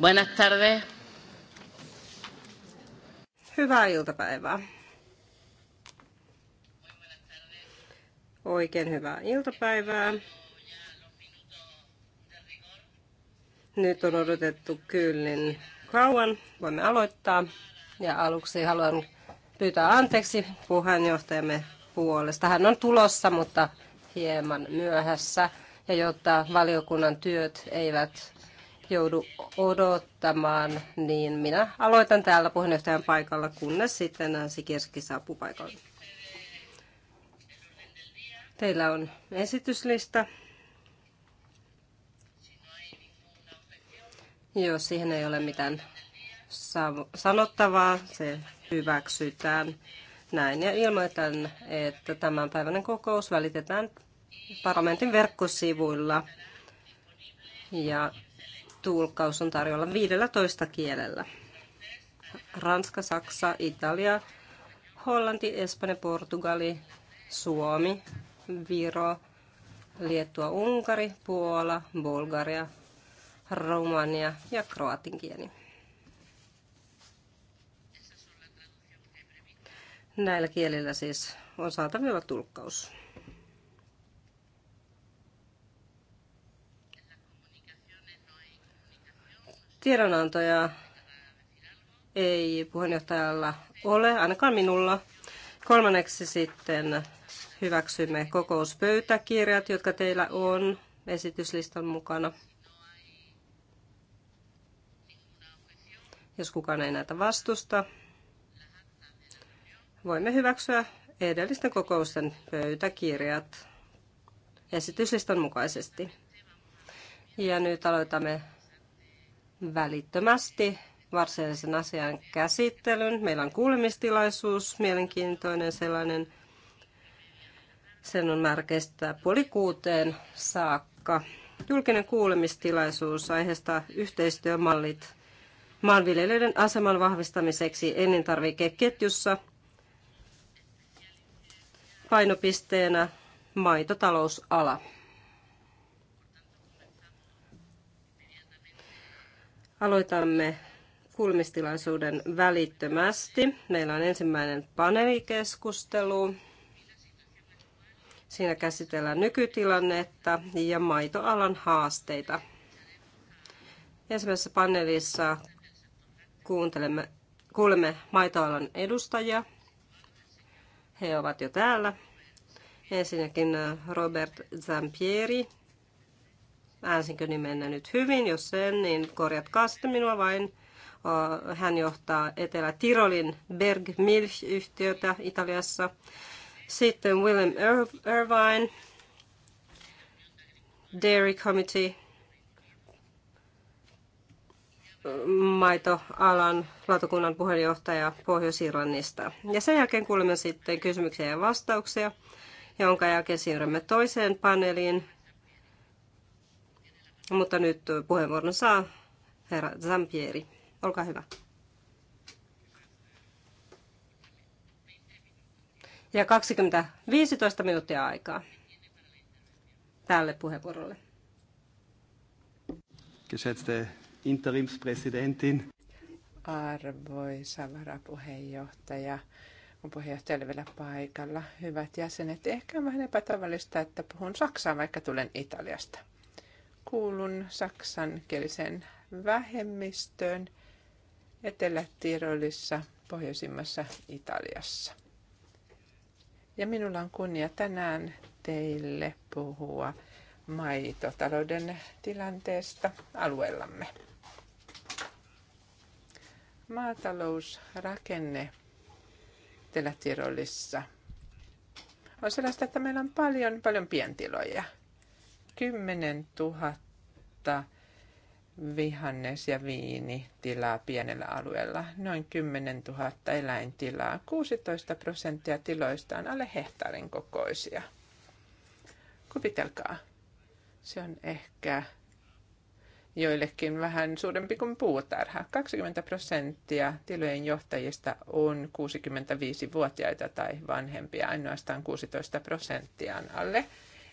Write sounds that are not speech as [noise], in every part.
Buenas tardes. Hyvää iltapäivää. Oikein hyvää iltapäivää. Nyt on odotettu kyllin kauan. Voimme aloittaa. Ja aluksi haluan pyytää anteeksi puheenjohtajamme puolesta. Hän on tulossa, mutta hieman myöhässä ja jotta valiokunnan työt eivät joudu odottamaan, niin minä aloitan täällä puheenjohtajan paikalla, kunnes sitten Nancy Kerski saapuu paikalle. Teillä on esityslista. Jos siihen ei ole mitään sanottavaa, se hyväksytään näin. Ja ilmoitan, että tämän kokous välitetään parlamentin verkkosivuilla ja tulkkaus on tarjolla 15 kielellä. Ranska, Saksa, Italia, Hollanti, Espanja, Portugali, Suomi, Viro, Liettua, Unkari, Puola, Bulgaria, Romania ja kroatin kieli. Näillä kielillä siis on saatavilla tulkkaus. Tiedonantoja ei puheenjohtajalla ole, ainakaan minulla. Kolmanneksi sitten hyväksymme kokouspöytäkirjat, jotka teillä on esityslistan mukana. Jos kukaan ei näitä vastusta, voimme hyväksyä edellisten kokousten pöytäkirjat esityslistan mukaisesti. Ja nyt aloitamme välittömästi varsinaisen asian käsittelyn. Meillä on kuulemistilaisuus, mielenkiintoinen sellainen. Sen on määrä kestää puoli kuuteen saakka. Julkinen kuulemistilaisuus aiheesta yhteistyömallit maanviljelijöiden aseman vahvistamiseksi elintarvikeketjussa painopisteenä maitotalousala. Aloitamme kulmistilaisuuden välittömästi. Meillä on ensimmäinen paneelikeskustelu. Siinä käsitellään nykytilannetta ja maitoalan haasteita. Ensimmäisessä paneelissa kuuntelemme, kuulemme maitoalan edustajia. He ovat jo täällä. Ensinnäkin äh, Robert Zampieri, äänsinkö nimenne nyt hyvin, jos sen niin korjatkaa sitten minua vain. Hän johtaa Etelä-Tirolin Berg Milch-yhtiötä Italiassa. Sitten William Irvine, Dairy Committee, maitoalan lautakunnan puheenjohtaja Pohjois-Irlannista. Ja sen jälkeen kuulemme sitten kysymyksiä ja vastauksia, jonka jälkeen siirrymme toiseen paneeliin, mutta nyt puheenvuoron saa herra Zampieri. Olkaa hyvä. Ja 20, 15 minuuttia aikaa tälle puheenvuorolle. Geschätzte Interimspräsidentin. Arvoisa varapuheenjohtaja, on puheenjohtaja vielä paikalla. Hyvät jäsenet, ehkä on vähän epätavallista, että puhun saksaa, vaikka tulen Italiasta kuulun saksankielisen vähemmistöön Etelä-Tirolissa, pohjoisimmassa Italiassa. Ja minulla on kunnia tänään teille puhua maitotalouden tilanteesta alueellamme. Maatalousrakenne Etelä-Tirolissa on sellaista, että meillä on paljon, paljon pientiloja – 10 000 vihannes- ja viinitilaa pienellä alueella, noin 10 000 eläintilaa. 16 prosenttia tiloista on alle hehtaarin kokoisia. Kuvitelkaa, se on ehkä joillekin vähän suurempi kuin puutarha. 20 prosenttia tilojen johtajista on 65-vuotiaita tai vanhempia, ainoastaan 16 prosenttia on alle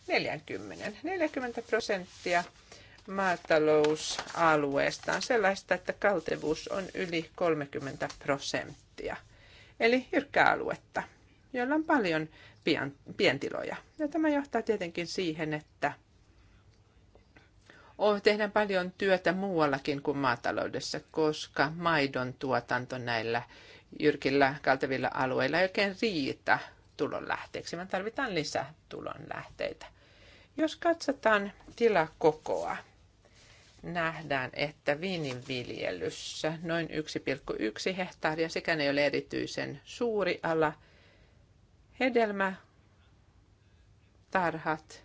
40. 40 prosenttia maatalousalueesta on sellaista, että kaltevuus on yli 30 prosenttia. Eli jyrkkää aluetta, jolla on paljon pientiloja. Ja tämä johtaa tietenkin siihen, että tehdään paljon työtä muuallakin kuin maataloudessa, koska maidon tuotanto näillä jyrkillä kaltevilla alueilla ei oikein riitä tulonlähteeksi, vaan tarvitaan lisää tulonlähteitä. Jos katsotaan tilakokoa, nähdään, että viininviljelyssä noin 1,1 hehtaaria, ne ei ole erityisen suuri ala. Hedelmä, tarhat,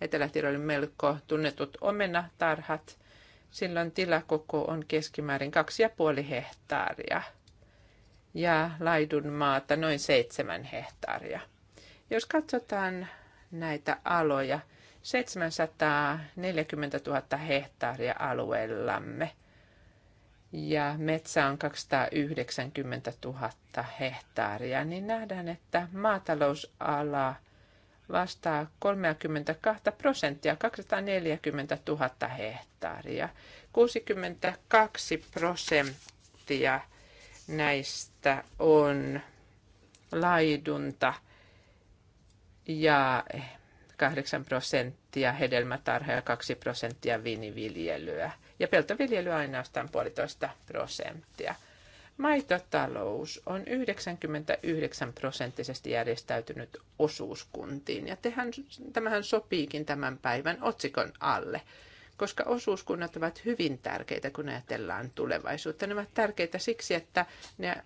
etelä melko tunnetut omenatarhat, silloin tilakoko on keskimäärin 2,5 hehtaaria ja laidunmaata noin 7 hehtaaria. Jos katsotaan näitä aloja, 740 000 hehtaaria alueellamme ja metsä on 290 000 hehtaaria, niin nähdään, että maatalousala vastaa 32 prosenttia, 240 000 hehtaaria. 62 prosenttia näistä on laidunta ja 8 prosenttia hedelmätarhaa ja 2 prosenttia viiniviljelyä. Ja peltoviljely ainoastaan puolitoista prosenttia. Maitotalous on 99 prosenttisesti järjestäytynyt osuuskuntiin. Ja tehän, tämähän sopiikin tämän päivän otsikon alle, koska osuuskunnat ovat hyvin tärkeitä, kun ajatellaan tulevaisuutta. Ne ovat tärkeitä siksi, että ne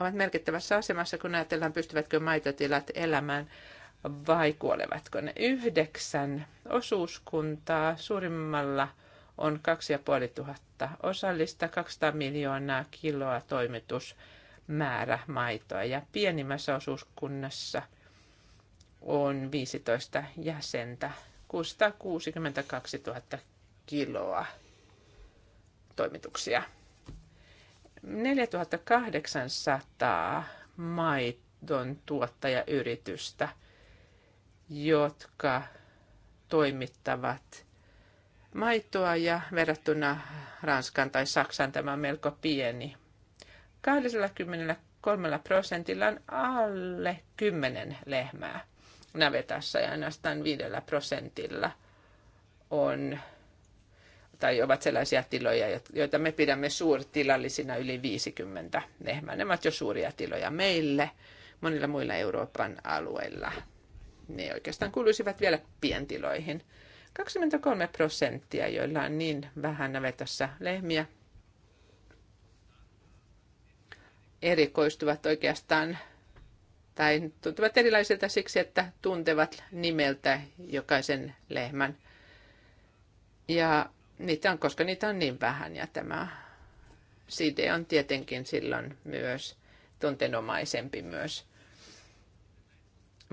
ovat merkittävässä asemassa, kun ajatellaan, pystyvätkö maitotilat elämään vai kuolevatko ne. Yhdeksän osuuskuntaa suurimmalla on 2500 osallista, 200 miljoonaa kiloa toimitusmäärä maitoa ja pienimmässä osuuskunnassa on 15 jäsentä, 662 000 kiloa toimituksia. 4800 maidon tuottajayritystä – jotka toimittavat maitoa ja verrattuna Ranskan tai Saksan tämä on melko pieni. 23 prosentilla on alle 10 lehmää navetassa ja ainoastaan 5 prosentilla on tai ovat sellaisia tiloja, joita me pidämme suurtilallisina yli 50 lehmää. Ne ovat jo suuria tiloja meille, monilla muilla Euroopan alueilla ne oikeastaan kuuluisivat vielä pientiloihin. 23 prosenttia, joilla on niin vähän navetassa lehmiä, erikoistuvat oikeastaan tai tuntuvat erilaisilta siksi, että tuntevat nimeltä jokaisen lehmän. Ja niitä on, koska niitä on niin vähän ja tämä side on tietenkin silloin myös tuntenomaisempi myös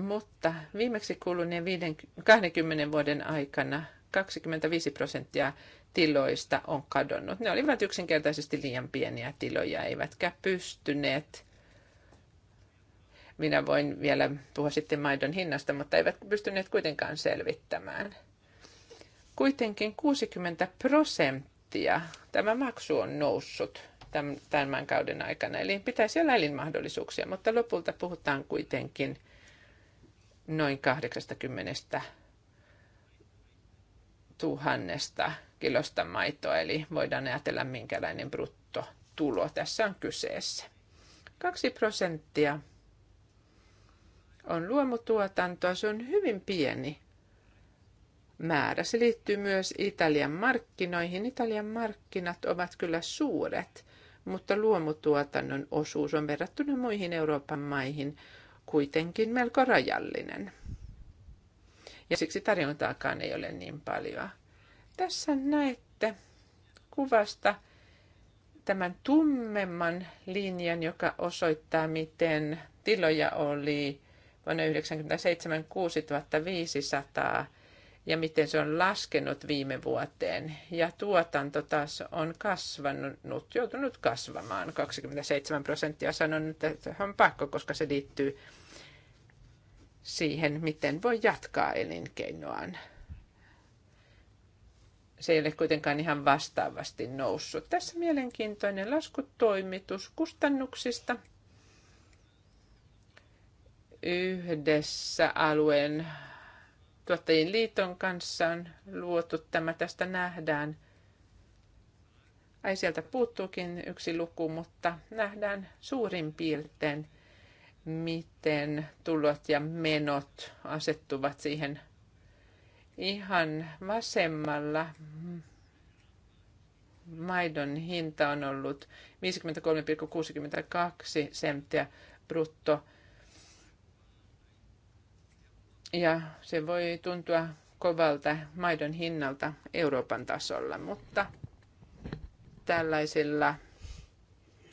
mutta viimeksi kuluneen 20 vuoden aikana 25 prosenttia tiloista on kadonnut. Ne olivat yksinkertaisesti liian pieniä tiloja, eivätkä pystyneet. Minä voin vielä puhua sitten maidon hinnasta, mutta eivät pystyneet kuitenkaan selvittämään. Kuitenkin 60 prosenttia tämä maksu on noussut tämän kauden aikana, eli pitäisi olla elinmahdollisuuksia, mutta lopulta puhutaan kuitenkin – noin 80 tuhannesta kilosta maitoa, eli voidaan ajatella minkälainen bruttotulo tässä on kyseessä. 2 prosenttia on luomutuotantoa, se on hyvin pieni määrä. Se liittyy myös Italian markkinoihin. Italian markkinat ovat kyllä suuret, mutta luomutuotannon osuus on verrattuna muihin Euroopan maihin kuitenkin melko rajallinen. Ja siksi tarjontaakaan ei ole niin paljon. Tässä näette kuvasta tämän tummemman linjan, joka osoittaa, miten tiloja oli vuonna 1997 6500 ja miten se on laskenut viime vuoteen. Ja tuotanto taas on kasvanut, joutunut kasvamaan 27 prosenttia. Sanon, että se on pakko, koska se liittyy siihen, miten voi jatkaa elinkeinoaan. Se ei ole kuitenkaan ihan vastaavasti noussut. Tässä mielenkiintoinen laskutoimitus kustannuksista yhdessä alueen tuottajien liiton kanssa on luotu tämä. Tästä nähdään, ai sieltä puuttuukin yksi luku, mutta nähdään suurin piirtein – miten tulot ja menot asettuvat siihen ihan vasemmalla. Maidon hinta on ollut 53,62 senttiä brutto. Ja se voi tuntua kovalta maidon hinnalta Euroopan tasolla, mutta tällaisilla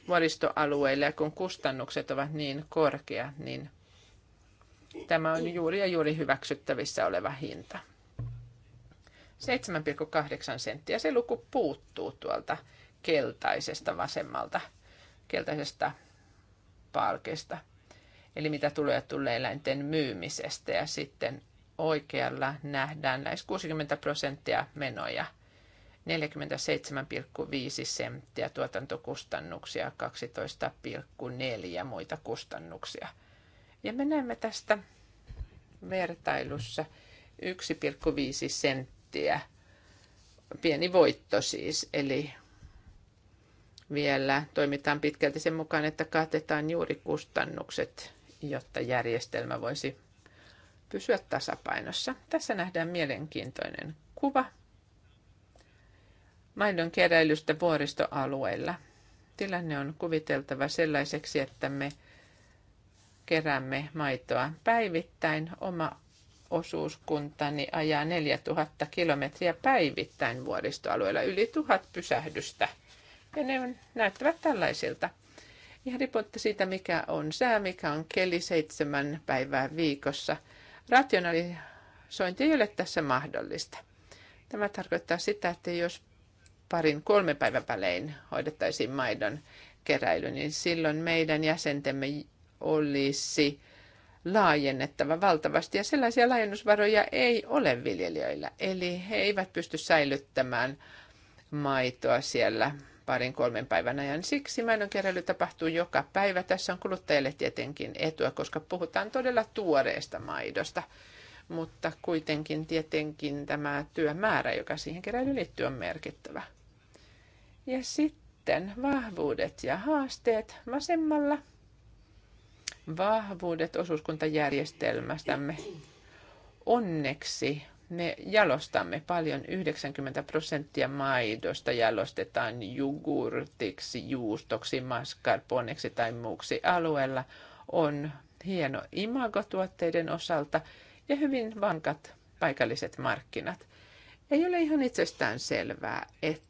vuoristoalueille ja kun kustannukset ovat niin korkeat, niin tämä on juuri ja juuri hyväksyttävissä oleva hinta. 7,8 senttiä. Se luku puuttuu tuolta keltaisesta vasemmalta, keltaisesta palkesta. Eli mitä tulee tulee eläinten myymisestä ja sitten oikealla nähdään lähes 60 prosenttia menoja – 47,5 senttiä tuotantokustannuksia, 12,4 muita kustannuksia. Ja me näemme tästä vertailussa 1,5 senttiä. Pieni voitto siis, eli vielä toimitaan pitkälti sen mukaan, että katetaan juuri kustannukset, jotta järjestelmä voisi pysyä tasapainossa. Tässä nähdään mielenkiintoinen kuva maidon keräilystä vuoristoalueilla. Tilanne on kuviteltava sellaiseksi, että me keräämme maitoa päivittäin. Oma osuuskuntani ajaa 4000 kilometriä päivittäin vuoristoalueella, yli tuhat pysähdystä. Ja ne näyttävät tällaisilta. Ja riippuu siitä, mikä on sää, mikä on keli seitsemän päivää viikossa. Rationalisointi ei ole tässä mahdollista. Tämä tarkoittaa sitä, että jos parin kolme päivän välein hoidettaisiin maidon keräily, niin silloin meidän jäsentemme olisi laajennettava valtavasti ja sellaisia laajennusvaroja ei ole viljelijöillä. Eli he eivät pysty säilyttämään maitoa siellä parin kolmen päivän ajan. Siksi maidon keräily tapahtuu joka päivä. Tässä on kuluttajille tietenkin etua, koska puhutaan todella tuoreesta maidosta. Mutta kuitenkin tietenkin tämä työmäärä, joka siihen keräilyyn liittyy, on merkittävä. Ja sitten vahvuudet ja haasteet vasemmalla. Vahvuudet osuuskuntajärjestelmästämme. Onneksi me jalostamme paljon, 90 prosenttia maidosta jalostetaan jogurtiksi, juustoksi, mascarponeksi tai muuksi alueella. On hieno imagotuotteiden osalta ja hyvin vankat paikalliset markkinat. Ei ole ihan itsestään selvää, että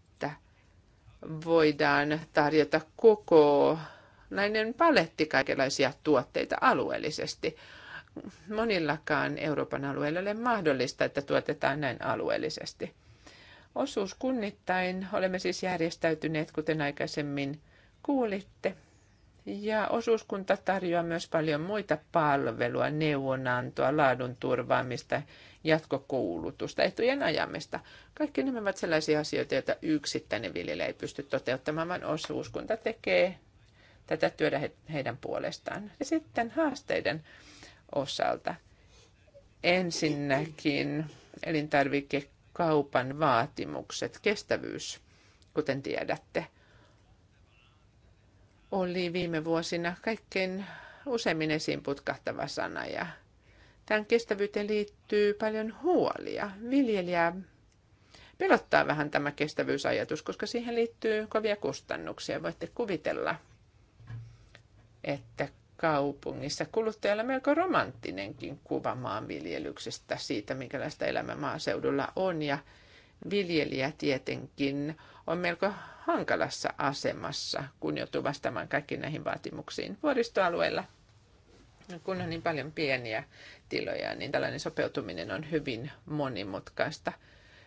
voidaan tarjota koko näinen paletti kaikenlaisia tuotteita alueellisesti. Monillakaan Euroopan alueilla ole mahdollista, että tuotetaan näin alueellisesti. Osuuskunnittain olemme siis järjestäytyneet, kuten aikaisemmin kuulitte. Ja osuuskunta tarjoaa myös paljon muita palvelua, neuvonantoa, laadun turvaamista, jatkokoulutusta, etujen ajamista. Kaikki nämä ovat sellaisia asioita, joita yksittäinen viljelijä ei pysty toteuttamaan, vaan osuuskunta tekee tätä työtä heidän puolestaan. Ja sitten haasteiden osalta. Ensinnäkin elintarvikekaupan vaatimukset, kestävyys, kuten tiedätte, oli viime vuosina kaikkein useimmin esiin putkahtava sana ja tähän kestävyyteen liittyy paljon huolia. Viljelijää pelottaa vähän tämä kestävyysajatus, koska siihen liittyy kovia kustannuksia. Voitte kuvitella, että kaupungissa kuluttajalla melko romanttinenkin kuva maanviljelyksestä, siitä minkälaista elämä maaseudulla on. Ja viljelijä tietenkin on melko hankalassa asemassa, kun joutuu vastaamaan kaikkiin näihin vaatimuksiin. Vuoristoalueilla No, kun on niin paljon pieniä tiloja, niin tällainen sopeutuminen on hyvin monimutkaista.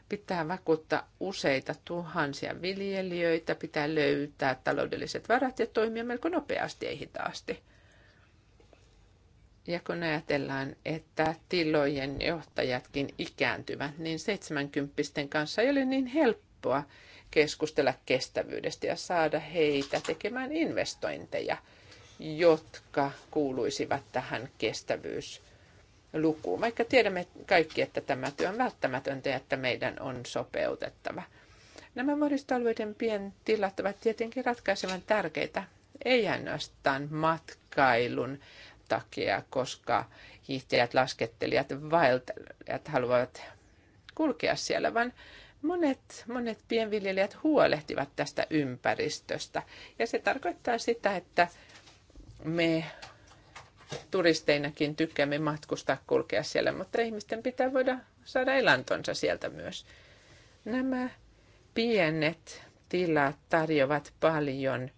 Pitää vakuuttaa useita tuhansia viljelijöitä, pitää löytää taloudelliset varat ja toimia melko nopeasti, ja hitaasti. Ja kun ajatellaan, että tilojen johtajatkin ikääntyvät, niin 70 kanssa ei ole niin helppoa keskustella kestävyydestä ja saada heitä tekemään investointeja – jotka kuuluisivat tähän kestävyyslukuun, vaikka tiedämme kaikki, että tämä työ on välttämätöntä ja että meidän on sopeutettava. Nämä vuoristoalueiden pientilat ovat tietenkin ratkaisevan tärkeitä, ei ainoastaan matkailun takia, koska hiihtäjät, laskettelijat, vaeltajat haluavat kulkea siellä, vaan monet, monet pienviljelijät huolehtivat tästä ympäristöstä. Ja se tarkoittaa sitä, että me turisteinakin tykkäämme matkustaa, kulkea siellä, mutta ihmisten pitää voida saada elantonsa sieltä myös. Nämä pienet tilat tarjoavat paljon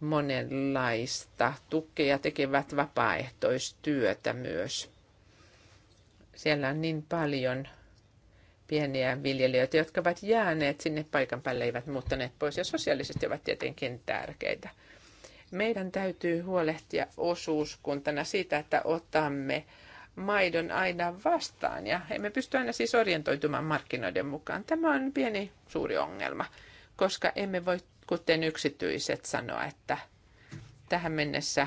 monenlaista tukea, tekevät vapaaehtoistyötä myös. Siellä on niin paljon pieniä viljelijöitä, jotka ovat jääneet sinne paikan päälle, eivät muuttaneet pois ja sosiaalisesti ovat tietenkin tärkeitä. Meidän täytyy huolehtia osuuskuntana siitä, että otamme maidon aina vastaan ja emme pysty aina siis orientoitumaan markkinoiden mukaan. Tämä on pieni suuri ongelma, koska emme voi, kuten yksityiset, sanoa, että tähän mennessä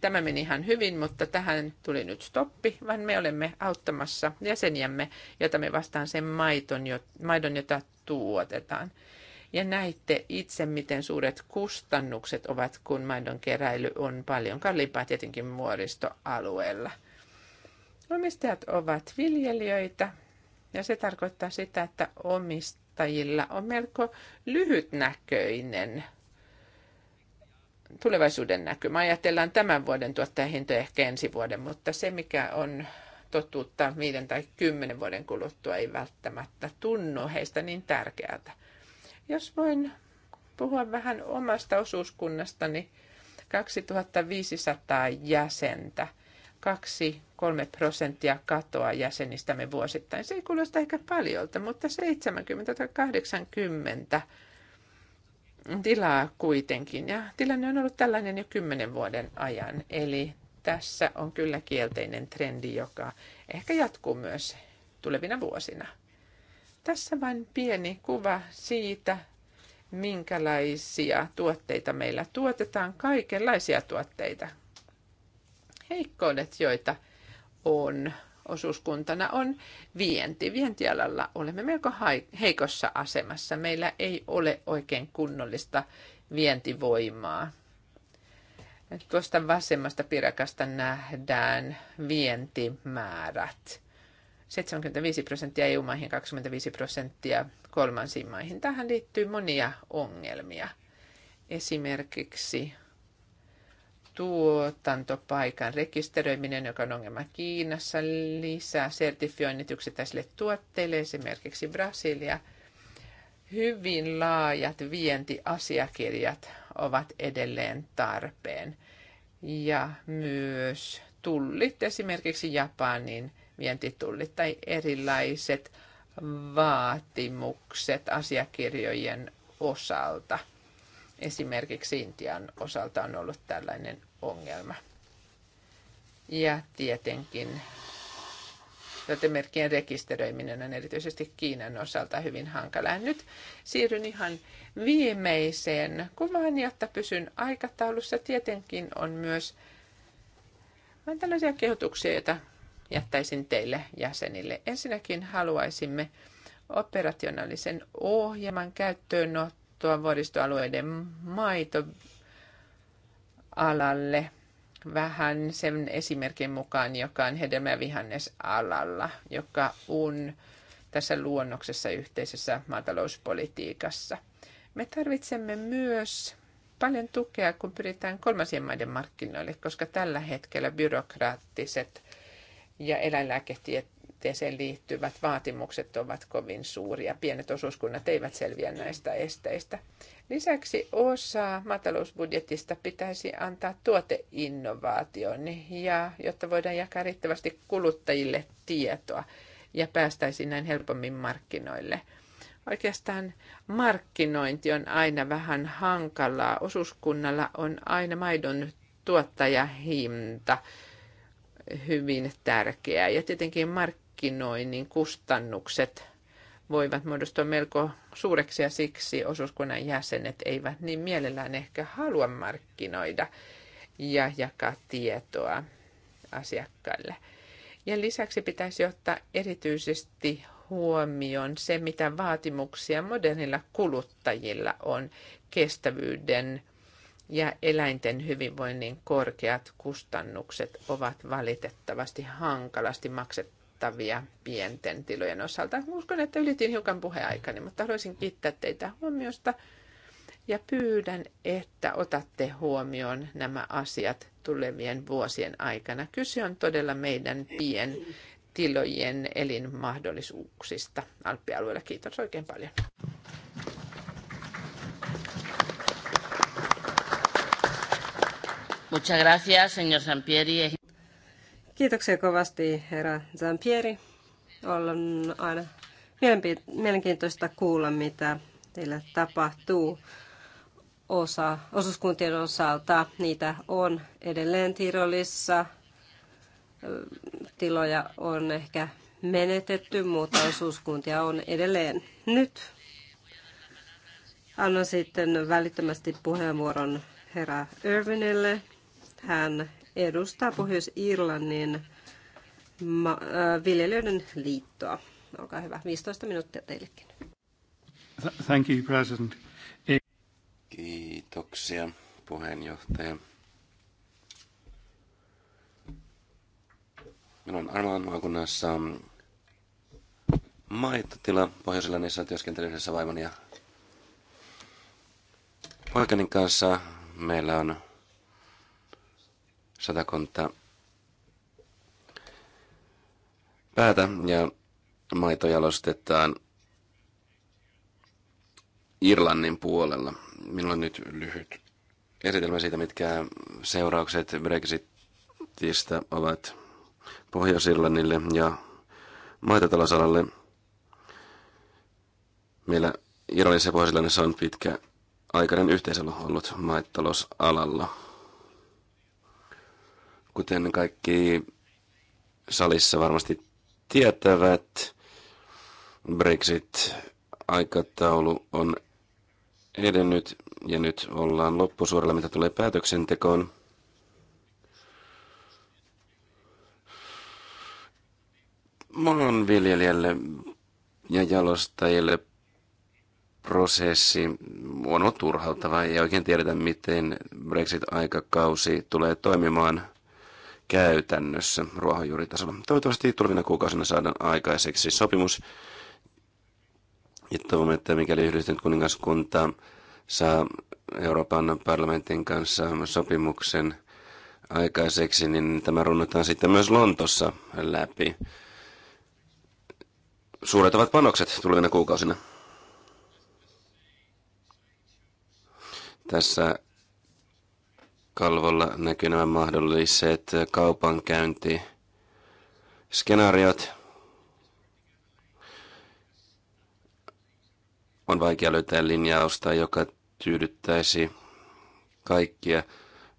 tämä meni ihan hyvin, mutta tähän tuli nyt stoppi, vaan me olemme auttamassa jäseniämme, jota me vastaan sen maidon, jota tuotetaan. Ja näitte itse, miten suuret kustannukset ovat, kun maidon keräily on paljon kalliimpaa tietenkin muoristoalueella. Omistajat ovat viljelijöitä ja se tarkoittaa sitä, että omistajilla on melko lyhytnäköinen tulevaisuuden näkymä. Ajatellaan tämän vuoden tuottajahintoja ehkä ensi vuoden, mutta se mikä on totuutta viiden tai kymmenen vuoden kuluttua ei välttämättä tunnu heistä niin tärkeältä. Jos voin puhua vähän omasta osuuskunnastani, 2500 jäsentä, 2-3 prosenttia katoa jäsenistämme vuosittain. Se ei kuulosta ehkä paljolta, mutta 70 tai 80 tilaa kuitenkin. Ja tilanne on ollut tällainen jo kymmenen vuoden ajan. Eli tässä on kyllä kielteinen trendi, joka ehkä jatkuu myös tulevina vuosina. Tässä vain pieni kuva siitä, minkälaisia tuotteita meillä tuotetaan, kaikenlaisia tuotteita. Heikkoudet, joita on osuuskuntana, on vienti. Vientialalla olemme melko heikossa asemassa. Meillä ei ole oikein kunnollista vientivoimaa. Tuosta vasemmasta pirakasta nähdään vientimäärät 75 prosenttia EU-maihin, 25 prosenttia kolmansiin maihin. Tähän liittyy monia ongelmia. Esimerkiksi tuotantopaikan rekisteröiminen, joka on ongelma Kiinassa, lisää sertifioinnit yksittäisille tuotteille, esimerkiksi Brasilia. Hyvin laajat vientiasiakirjat ovat edelleen tarpeen. Ja myös tullit esimerkiksi Japanin – vientitullit tai erilaiset vaatimukset asiakirjojen osalta. Esimerkiksi Intian osalta on ollut tällainen ongelma. Ja tietenkin merkkien rekisteröiminen on erityisesti Kiinan osalta hyvin hankalaa. Nyt siirryn ihan viimeiseen kuvaan, jotta pysyn aikataulussa. Tietenkin on myös on tällaisia kehotuksia, joita jättäisin teille jäsenille. Ensinnäkin haluaisimme operationaalisen ohjelman käyttöönottoa vuoristoalueiden maitoalalle vähän sen esimerkin mukaan, joka on hedelmä- ja vihannesalalla, joka on tässä luonnoksessa yhteisessä maatalouspolitiikassa. Me tarvitsemme myös paljon tukea, kun pyritään kolmansien maiden markkinoille, koska tällä hetkellä byrokraattiset ja eläinlääketieteeseen liittyvät vaatimukset ovat kovin suuria. Pienet osuuskunnat eivät selviä näistä esteistä. Lisäksi osa maatalousbudjetista pitäisi antaa tuoteinnovaatioon, ja, jotta voidaan jakaa riittävästi kuluttajille tietoa ja päästäisiin näin helpommin markkinoille. Oikeastaan markkinointi on aina vähän hankalaa. Osuuskunnalla on aina maidon tuottajahinta hyvin tärkeää. Ja tietenkin markkinoinnin kustannukset voivat muodostua melko suureksi ja siksi osuuskunnan jäsenet eivät niin mielellään ehkä halua markkinoida ja jakaa tietoa asiakkaille. Ja lisäksi pitäisi ottaa erityisesti huomioon se, mitä vaatimuksia modernilla kuluttajilla on kestävyyden ja eläinten hyvinvoinnin korkeat kustannukset ovat valitettavasti hankalasti maksettavia pienten tilojen osalta. Uskon, että ylitin hiukan puheaikani, mutta haluaisin kiittää teitä huomiosta ja pyydän, että otatte huomioon nämä asiat tulevien vuosien aikana. Kyse on todella meidän pien tilojen elinmahdollisuuksista Alppialueella. Kiitos oikein paljon. Muchas gracias, señor Zampieri. Kiitoksia kovasti, herra Zampieri. On aina mielenkiintoista kuulla, mitä teillä tapahtuu osa, osuuskuntien osalta. Niitä on edelleen Tirolissa. Tiloja on ehkä menetetty, mutta osuuskuntia on edelleen. Nyt annan sitten välittömästi puheenvuoron herra Irvinille, hän edustaa Pohjois-Irlannin äh, viljelijöiden liittoa. Olkaa hyvä, 15 minuuttia teillekin. Thank you, President. Kiitoksia, puheenjohtaja. Minun on Arvalan maakunnassa maitotila Pohjois-Irlannissa työskentelyssä vaimoni ja poikani kanssa. Meillä on satakunta päätä ja maito jalostetaan Irlannin puolella. Minulla on nyt lyhyt esitelmä siitä, mitkä seuraukset Brexitistä ovat Pohjois-Irlannille ja maitotalousalalle. Meillä Irlannissa ja Pohjois-Irlannissa on pitkä aikainen yhteisö ollut maitotalousalalla. Kuten kaikki salissa varmasti tietävät, Brexit-aikataulu on edennyt ja nyt ollaan loppusuoralla, mitä tulee päätöksentekoon. Maanviljelijälle ja jalostajille prosessi on turhauttava. ja oikein tiedetä, miten Brexit-aikakausi tulee toimimaan käytännössä ruohonjuuritasolla. Toivottavasti tulevina kuukausina saadaan aikaiseksi sopimus. Ja toivomme, että mikäli yhdistynyt kuningaskunta saa Euroopan parlamentin kanssa sopimuksen aikaiseksi, niin tämä runnotaan sitten myös Lontossa läpi. Suuret ovat panokset tulevina kuukausina. Tässä kalvolla näkyy nämä mahdolliset skenaariot. On vaikea löytää linjausta, joka tyydyttäisi kaikkia.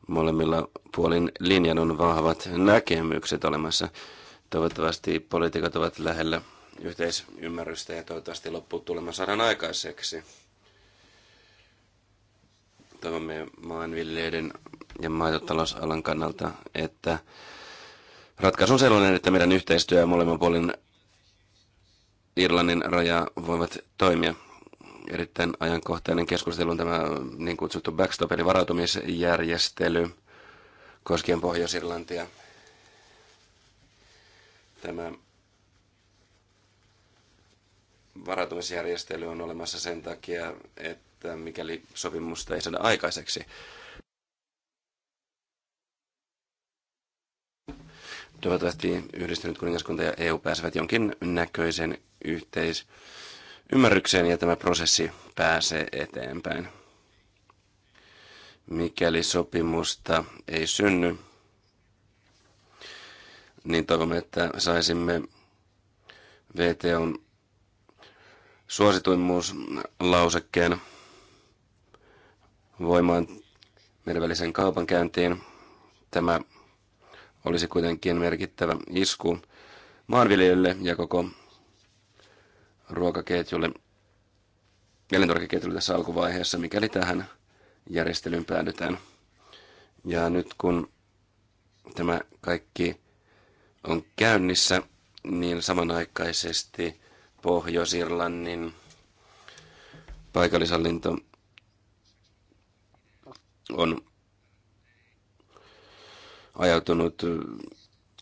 Molemmilla puolin linjan on vahvat näkemykset olemassa. Toivottavasti poliitikot ovat lähellä yhteisymmärrystä ja toivottavasti lopputulema saadaan aikaiseksi. Toivomme maanviljelijöiden ja maitotalousalan kannalta, että ratkaisu on sellainen, että meidän yhteistyö ja molemmin puolin Irlannin raja voivat toimia. Erittäin ajankohtainen keskustelu on tämä niin kutsuttu backstop, eli varautumisjärjestely koskien Pohjois-Irlantia. Tämä varautumisjärjestely on olemassa sen takia, että mikäli sopimusta ei saada aikaiseksi, Toivottavasti yhdistynyt kuningaskunta ja EU pääsevät jonkin näköisen yhteisymmärrykseen ja tämä prosessi pääsee eteenpäin. Mikäli sopimusta ei synny, niin toivomme, että saisimme VTOn suosituimmuuslausekkeen voimaan meidän välisen kaupankäyntiin. Tämä olisi kuitenkin merkittävä isku maanviljelijöille ja koko ruokaketjulle, elintarvikeketjulle tässä alkuvaiheessa, mikäli tähän järjestelyyn päädytään. Ja nyt kun tämä kaikki on käynnissä, niin samanaikaisesti Pohjois-Irlannin paikallisallinto on ajautunut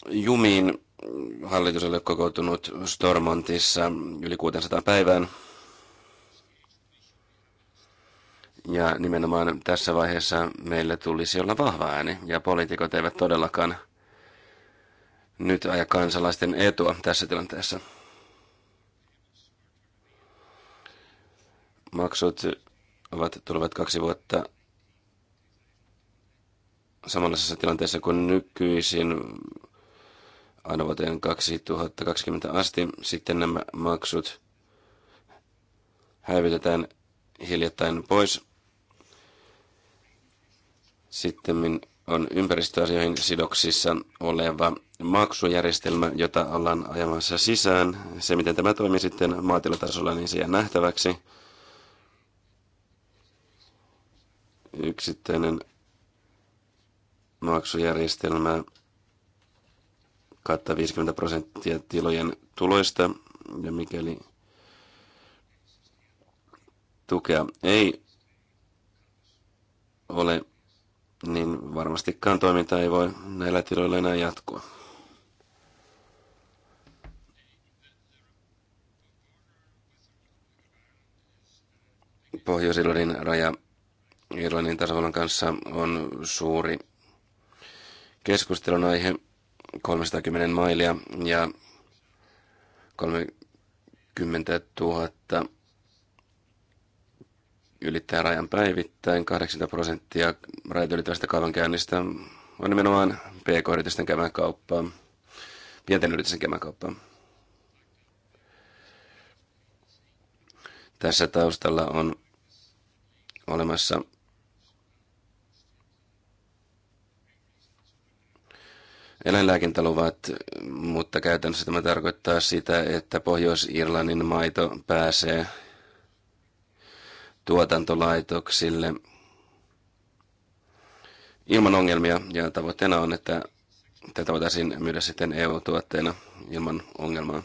jumiin. Hallitus oli kokoutunut Stormontissa yli 600 päivään. Ja nimenomaan tässä vaiheessa meille tulisi olla vahva ääni, ja poliitikot eivät todellakaan nyt aja kansalaisten etua tässä tilanteessa. Maksut ovat tulevat kaksi vuotta samanlaisessa tilanteessa kuin nykyisin aina vuoteen 2020 asti. Sitten nämä maksut häivytetään hiljattain pois. Sitten on ympäristöasioihin sidoksissa oleva maksujärjestelmä, jota ollaan ajamassa sisään. Se, miten tämä toimii sitten maatilatasolla, niin se jää nähtäväksi. Yksittäinen maksujärjestelmää kattaa 50 prosenttia tilojen tuloista, ja mikäli tukea ei ole, niin varmastikaan toiminta ei voi näillä tiloilla enää jatkua. pohjois raja Irlannin tasavallan kanssa on suuri keskustelun aihe 310 mailia ja 30 000 ylittää rajan päivittäin. 80 prosenttia rajat ylittävästä kaupankäynnistä on nimenomaan pk-yritysten käymään kauppaa, pienten yritysten käymään kauppaa. Tässä taustalla on olemassa eläinlääkintäluvat, mutta käytännössä tämä tarkoittaa sitä, että Pohjois-Irlannin maito pääsee tuotantolaitoksille ilman ongelmia ja tavoitteena on, että tätä voitaisiin myydä sitten EU-tuotteena ilman ongelmaa.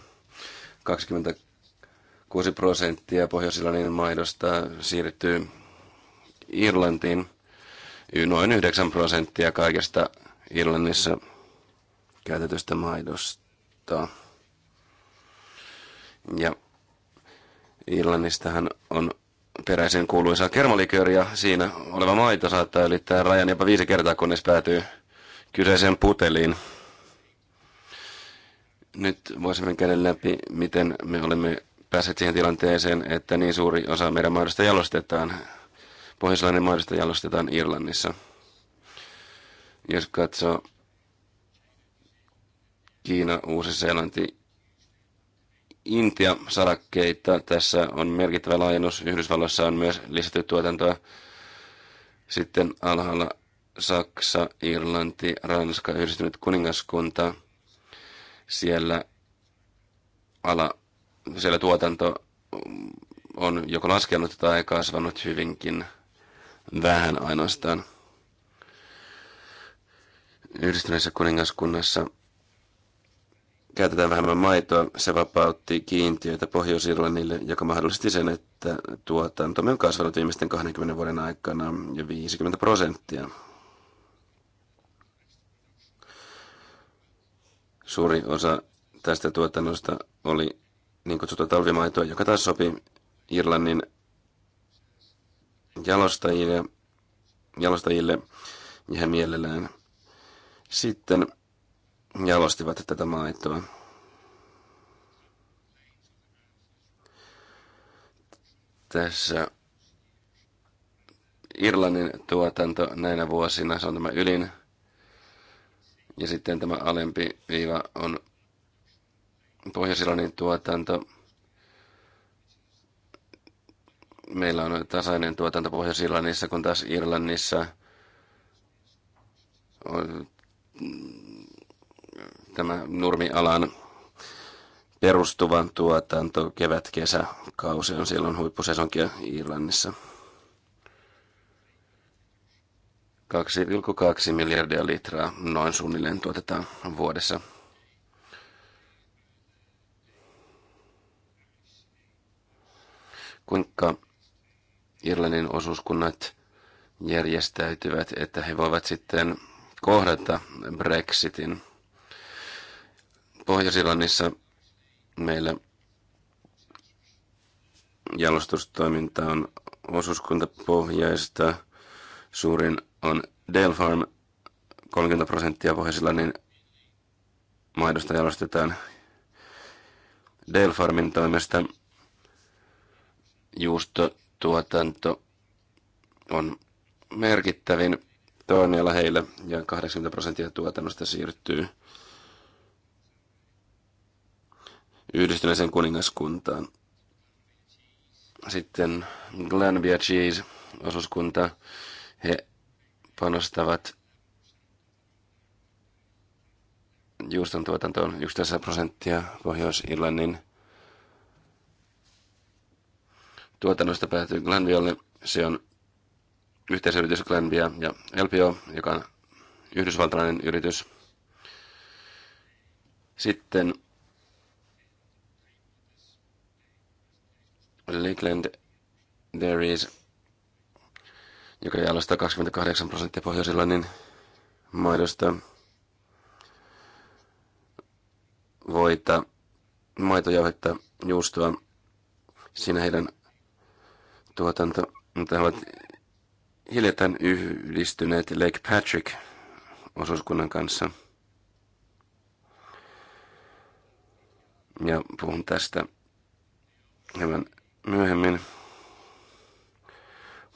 26 prosenttia Pohjois-Irlannin maidosta siirtyy Irlantiin, noin 9 prosenttia kaikesta Irlannissa käytetystä maidosta. Ja Irlannistahan on peräisin kuuluisa kermalikööri ja siinä oleva maito saattaa ylittää rajan jopa viisi kertaa, kunnes päätyy kyseiseen puteliin. Nyt voisimme käydä läpi, miten me olemme päässeet siihen tilanteeseen, että niin suuri osa meidän maidosta jalostetaan, pohjoislainen maidosta jalostetaan Irlannissa. Jos katsoo Kiina, Uusi-Seelanti, Intia sarakkeita. Tässä on merkittävä laajennus. Yhdysvalloissa on myös lisätty tuotantoa. Sitten alhaalla Saksa, Irlanti, Ranska, Yhdistynyt kuningaskunta. Siellä ala, siellä tuotanto on joko laskenut tai kasvanut hyvinkin vähän ainoastaan. Yhdistyneessä kuningaskunnassa käytetään vähemmän maitoa. Se vapautti kiintiöitä Pohjois-Irlannille, joka mahdollisti sen, että tuotantomme on kasvanut viimeisten 20 vuoden aikana jo 50 prosenttia. Suuri osa tästä tuotannosta oli niin kutsuttu talvimaitoa, joka taas sopi Irlannin jalostajille, jalostajille ja he mielellään. Sitten jalostivat tätä maitoa. Tässä Irlannin tuotanto näinä vuosina, se on tämä ylin, ja sitten tämä alempi viiva on pohjois tuotanto. Meillä on tasainen tuotanto Pohjois-Irlannissa, kun taas Irlannissa on tämä nurmialan perustuva tuotanto kevät-kesäkausi on silloin huippusesonkia Irlannissa. 2,2 miljardia litraa noin suunnilleen tuotetaan vuodessa. Kuinka Irlannin osuuskunnat järjestäytyvät, että he voivat sitten kohdata Brexitin? Pohjois-Irlannissa meillä jalostustoiminta on osuuskuntapohjaista. Suurin on Dale Farm, 30 prosenttia Pohjois-Irlannin maidosta jalostetaan Dale Farmin toimesta. Juustotuotanto on merkittävin toimiala heillä ja 80 prosenttia tuotannosta siirtyy yhdistyneeseen kuningaskuntaan. Sitten Glanbia Cheese osuuskunta, he panostavat juuston tuotantoon 11 prosenttia Pohjois-Irlannin tuotannosta päätyy Glanviolle. Se on yhteisyritys Glenvia ja LPO, joka on yhdysvaltalainen yritys. Sitten Lakeland Dairies, joka jalostaa 28 prosenttia pohjois maidosta, voita, maitojauhetta, juustoa. Siinä heidän tuotanto, mutta he ovat hiljattain yhdistyneet Lake Patrick osuuskunnan kanssa. Ja puhun tästä hieman myöhemmin.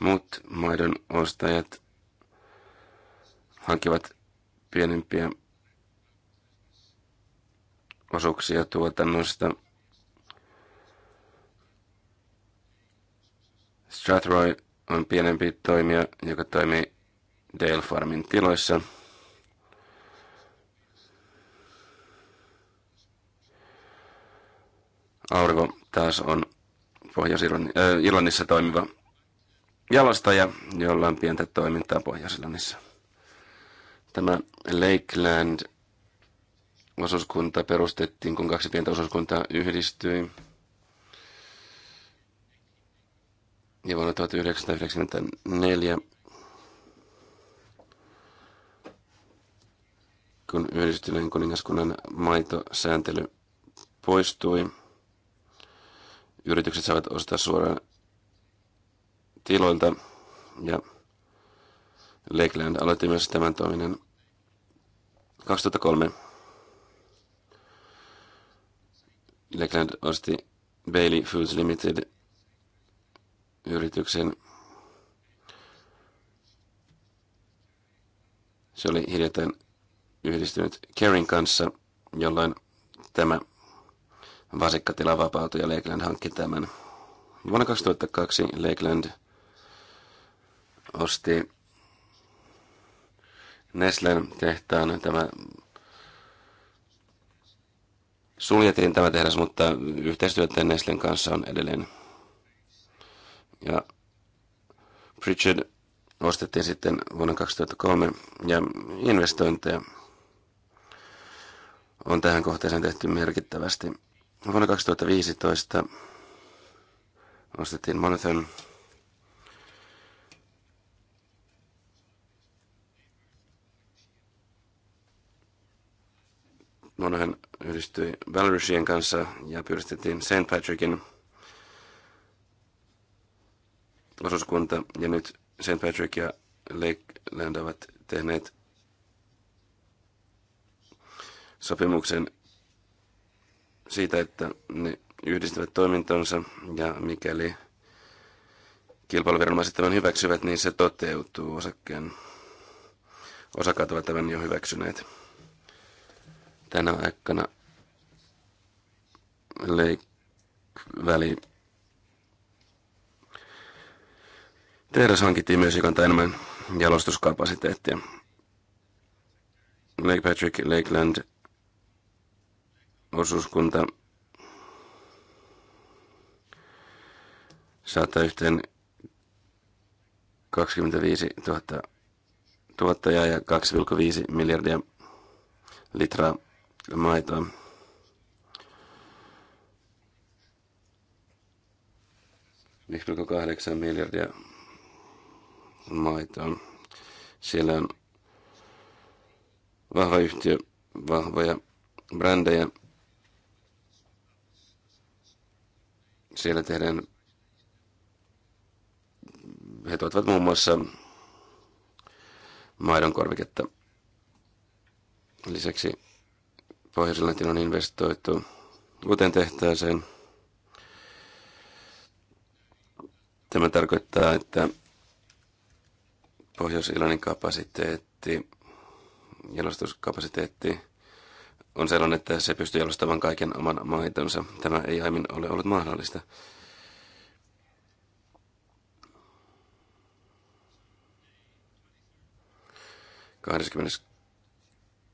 Muut maidon ostajat hankivat pienempiä osuuksia tuotannosta. Strathroy on pienempi toimija, joka toimii Dale Farmin tiloissa. Aurinko taas on Pohjois-Irlannissa toimiva jalostaja, jolla on pientä toimintaa Pohjois-Irlannissa. Tämä Lakeland osuuskunta perustettiin, kun kaksi pientä osuuskuntaa yhdistyi. Ja vuonna 1994, kun yhdistyneen kuningaskunnan maitosääntely poistui, Yritykset saavat ostaa suoraan tiloilta ja Lakeland aloitti myös tämän toiminnan 2003. Lakeland osti Bailey Foods Limited yrityksen. Se oli hiljattain yhdistynyt Kerin kanssa, jolloin tämä vasikkatila vapautui ja Lakeland hankki tämän. Vuonna 2002 Lakeland osti Neslen tehtaan. Tämä suljettiin tämä tehdas, mutta yhteistyötä Neslen kanssa on edelleen. Ja Pritchard ostettiin sitten vuonna 2003 ja investointeja on tähän kohteeseen tehty merkittävästi. Vuonna 2015 ostettiin Monathon Monahan yhdistyi Valerysien kanssa ja pyristettiin St. Patrickin osuuskunta. Ja nyt St. Patrick ja Lakeland ovat tehneet sopimuksen siitä, että ne yhdistävät toimintonsa ja mikäli kilpailuviranomaiset tämän hyväksyvät, niin se toteutuu osakkeen. Osakkaat ovat tämän jo hyväksyneet. Tänä aikana väli tehdas hankittiin myös, joka antaa enemmän jalostuskapasiteettia. Lake Patrick, Lakeland osuuskunta saattaa yhteen 25 000 tuottajaa ja 2,5 miljardia litraa maitoa. kahdeksan miljardia maitoa. Siellä on vahva yhtiö, vahvoja brändejä, Siellä tehdään, he tuottavat muun muassa maidon korviketta. Lisäksi pohjois on investoitu uuteen tehtaaseen. Tämä tarkoittaa, että pohjois kapasiteetti, jalostuskapasiteetti on sellainen, että se pystyy jalostamaan kaiken oman maitonsa. Tämä ei aiemmin ole ollut mahdollista.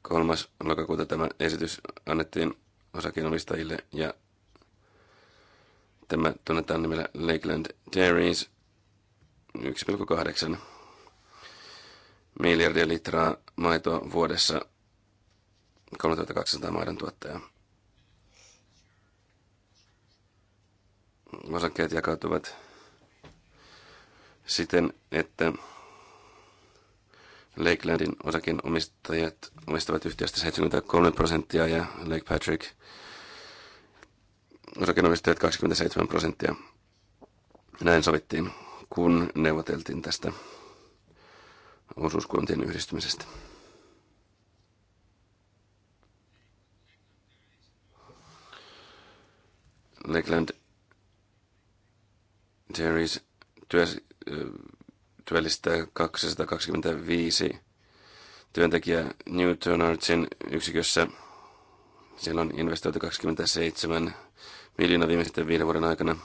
kolmas lokakuuta tämä esitys annettiin osakkeenomistajille ja tämä tunnetaan nimellä Lakeland Dairies 1,8 miljardia litraa maitoa vuodessa – 3200 maiden tuottaja. Osakkeet jakautuvat siten, että Lakelandin osakin omistajat omistavat yhtiöstä 73 prosenttia ja Lake Patrick omistajat 27 prosenttia. Näin sovittiin, kun neuvoteltiin tästä osuuskuntien yhdistymisestä. Lakeland Jerry's työs, työllistää 225 työntekijää Turn Artsin yksikössä. Siellä on investoitu 27 miljoonaa viimeisten viiden vuoden aikana.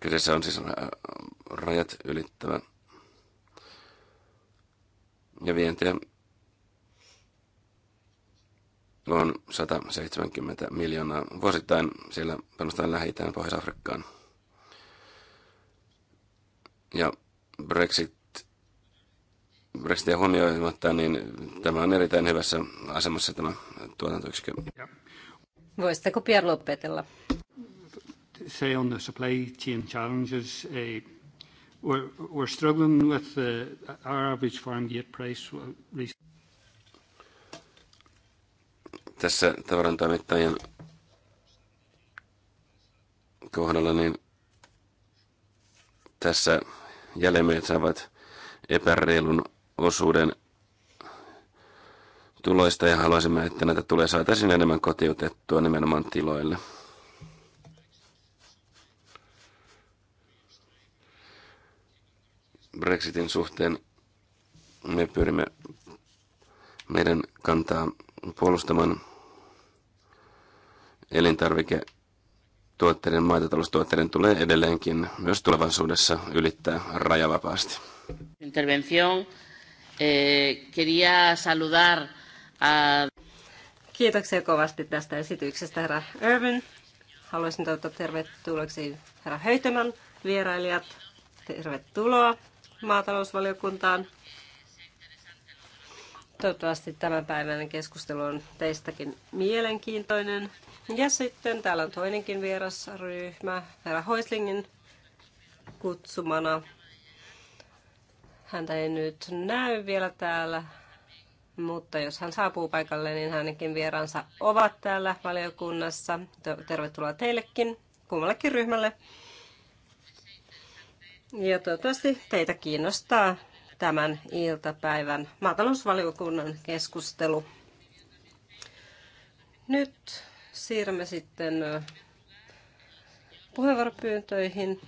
Kyseessä on siis rajat ylittävä ja vientiä on 170 miljoonaa vuosittain, siellä panostetaan lähi Pohjois-Afrikkaan. Ja Brexit, Brexitia huomioimatta, niin tämä on erittäin hyvässä asemassa tämä tuotantoyksikö. Voisitteko pian lopetella? Say on the supply chain challenges, eh, we're, we're struggling with the, our average farm gate price recently tässä tavarantoimittajien kohdalla, niin tässä jäljemmeet saavat epäreilun osuuden tuloista ja haluaisimme, että näitä tulee saataisiin enemmän kotiutettua nimenomaan tiloille. Brexitin suhteen me pyrimme meidän kantaa puolustamaan elintarviketuotteiden, maitotaloustuotteiden tulee edelleenkin myös tulevaisuudessa ylittää rajavapaasti. Intervención. Eh, quería saludar a... Kiitoksia kovasti tästä esityksestä, herra Irvin. Haluaisin toivottaa tervetulleeksi herra Höytömän vierailijat. Tervetuloa maatalousvaliokuntaan. Toivottavasti päivän keskustelu on teistäkin mielenkiintoinen. Ja sitten täällä on toinenkin vierasryhmä, herra Hoislingin kutsumana. Häntä ei nyt näy vielä täällä, mutta jos hän saapuu paikalle, niin hänenkin vieraansa ovat täällä valiokunnassa. Tervetuloa teillekin, kummallekin ryhmälle. Ja toivottavasti teitä kiinnostaa tämän iltapäivän maatalousvaliokunnan keskustelu. Nyt siirrymme sitten puheenvuoropyyntöihin.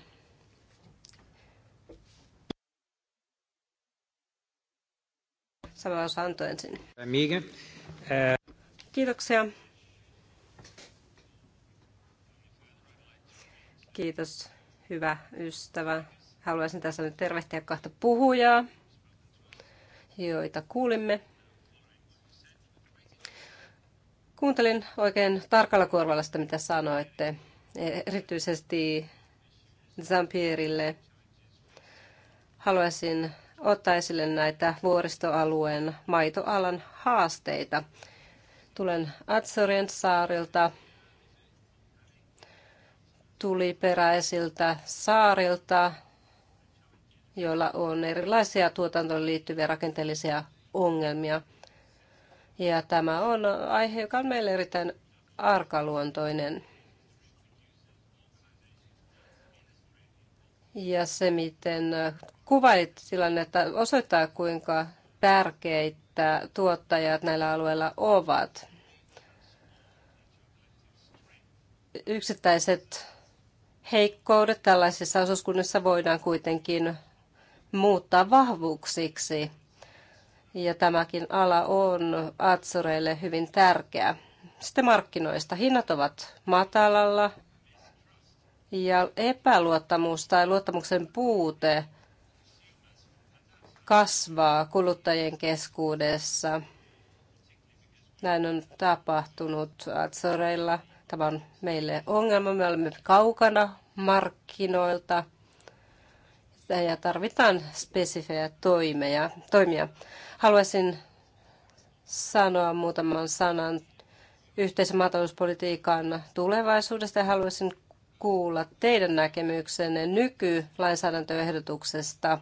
Sama osa antoi ensin. Kiitoksia. Kiitos, hyvä ystävä. Haluaisin tässä nyt tervehtiä kahta puhujaa, joita kuulimme. Kuuntelin oikein tarkalla korvalla sitä, mitä sanoitte, e- erityisesti Zampierille. Haluaisin ottaa esille näitä vuoristoalueen maitoalan haasteita. Tulen Atsorien saarilta, tuliperäisiltä saarilta, joilla on erilaisia tuotantoon liittyviä rakenteellisia ongelmia – ja tämä on aihe, joka on meille erittäin arkaluontoinen. Ja se, miten äh, kuvailit tilannetta, osoittaa kuinka tärkeitä tuottajat näillä alueilla ovat. Yksittäiset heikkoudet tällaisissa osuuskunnissa voidaan kuitenkin muuttaa vahvuuksiksi – ja tämäkin ala on atsoreille hyvin tärkeä. Sitten markkinoista. Hinnat ovat matalalla ja epäluottamus tai luottamuksen puute kasvaa kuluttajien keskuudessa. Näin on tapahtunut Atsoreilla. Tämä on meille ongelma. Me olemme kaukana markkinoilta ja tarvitaan spesifejä toimia. Haluaisin sanoa muutaman sanan yhteisen maatalouspolitiikan tulevaisuudesta ja haluaisin kuulla teidän näkemyksenne nykylainsäädäntöehdotuksesta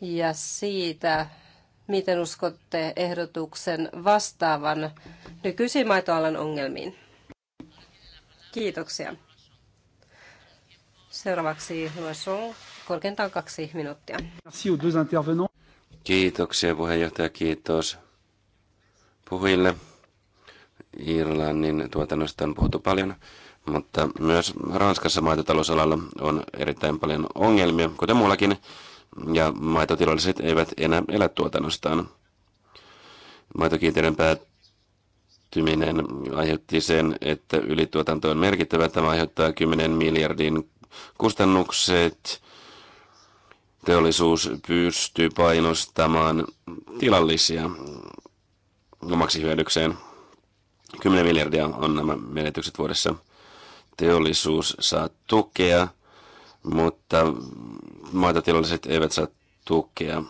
ja siitä, miten uskotte ehdotuksen vastaavan nykyisiin maitoalan ongelmiin. Kiitoksia. Seuraavaksi Luesson, korkeintaan kaksi minuuttia. Merci aux deux intervenants. Kiitoksia puheenjohtaja, kiitos puhujille. Irlannin tuotannosta on puhuttu paljon, mutta myös Ranskassa maitotalousalalla on erittäin paljon ongelmia, kuten muullakin, ja maitotilalliset eivät enää elä tuotannostaan. Maitokiinteiden päättyminen aiheutti sen, että ylituotanto on merkittävä. Tämä aiheuttaa 10 miljardin kustannukset teollisuus pystyy painostamaan tilallisia omaksi hyödykseen. 10 miljardia on nämä menetykset vuodessa. Teollisuus saa tukea, mutta maitotilalliset eivät saa tukea.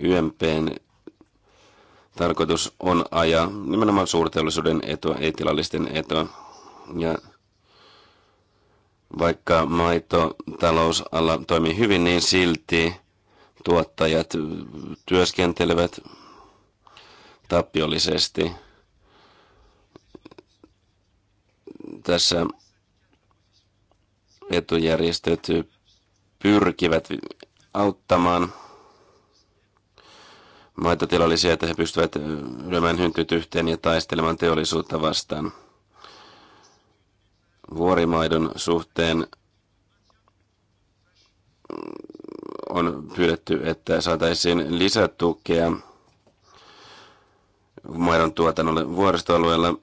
YMPn tarkoitus on ajaa nimenomaan suurteollisuuden etua, ei tilallisten etua. Ja vaikka maitotalousala toimii hyvin, niin silti tuottajat työskentelevät tappiollisesti. Tässä etujärjestöt pyrkivät auttamaan maitotilallisia, että he pystyvät lyömään hyntyt yhteen ja taistelemaan teollisuutta vastaan vuorimaidon suhteen on pyydetty, että saataisiin lisätukea maidon tuotannolle vuoristoalueella,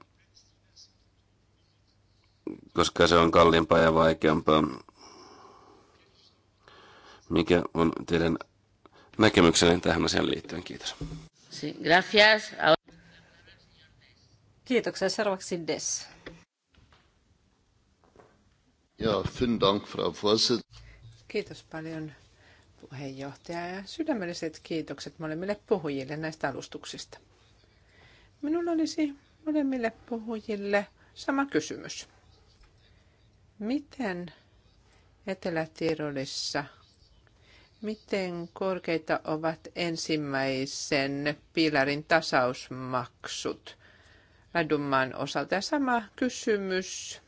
koska se on kalliimpaa ja vaikeampaa. Mikä on teidän näkemyksenne tähän asiaan liittyen? Kiitos. Gracias. Kiitoksia. Seuraavaksi Des. Ja, vielen Dank, Frau Kiitos paljon puheenjohtaja ja sydämelliset kiitokset molemmille puhujille näistä alustuksista. Minulla olisi molemmille puhujille sama kysymys. Miten Etelä-Tirolissa Miten korkeita ovat ensimmäisen pilarin tasausmaksut Ladunmaan osalta? Ja sama kysymys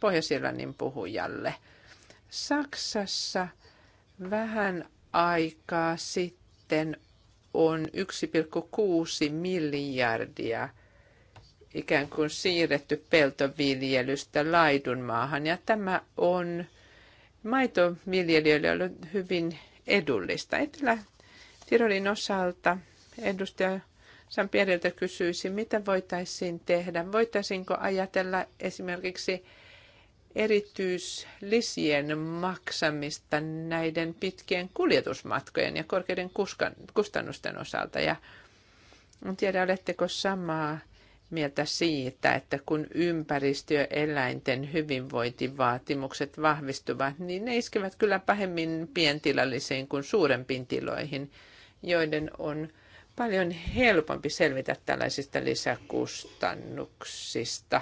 Pohjois-Irlannin puhujalle. Saksassa vähän aikaa sitten on 1,6 miljardia ikään kuin siirretty peltoviljelystä laidunmaahan. Ja tämä on maitoviljelijöille ollut hyvin edullista. Etelä-Tirolin osalta edustaja Pieriltä kysyisi, mitä voitaisiin tehdä. Voitaisinko ajatella esimerkiksi erityislisien maksamista näiden pitkien kuljetusmatkojen ja korkeiden kustannusten osalta. Ja en tiedä, oletteko samaa mieltä siitä, että kun ympäristö- ja eläinten hyvinvointivaatimukset vahvistuvat, niin ne iskevät kyllä pahemmin pientilallisiin kuin suurempiin tiloihin, joiden on paljon helpompi selvitä tällaisista lisäkustannuksista.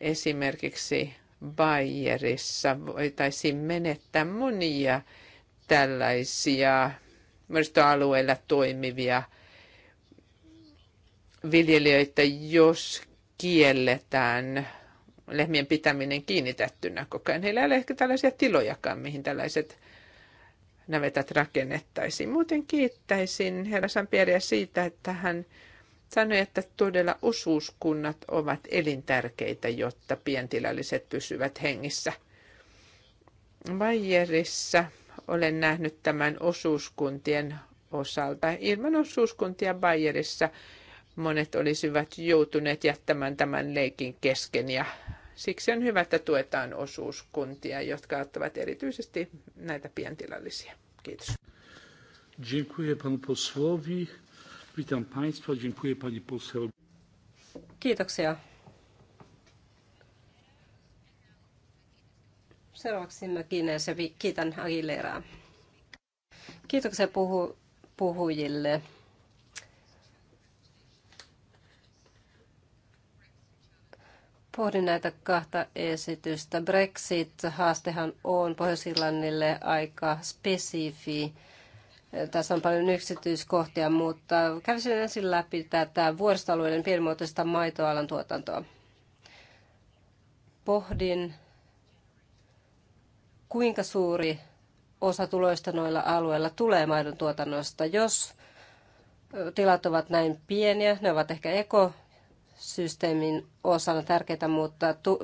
Esimerkiksi Bayerissa voitaisiin menettää monia tällaisia vuoristoalueilla toimivia viljelijöitä, jos kielletään lehmien pitäminen kiinnitettynä koko ajan. Heillä ei ole ehkä tällaisia tilojakaan, mihin tällaiset navetat rakennettaisiin. Muuten kiittäisin herra Sampieriä siitä, että hän sanoi, että todella osuuskunnat ovat elintärkeitä, jotta pientilälliset pysyvät hengissä. Vajerissa olen nähnyt tämän osuuskuntien osalta. Ilman osuuskuntia Bayerissa monet olisivat joutuneet jättämään tämän leikin kesken ja siksi on hyvä, että tuetaan osuuskuntia, jotka auttavat erityisesti näitä pientilallisia. Kiitos. Dziękuję panu posłowi. Witam Państwa, dziękuję Pani Poseł. Kiitoksia. Seuraavaksi mä kiitän Aguileraa. Kiitoksia puhu, puhujille. Pohdin näitä kahta esitystä. Brexit-haastehan on Pohjois-Irlannille aika spesifi tässä on paljon yksityiskohtia, mutta kävisin ensin läpi tätä vuoristoalueiden pienimuotoista maitoalan tuotantoa. Pohdin, kuinka suuri osa tuloista noilla alueilla tulee maidon tuotannosta. Jos tilat ovat näin pieniä, ne ovat ehkä ekosysteemin osana tärkeitä, mutta tu-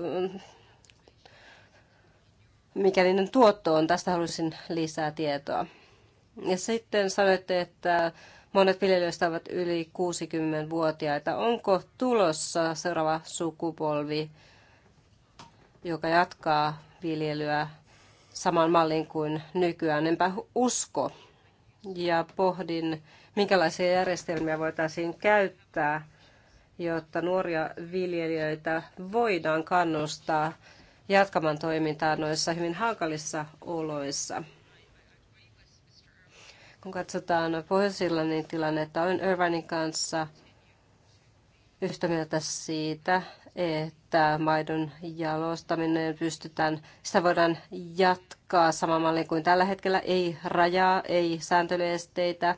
mikä niiden tuotto on, tästä haluaisin lisää tietoa. Ja sitten sanoitte, että monet viljelijöistä ovat yli 60-vuotiaita. Onko tulossa seuraava sukupolvi, joka jatkaa viljelyä saman mallin kuin nykyään? Enpä usko. Ja pohdin, minkälaisia järjestelmiä voitaisiin käyttää, jotta nuoria viljelijöitä voidaan kannustaa jatkamaan toimintaa noissa hyvin hankalissa oloissa. Kun katsotaan Pohjois-Irlannin tilannetta, olen Irvinin kanssa yhtä mieltä siitä, että maidon jalostaminen pystytään, sitä voidaan jatkaa samalla malliin kuin tällä hetkellä. Ei rajaa, ei sääntelyesteitä.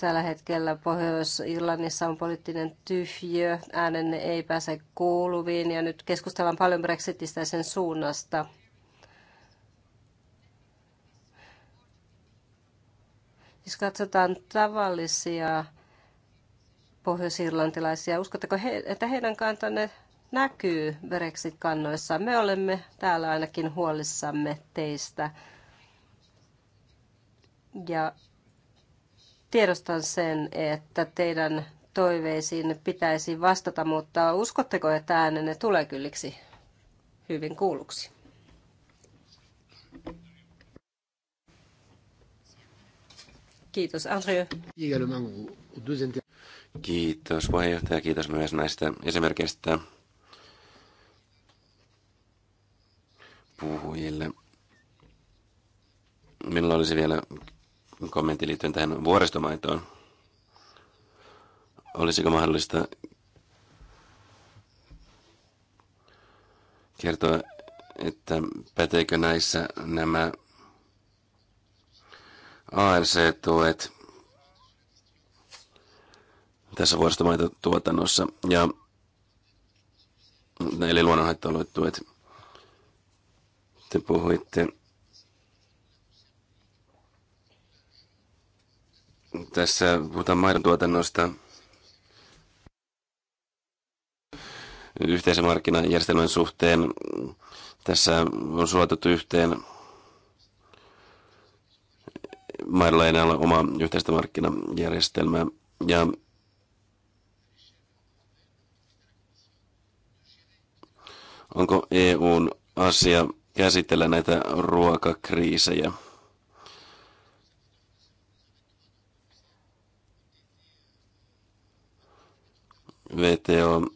Tällä hetkellä Pohjois-Irlannissa on poliittinen tyhjö, äänenne ei pääse kuuluviin ja nyt keskustellaan paljon Brexitistä ja sen suunnasta – Jos katsotaan tavallisia pohjoisirlantilaisia, uskotteko, he, että heidän kantanne näkyy Brexit-kannoissa? Me olemme täällä ainakin huolissamme teistä. Ja tiedostan sen, että teidän toiveisiin pitäisi vastata, mutta uskotteko, että äänenne tulee kylliksi hyvin kuulluksi? Kiitos, Andrew. Kiitos puheenjohtaja, kiitos myös näistä esimerkkeistä puhujille. Minulla olisi vielä kommentti liittyen tähän vuoristomaitoon. Olisiko mahdollista kertoa, että päteekö näissä nämä ANC-tuet tässä vuoristomaitotuotannossa ja eli luonnonhaitta tuet. Te puhuitte tässä puhutaan maidon tuotannosta yhteisen markkinajärjestelmän suhteen. Tässä on suotettu yhteen mailla ei enää ole oma yhteistä markkinajärjestelmää. Ja onko EUn asia käsitellä näitä ruokakriisejä? VTO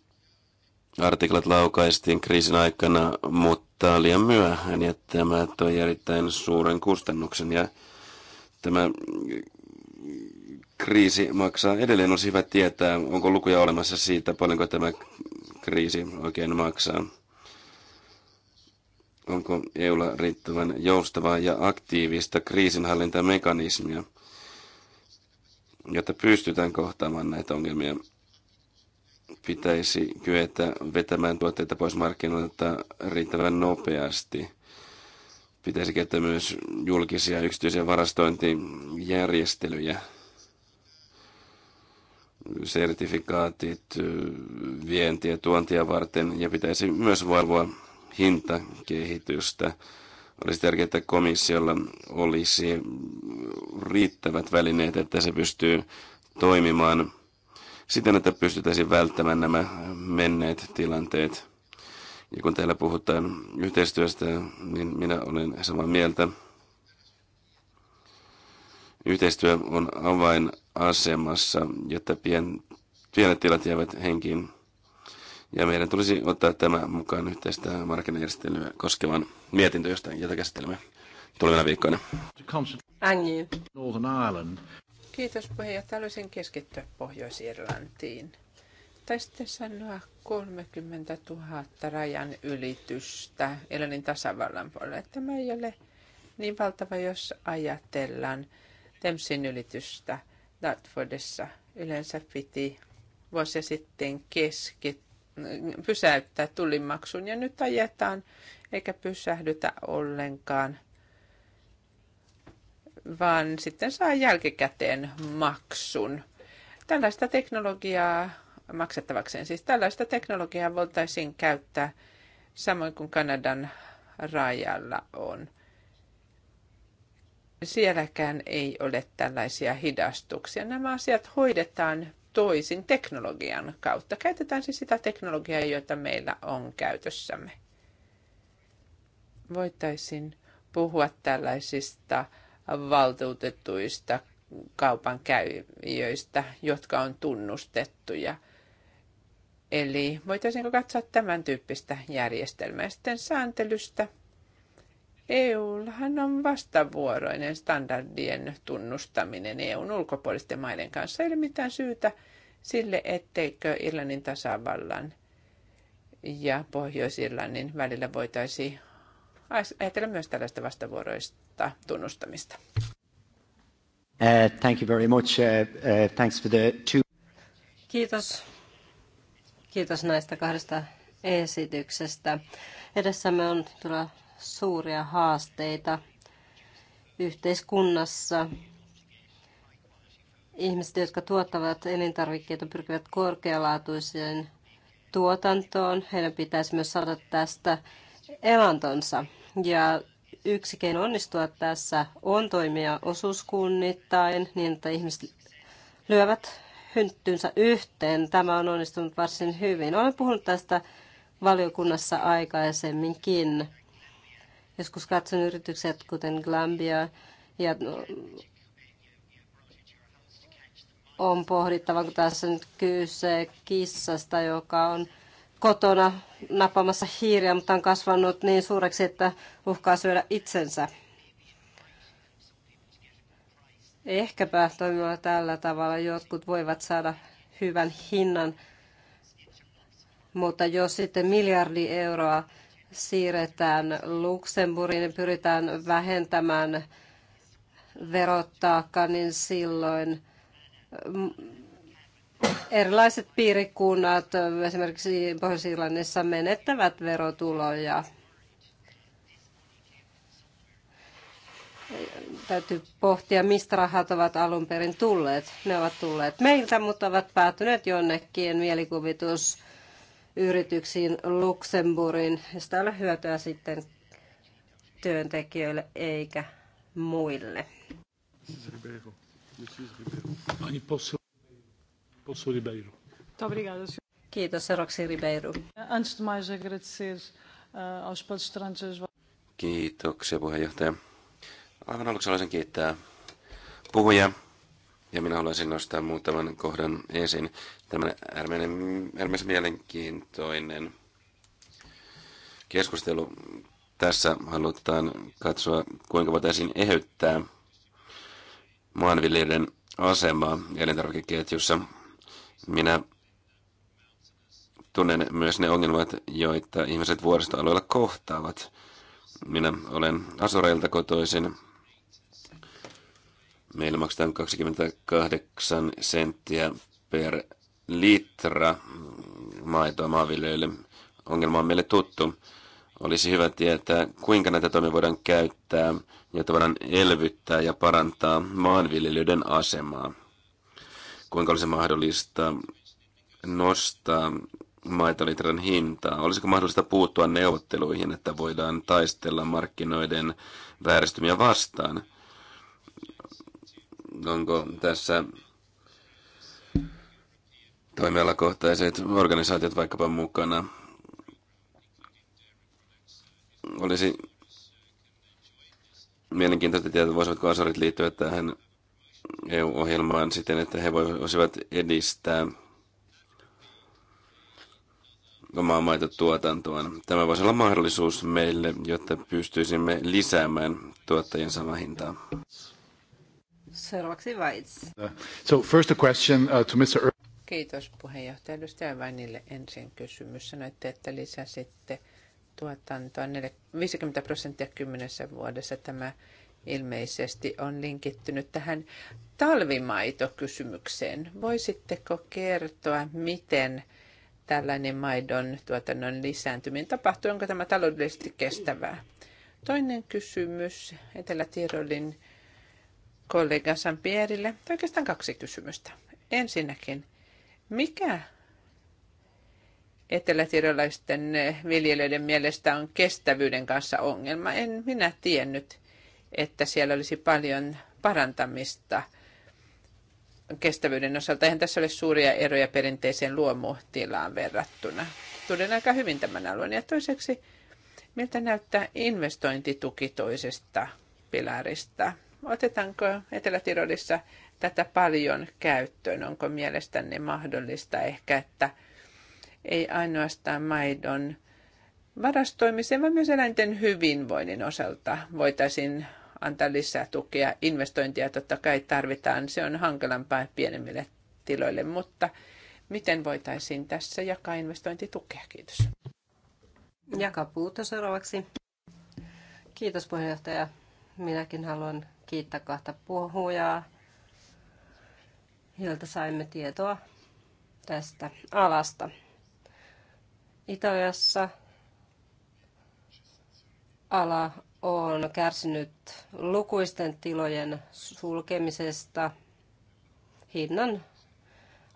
artiklat laukaistiin kriisin aikana, mutta liian myöhään ja tämä toi erittäin suuren kustannuksen ja Tämä kriisi maksaa edelleen. On hyvä tietää, onko lukuja olemassa siitä, paljonko tämä kriisi oikein maksaa. Onko EUlla riittävän joustavaa ja aktiivista kriisinhallintamekanismia, jotta pystytään kohtaamaan näitä ongelmia? Pitäisi kyetä vetämään tuotteita pois markkinoilta riittävän nopeasti – Pitäisi käyttää myös julkisia yksityisiä varastointijärjestelyjä sertifikaatit vientiä ja tuontia varten ja pitäisi myös valvoa hintakehitystä. Olisi tärkeää, että komissiolla olisi riittävät välineet, että se pystyy toimimaan siten, että pystytäisiin välttämään nämä menneet tilanteet. Ja niin kun täällä puhutaan yhteistyöstä, niin minä olen samaa mieltä. Yhteistyö on avainasemassa, jotta pien, pienet tilat jäävät henkiin. Ja meidän tulisi ottaa tämä mukaan yhteistä markkinajärjestelyä koskevan mietintö, josta jota käsittelemme tulevina viikkoina. Angie. Northern Ireland. Kiitos puheenjohtaja. Haluaisin keskittyä Pohjois-Irlantiin tästä sanoa 30 000 rajan ylitystä Irlannin tasavallan puolella. Tämä ei ole niin valtava, jos ajatellaan Temsin ylitystä Dartfordissa. Yleensä piti vuosia sitten keskit pysäyttää tullimaksun ja nyt ajetaan eikä pysähdytä ollenkaan, vaan sitten saa jälkikäteen maksun. Tällaista teknologiaa maksettavakseen. Siis tällaista teknologiaa voitaisiin käyttää samoin kuin Kanadan rajalla on. Sielläkään ei ole tällaisia hidastuksia. Nämä asiat hoidetaan toisin teknologian kautta. Käytetään siis sitä teknologiaa, jota meillä on käytössämme. Voitaisiin puhua tällaisista valtuutetuista kaupan jotka on tunnustettuja – Eli voitaisiinko katsoa tämän tyyppistä järjestelmää sitten sääntelystä? EUllahan on vastavuoroinen standardien tunnustaminen EUn ulkopuolisten maiden kanssa. Ei ole mitään syytä sille, etteikö Irlannin tasavallan ja Pohjois-Irlannin välillä voitaisiin ajatella myös tällaista vastavuoroista tunnustamista. Uh, thank you very much. Uh, uh, thanks for the two... Kiitos Kiitos näistä kahdesta esityksestä. Edessämme on todella suuria haasteita yhteiskunnassa. Ihmiset, jotka tuottavat elintarvikkeita, pyrkivät korkealaatuiseen tuotantoon. Heidän pitäisi myös saada tästä elantonsa. Ja yksi keino onnistua tässä on toimia osuuskunnittain niin, että ihmiset lyövät hynttyynsä yhteen. Tämä on onnistunut varsin hyvin. Olen puhunut tästä valiokunnassa aikaisemminkin. Joskus katson yritykset, kuten Glambia, ja on pohdittava, kun tässä nyt kyse kissasta, joka on kotona napamassa hiiriä, mutta on kasvanut niin suureksi, että uhkaa syödä itsensä. Ehkäpä toimimalla tällä tavalla jotkut voivat saada hyvän hinnan, mutta jos sitten miljardi euroa siirretään Luxemburgiin ja pyritään vähentämään verottaakka, niin silloin mm, erilaiset piirikunnat, esimerkiksi Pohjois-Irlannissa, menettävät verotuloja. Täytyy pohtia, mistä rahat ovat alun perin tulleet. Ne ovat tulleet meiltä, mutta ovat päätyneet jonnekin mielikuvitusyrityksiin Luxemburgin, josta ei ole hyötyä sitten työntekijöille eikä muille. Kiitos, Roxy Ribeiro. Antes mais agradecer eh, aos Kiitoksia puheenjohtaja. Aivan aluksi haluaisin kiittää puhuja ja minä haluaisin nostaa muutaman kohdan esiin. Tämän äärimmäisen mielenkiintoinen keskustelu. Tässä halutaan katsoa, kuinka voitaisiin eheyttää maanviljelijöiden asemaa elintarvikeketjussa. Minä tunnen myös ne ongelmat, joita ihmiset vuoristoalueella kohtaavat. Minä olen Asoreilta kotoisin, Meillä maksetaan 28 senttiä per litra maitoa maanviljelijöille. Ongelma on meille tuttu. Olisi hyvä tietää, kuinka näitä toimia voidaan käyttää, jotta voidaan elvyttää ja parantaa maanviljelijöiden asemaa. Kuinka olisi mahdollista nostaa maitolitran hintaa? Olisiko mahdollista puuttua neuvotteluihin, että voidaan taistella markkinoiden vääristymiä vastaan? onko tässä toimialakohtaiset organisaatiot vaikkapa mukana. Olisi mielenkiintoista tietää, voisivatko Asorit liittyä tähän EU-ohjelmaan siten, että he voisivat edistää omaa maitotuotantoaan. Tämä voisi olla mahdollisuus meille, jotta pystyisimme lisäämään tuottajien samahintaa. hintaa. Seuraavaksi Vaits. So first a question uh, to Mr. Kiitos puheenjohtaja. Edustaja Vainille ensin kysymys. Sanoitte, että lisäsitte tuotantoa 50 prosenttia kymmenessä vuodessa. Tämä ilmeisesti on linkittynyt tähän talvimaitokysymykseen. Voisitteko kertoa, miten tällainen maidon tuotannon lisääntyminen tapahtuu? Onko tämä taloudellisesti kestävää? Toinen kysymys Etelä-Tirolin kollega Sampierille oikeastaan kaksi kysymystä. Ensinnäkin, mikä etelätirolaisten viljelijöiden mielestä on kestävyyden kanssa ongelma? En minä tiennyt, että siellä olisi paljon parantamista kestävyyden osalta. Eihän tässä ole suuria eroja perinteiseen luomutilaan verrattuna. Tunnen aika hyvin tämän alueen. Ja toiseksi, miltä näyttää investointituki toisesta pilarista? Otetaanko Etelä-Tirolissa tätä paljon käyttöön? Onko mielestäni mahdollista ehkä, että ei ainoastaan maidon varastoimisen, vaan myös eläinten hyvinvoinnin osalta voitaisiin antaa lisää tukea. Investointia totta kai tarvitaan, se on hankalampaa pienemmille tiloille, mutta miten voitaisiin tässä jakaa investointitukea? Kiitos. Jaka puuta seuraavaksi. Kiitos puheenjohtaja. Minäkin haluan kiittää kahta puhujaa, joilta saimme tietoa tästä alasta. Italiassa ala on kärsinyt lukuisten tilojen sulkemisesta hinnan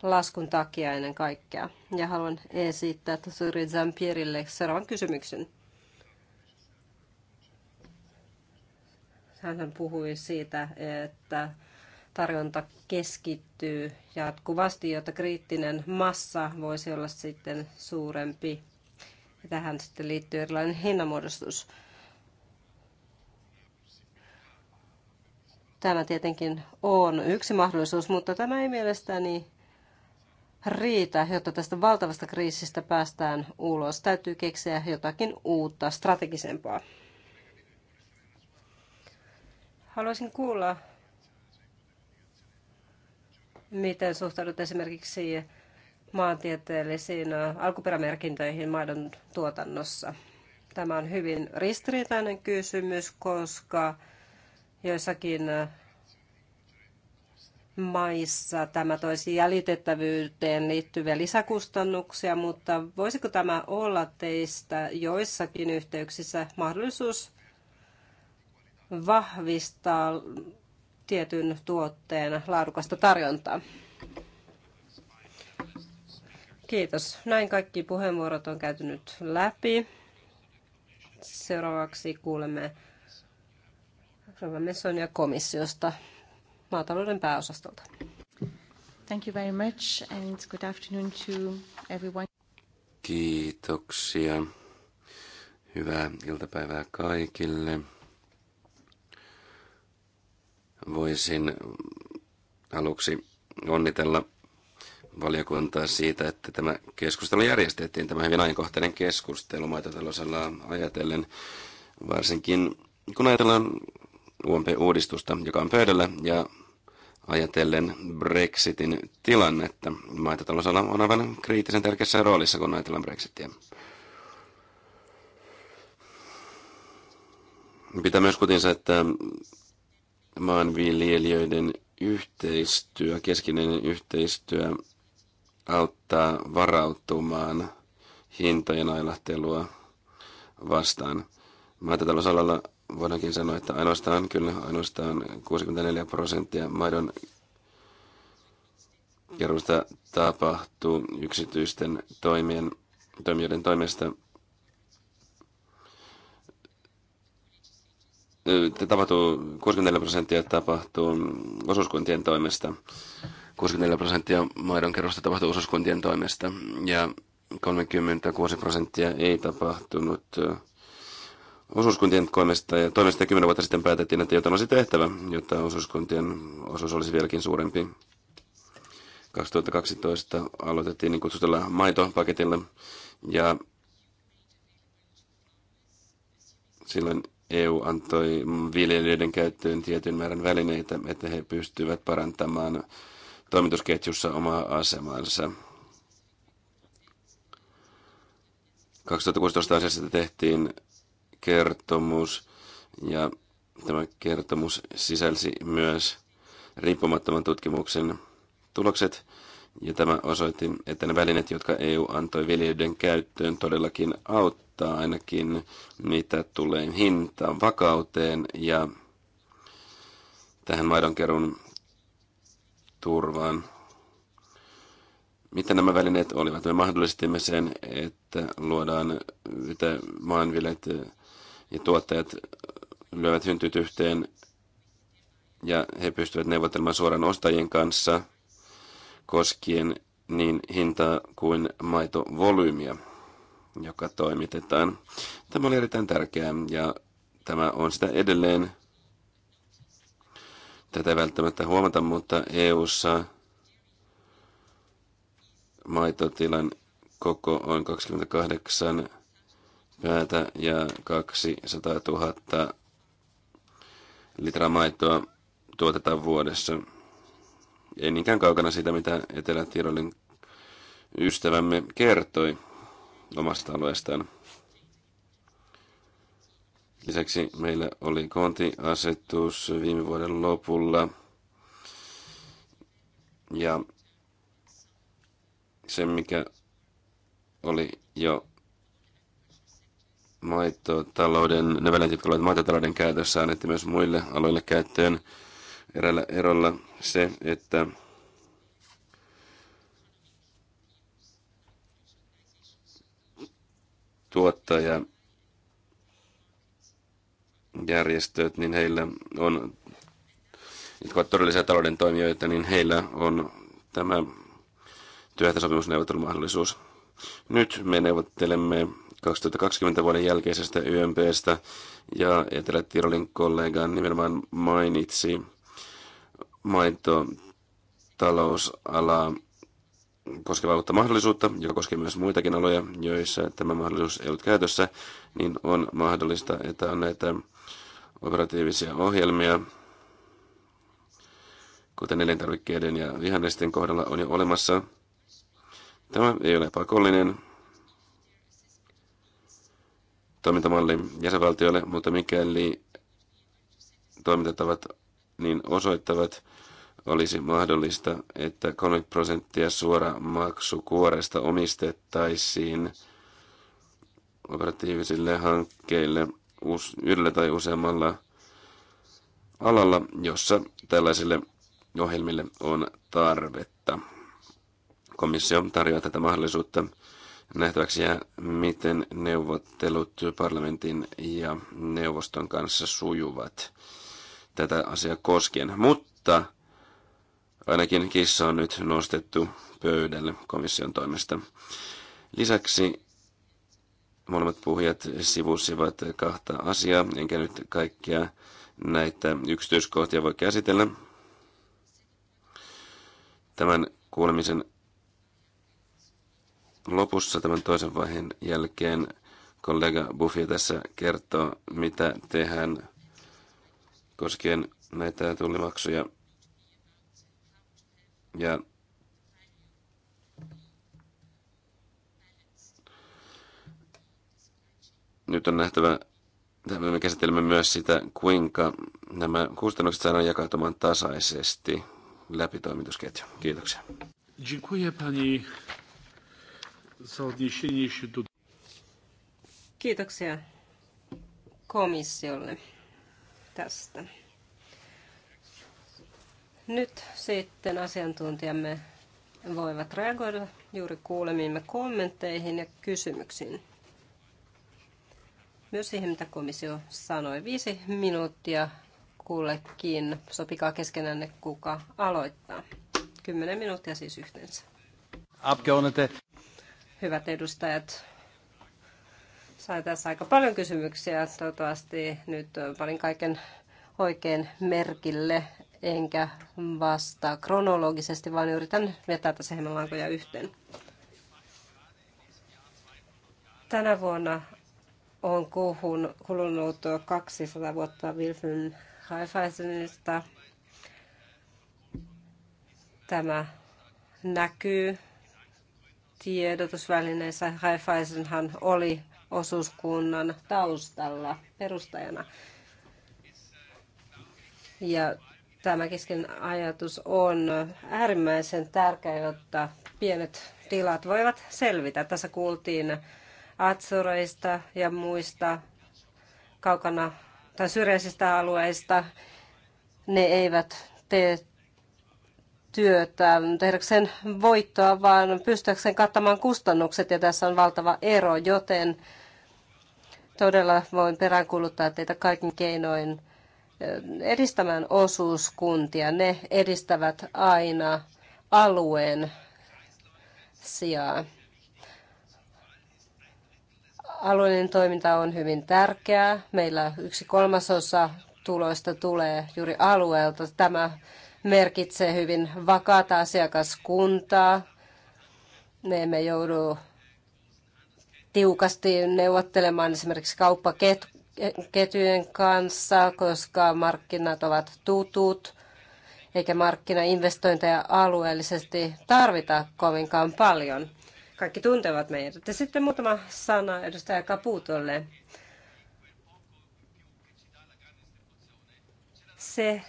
laskun takia ennen kaikkea. Ja haluan esittää Tsuri Zampierille seuraavan kysymyksen. Hän puhui siitä, että tarjonta keskittyy jatkuvasti, jotta kriittinen massa voisi olla sitten suurempi. Tähän sitten liittyy erilainen hinnanmuodostus. Tämä tietenkin on yksi mahdollisuus, mutta tämä ei mielestäni riitä, jotta tästä valtavasta kriisistä päästään ulos. Täytyy keksiä jotakin uutta, strategisempaa. Haluaisin kuulla, miten suhtaudut esimerkiksi maantieteellisiin äh, alkuperämerkintöihin maidon tuotannossa. Tämä on hyvin ristiriitainen kysymys, koska joissakin äh, maissa tämä toisi jäljitettävyyteen liittyviä lisäkustannuksia, mutta voisiko tämä olla teistä joissakin yhteyksissä mahdollisuus vahvistaa tietyn tuotteen laadukasta tarjontaa. Kiitos. Näin kaikki puheenvuorot on käyty nyt läpi. Seuraavaksi kuulemme Rova ja komissiosta maatalouden pääosastolta. Thank you very much and good afternoon to everyone. Kiitoksia. Hyvää iltapäivää kaikille. Voisin aluksi onnitella valiokuntaa siitä, että tämä keskustelu järjestettiin, tämä hyvin ajankohtainen keskustelu maitotalousalla ajatellen, varsinkin kun ajatellaan UMP-uudistusta, joka on pöydällä, ja ajatellen Brexitin tilannetta. Maitotalousala on aivan kriittisen tärkeässä roolissa, kun ajatellaan Brexitia. Pitää myös kutinsa, että maanviljelijöiden yhteistyö, keskinäinen yhteistyö auttaa varautumaan hintojen ailahtelua vastaan. Maatalousalalla voidaankin sanoa, että ainoastaan, kyllä, ainoastaan 64 prosenttia maidon keruusta tapahtuu yksityisten toimien, toimijoiden toimesta – tapahtuu 64 prosenttia tapahtuu osuuskuntien toimesta. 64 prosenttia maidon kerrosta tapahtuu osuuskuntien toimesta ja 36 prosenttia ei tapahtunut osuuskuntien toimesta ja toimesta 10 vuotta sitten päätettiin, että jotain olisi tehtävä, jotta osuuskuntien osuus olisi vieläkin suurempi. 2012 aloitettiin niin kutsutulla maitopaketilla ja silloin EU antoi viljelijöiden käyttöön tietyn määrän välineitä, että he pystyvät parantamaan toimitusketjussa omaa asemansa. 2016 asiasta tehtiin kertomus ja tämä kertomus sisälsi myös riippumattoman tutkimuksen tulokset ja tämä osoitti, että ne välineet, jotka EU antoi viljelijöiden käyttöön, todellakin auttaa ainakin mitä tulee hintaan, vakauteen ja tähän maidonkerun turvaan. Mitä nämä välineet olivat? Me mahdollistimme sen, että luodaan, että maanviljelijät ja tuottajat lyövät hyntyt yhteen ja he pystyvät neuvottelemaan suoraan ostajien kanssa – koskien niin hintaa kuin maitovolyymiä, joka toimitetaan. Tämä oli erittäin tärkeää ja tämä on sitä edelleen. Tätä ei välttämättä huomata, mutta EU:ssa maitotilan koko on 28 päätä ja 200 000 litraa maitoa tuotetaan vuodessa ei niinkään kaukana siitä, mitä etelä ystävämme kertoi omasta alueestaan. Lisäksi meillä oli kontiasetus viime vuoden lopulla. Ja se, mikä oli jo maitotalouden, ne välit, jotka olivat maitotalouden käytössä, annettiin myös muille aloille käyttöön. Erällä erolla se, että tuottaja järjestöt, niin heillä on, jotka ovat todellisia talouden toimijoita, niin heillä on tämä työehtosopimusneuvottelumahdollisuus. Nyt me neuvottelemme 2020 vuoden jälkeisestä YMPstä ja Etelä-Tirolin kollega nimenomaan mainitsi maitotalousalaa koskevaa uutta mahdollisuutta, joka koskee myös muitakin aloja, joissa tämä mahdollisuus ei ollut käytössä, niin on mahdollista, että on näitä operatiivisia ohjelmia, kuten elintarvikkeiden ja vihannesten kohdalla on jo olemassa. Tämä ei ole pakollinen toimintamalli jäsenvaltioille, mutta mikäli toimintatavat niin osoittavat, olisi mahdollista, että 30 prosenttia suora maksukuoresta omistettaisiin operatiivisille hankkeille yhdellä tai useammalla alalla, jossa tällaisille ohjelmille on tarvetta. Komissio tarjoaa tätä mahdollisuutta nähtäväksi ja miten neuvottelut parlamentin ja neuvoston kanssa sujuvat tätä asiaa koskien. Mutta Ainakin kissa on nyt nostettu pöydälle komission toimesta. Lisäksi molemmat puhujat sivusivat kahta asiaa, enkä nyt kaikkia näitä yksityiskohtia voi käsitellä. Tämän kuulemisen lopussa, tämän toisen vaiheen jälkeen, kollega Buffy tässä kertoo, mitä tehdään koskien näitä tullimaksuja ja nyt on nähtävä, me käsittelemme myös sitä, kuinka nämä kustannukset saadaan jakautumaan tasaisesti läpi toimitusketju. Kiitoksia. Dziękuję pani Kiitoksia komissiolle tästä. Nyt sitten asiantuntijamme voivat reagoida juuri kuulemiimme kommentteihin ja kysymyksiin. Myös siihen, mitä komissio sanoi. Viisi minuuttia kullekin. Sopikaa keskenänne, kuka aloittaa. Kymmenen minuuttia siis yhteensä. Abgeordnete. Hyvät edustajat, sain tässä aika paljon kysymyksiä. Toivottavasti nyt panin kaiken oikein merkille enkä vastaa kronologisesti, vaan yritän vetää tässä hemmelankoja yhteen. Tänä vuonna on kuuhun kulunut 200 vuotta Wilhelm Haifaisenista. Tämä näkyy tiedotusvälineissä. Raiffeisenhan oli osuuskunnan taustalla perustajana. Ja Tämä keskeinen ajatus on äärimmäisen tärkeä, jotta pienet tilat voivat selvitä. Tässä kuultiin Atsureista ja muista kaukana tai syrjäisistä alueista. Ne eivät tee työtä tehdäkseen voittoa, vaan pystyäkseen kattamaan kustannukset, ja tässä on valtava ero, joten todella voin peräänkuluttaa teitä kaikin keinoin edistämään osuuskuntia. Ne edistävät aina alueen sijaa. Alueellinen toiminta on hyvin tärkeää. Meillä yksi kolmasosa tuloista tulee juuri alueelta. Tämä merkitsee hyvin vakaata asiakaskuntaa. Me emme joudu tiukasti neuvottelemaan esimerkiksi kauppaketjuja ketjujen kanssa, koska markkinat ovat tutut, eikä markkinainvestointeja alueellisesti tarvita kovinkaan paljon. Kaikki tuntevat meidät. Ja sitten muutama sana edustaja Kaputolle. Se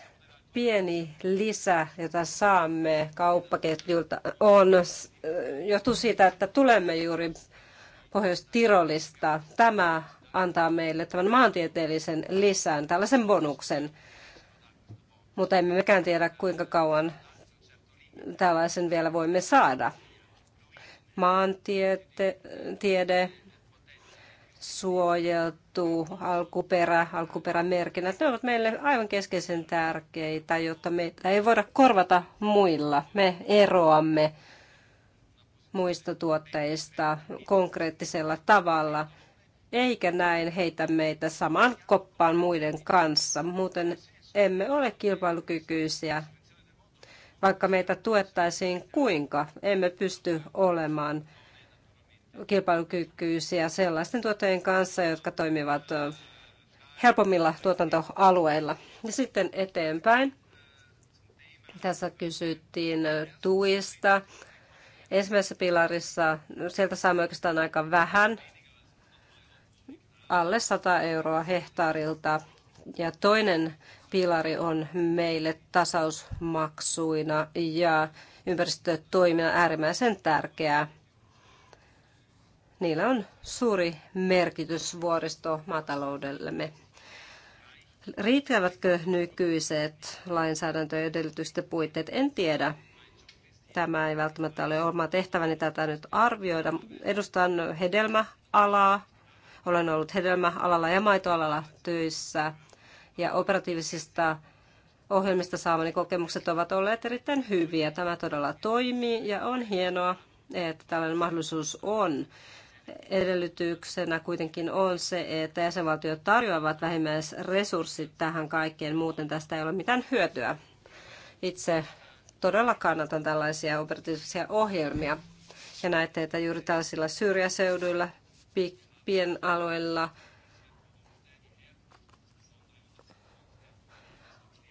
pieni lisä, jota saamme kauppaketjulta, on, johtuu siitä, että tulemme juuri Pohjois-Tirolista. Tämä antaa meille tämän maantieteellisen lisän, tällaisen bonuksen. Mutta emme mekään tiedä, kuinka kauan tällaisen vielä voimme saada. Maantiede, suojeltu alkuperä, alkuperämerkinnät, ne ovat meille aivan keskeisen tärkeitä, jotta meitä ei voida korvata muilla. Me eroamme muista tuotteista konkreettisella tavalla eikä näin heitä meitä saman koppaan muiden kanssa. Muuten emme ole kilpailukykyisiä, vaikka meitä tuettaisiin kuinka. Emme pysty olemaan kilpailukykyisiä sellaisten tuotteiden kanssa, jotka toimivat helpommilla tuotantoalueilla. Ja sitten eteenpäin. Tässä kysyttiin tuista. Ensimmäisessä pilarissa sieltä saamme oikeastaan aika vähän alle 100 euroa hehtaarilta. Ja toinen pilari on meille tasausmaksuina ja ympäristötoimia äärimmäisen tärkeää. Niillä on suuri merkitys vuoristo maataloudellemme. Riittävätkö nykyiset lainsäädäntöedellytysten puitteet? En tiedä. Tämä ei välttämättä ole oma tehtäväni tätä nyt arvioida. Edustan hedelmäalaa olen ollut hedelmäalalla ja maitoalalla töissä ja operatiivisista ohjelmista saamani kokemukset ovat olleet erittäin hyviä. Tämä todella toimii ja on hienoa, että tällainen mahdollisuus on. Edellytyksenä kuitenkin on se, että jäsenvaltiot tarjoavat vähimmäisresurssit tähän kaikkeen, muuten tästä ei ole mitään hyötyä. Itse todella kannatan tällaisia operatiivisia ohjelmia. Ja näette, että juuri tällaisilla syrjäseuduilla, pik- alueella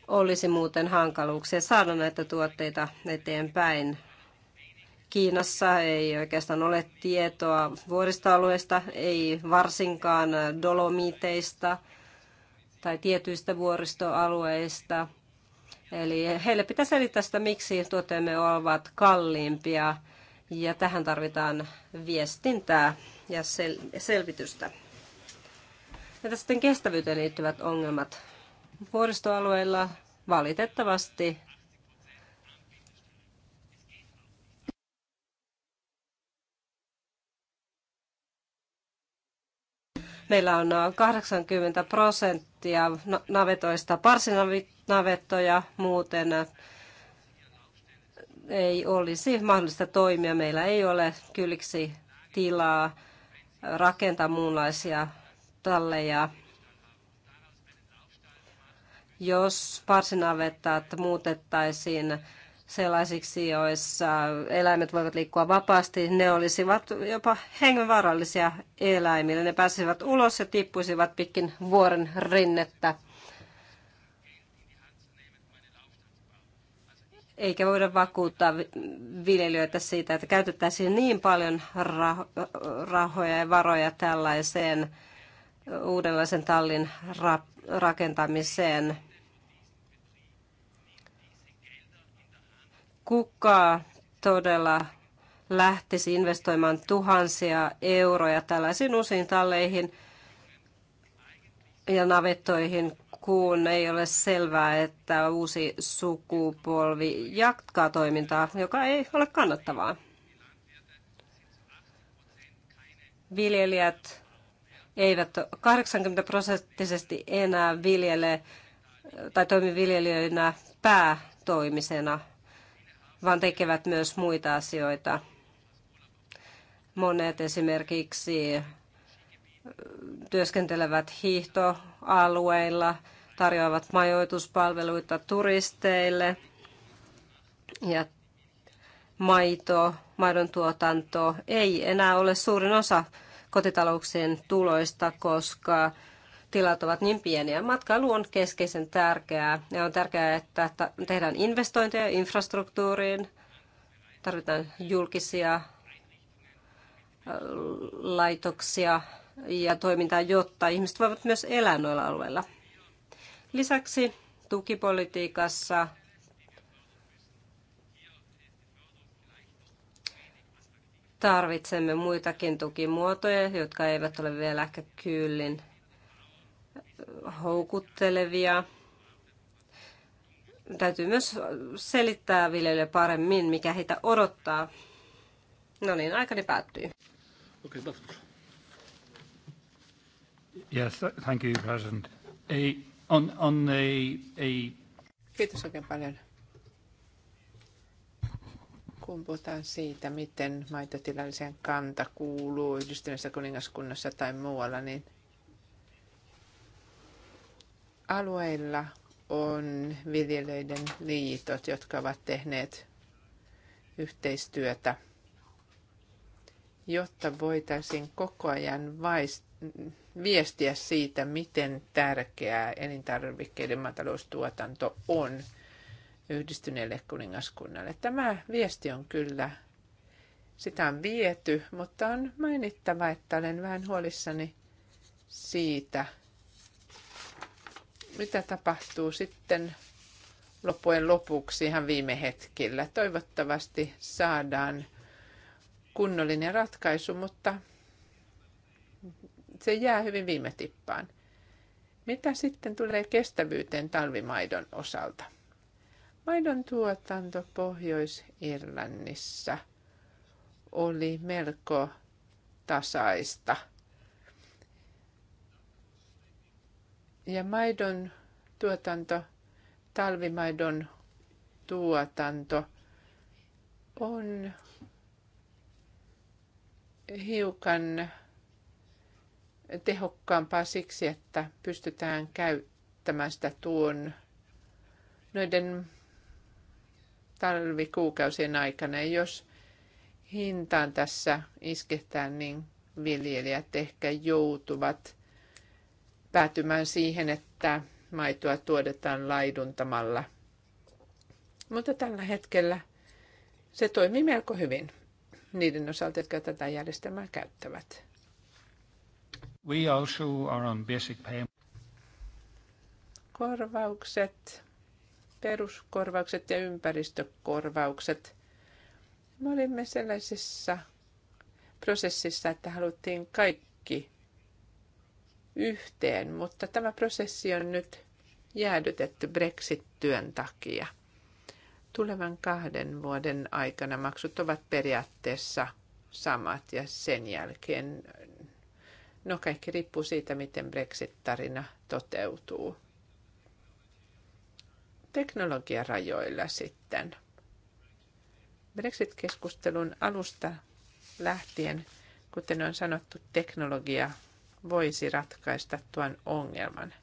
olisi muuten hankaluuksia saada näitä tuotteita eteenpäin. Kiinassa ei oikeastaan ole tietoa vuoristoalueesta, ei varsinkaan dolomiteista tai tietyistä vuoristoalueista. Eli heille pitäisi selittää sitä, miksi tuotteemme ovat kalliimpia ja tähän tarvitaan viestintää ja sel- selvitystä. Entä sitten kestävyyteen liittyvät ongelmat? Vuoristoalueilla valitettavasti Meillä on 80 prosenttia navetoista parsinavettoja, muuten ei olisi mahdollista toimia. Meillä ei ole kylliksi tilaa rakentaa muunlaisia talleja. Jos parsinavettaat muutettaisiin sellaisiksi, joissa eläimet voivat liikkua vapaasti, ne olisivat jopa hengenvaarallisia eläimille. Ne pääsisivät ulos ja tippuisivat pitkin vuoren rinnettä. eikä voida vakuuttaa viljelijöitä siitä, että käytettäisiin niin paljon rahoja ja varoja tällaiseen uudenlaisen tallin rakentamiseen. Kuka todella lähtisi investoimaan tuhansia euroja tällaisiin uusiin talleihin – ja navettoihin, kun ei ole selvää, että uusi sukupolvi jatkaa toimintaa, joka ei ole kannattavaa. Viljelijät eivät 80 prosenttisesti enää viljele tai toimi viljelijöinä päätoimisena, vaan tekevät myös muita asioita. Monet esimerkiksi työskentelevät hiihtoalueilla, tarjoavat majoituspalveluita turisteille ja maito, maidon tuotanto ei enää ole suurin osa kotitalouksien tuloista, koska tilat ovat niin pieniä. Matkailu on keskeisen tärkeää ja on tärkeää, että tehdään investointeja infrastruktuuriin, tarvitaan julkisia äh, laitoksia, ja toimintaa, jotta ihmiset voivat myös elää noilla alueilla. Lisäksi tukipolitiikassa tarvitsemme muitakin tukimuotoja, jotka eivät ole vielä ehkä kyllin houkuttelevia. Täytyy myös selittää viljelijöille paremmin, mikä heitä odottaa. No niin, aikani päättyy. okay, Yes, thank you, President. on, a, Kiitos oikein paljon. Kun puhutaan siitä, miten maitotilallisen kanta kuuluu yhdistyneessä kuningaskunnassa tai muualla, niin alueilla on viljelijöiden liitot, jotka ovat tehneet yhteistyötä, jotta voitaisiin koko ajan vaist- viestiä siitä, miten tärkeää elintarvikkeiden maataloustuotanto on yhdistyneelle kuningaskunnalle. Tämä viesti on kyllä, sitä on viety, mutta on mainittava, että olen vähän huolissani siitä, mitä tapahtuu sitten loppujen lopuksi ihan viime hetkillä. Toivottavasti saadaan kunnollinen ratkaisu, mutta se jää hyvin viime tippaan. Mitä sitten tulee kestävyyteen talvimaidon osalta? Maidon tuotanto Pohjois-Irlannissa oli melko tasaista. Ja maidon tuotanto, talvimaidon tuotanto on hiukan tehokkaampaa siksi, että pystytään käyttämään sitä tuon noiden talvikuukausien aikana. Ja jos hintaan tässä isketään, niin viljelijät ehkä joutuvat päätymään siihen, että maitoa tuodetaan laiduntamalla. Mutta tällä hetkellä se toimii melko hyvin niiden osalta, jotka tätä järjestelmää käyttävät. We also are on basic payment. Korvaukset, peruskorvaukset ja ympäristökorvaukset. Me olimme sellaisessa prosessissa, että haluttiin kaikki yhteen, mutta tämä prosessi on nyt jäädytetty Brexit-työn takia. Tulevan kahden vuoden aikana maksut ovat periaatteessa samat ja sen jälkeen No kaikki riippuu siitä, miten Brexit-tarina toteutuu. Teknologiarajoilla sitten. Brexit-keskustelun alusta lähtien, kuten on sanottu, teknologia voisi ratkaista tuon ongelman.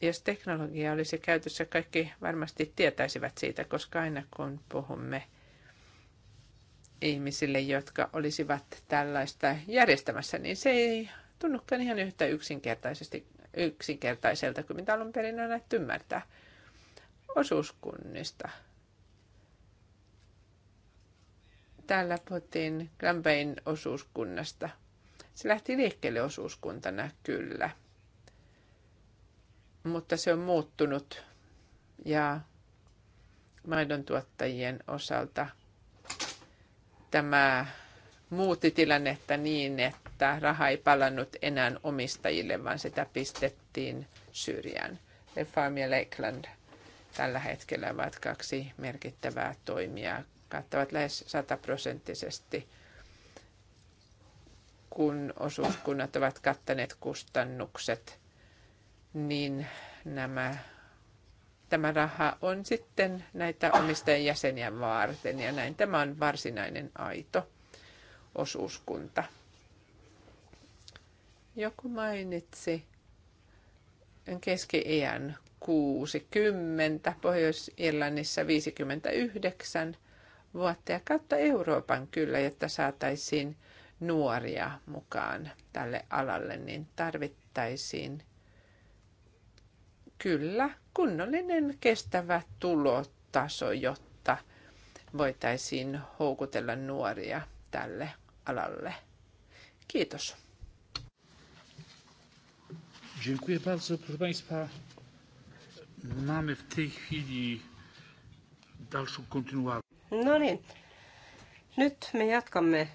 Jos teknologia olisi käytössä, kaikki varmasti tietäisivät siitä, koska aina kun puhumme – ihmisille, jotka olisivat tällaista järjestämässä, niin se ei tunnukaan ihan yhtä yksinkertaisesti, yksinkertaiselta kuin mitä alun perin on ymmärtää osuuskunnista. Täällä puhuttiin Glambein osuuskunnasta. Se lähti liikkeelle osuuskuntana, kyllä. Mutta se on muuttunut ja maidon tuottajien osalta – tämä muutti tilannetta niin, että raha ei palannut enää omistajille, vaan sitä pistettiin syrjään. Farm ja Lakeland tällä hetkellä ovat kaksi merkittävää toimia, kattavat lähes sataprosenttisesti, kun osuuskunnat ovat kattaneet kustannukset, niin nämä tämä raha on sitten näitä omistajien jäseniä varten ja näin tämä on varsinainen aito osuuskunta. Joku mainitsi keski-iän 60, Pohjois-Irlannissa 59 vuotta ja kautta Euroopan kyllä, jotta saataisiin nuoria mukaan tälle alalle, niin tarvittaisiin Kyllä, kunnollinen kestävä tulotaso, jotta voitaisiin houkutella nuoria tälle alalle. Kiitos. Dziękuję bardzo, proszę Państwa. Mamy w tej chwili dalszą kontynuację. No niin. Nyt me jatkamme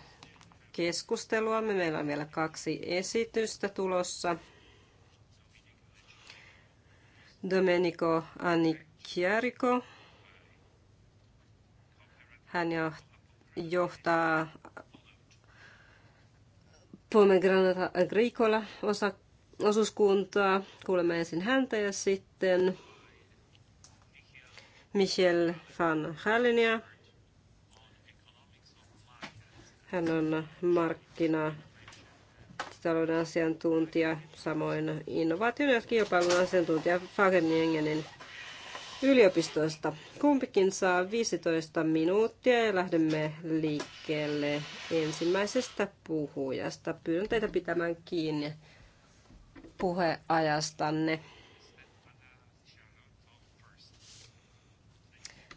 keskustelua Meillä on vielä kaksi esitystä tulossa. Domenico Anikiariko, Hän johtaa Pomegranata Agricola osa, osuuskuntaa. Kuulemme ensin häntä ja sitten Michel van Hallinia. Hän on markkina maatalouden asiantuntija, samoin innovaation ja kilpailun asiantuntija Fageningenin yliopistoista. Kumpikin saa 15 minuuttia ja lähdemme liikkeelle ensimmäisestä puhujasta. Pyydän teitä pitämään kiinni puheajastanne.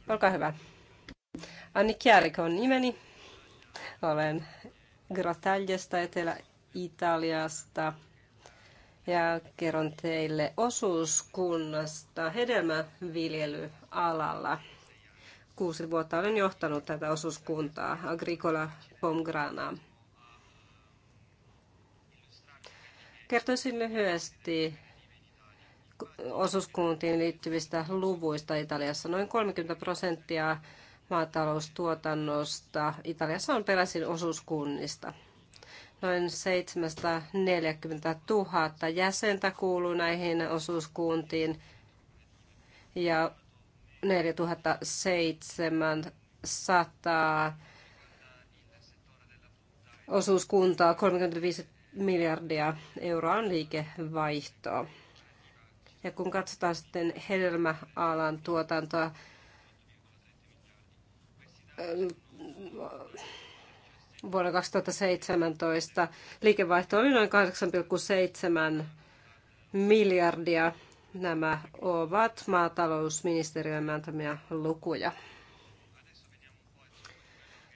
Olkaa hyvä. Anni Kjärik on nimeni. Olen Grataljesta, Etelä- Italiasta ja kerron teille osuuskunnasta hedelmäviljelyalalla. Kuusi vuotta olen johtanut tätä osuuskuntaa Agricola Pomgrana. Kertoisin lyhyesti osuuskuntiin liittyvistä luvuista Italiassa. Noin 30 prosenttia maataloustuotannosta Italiassa on peräisin osuuskunnista. Noin 740 000 jäsentä kuuluu näihin osuuskuntiin ja 4700 osuuskuntaa, 35 miljardia euroa on liikevaihtoa. Ja kun katsotaan sitten hedelmäalan tuotantoa, vuonna 2017 liikevaihto oli noin 8,7 miljardia. Nämä ovat maatalousministeriön antamia lukuja.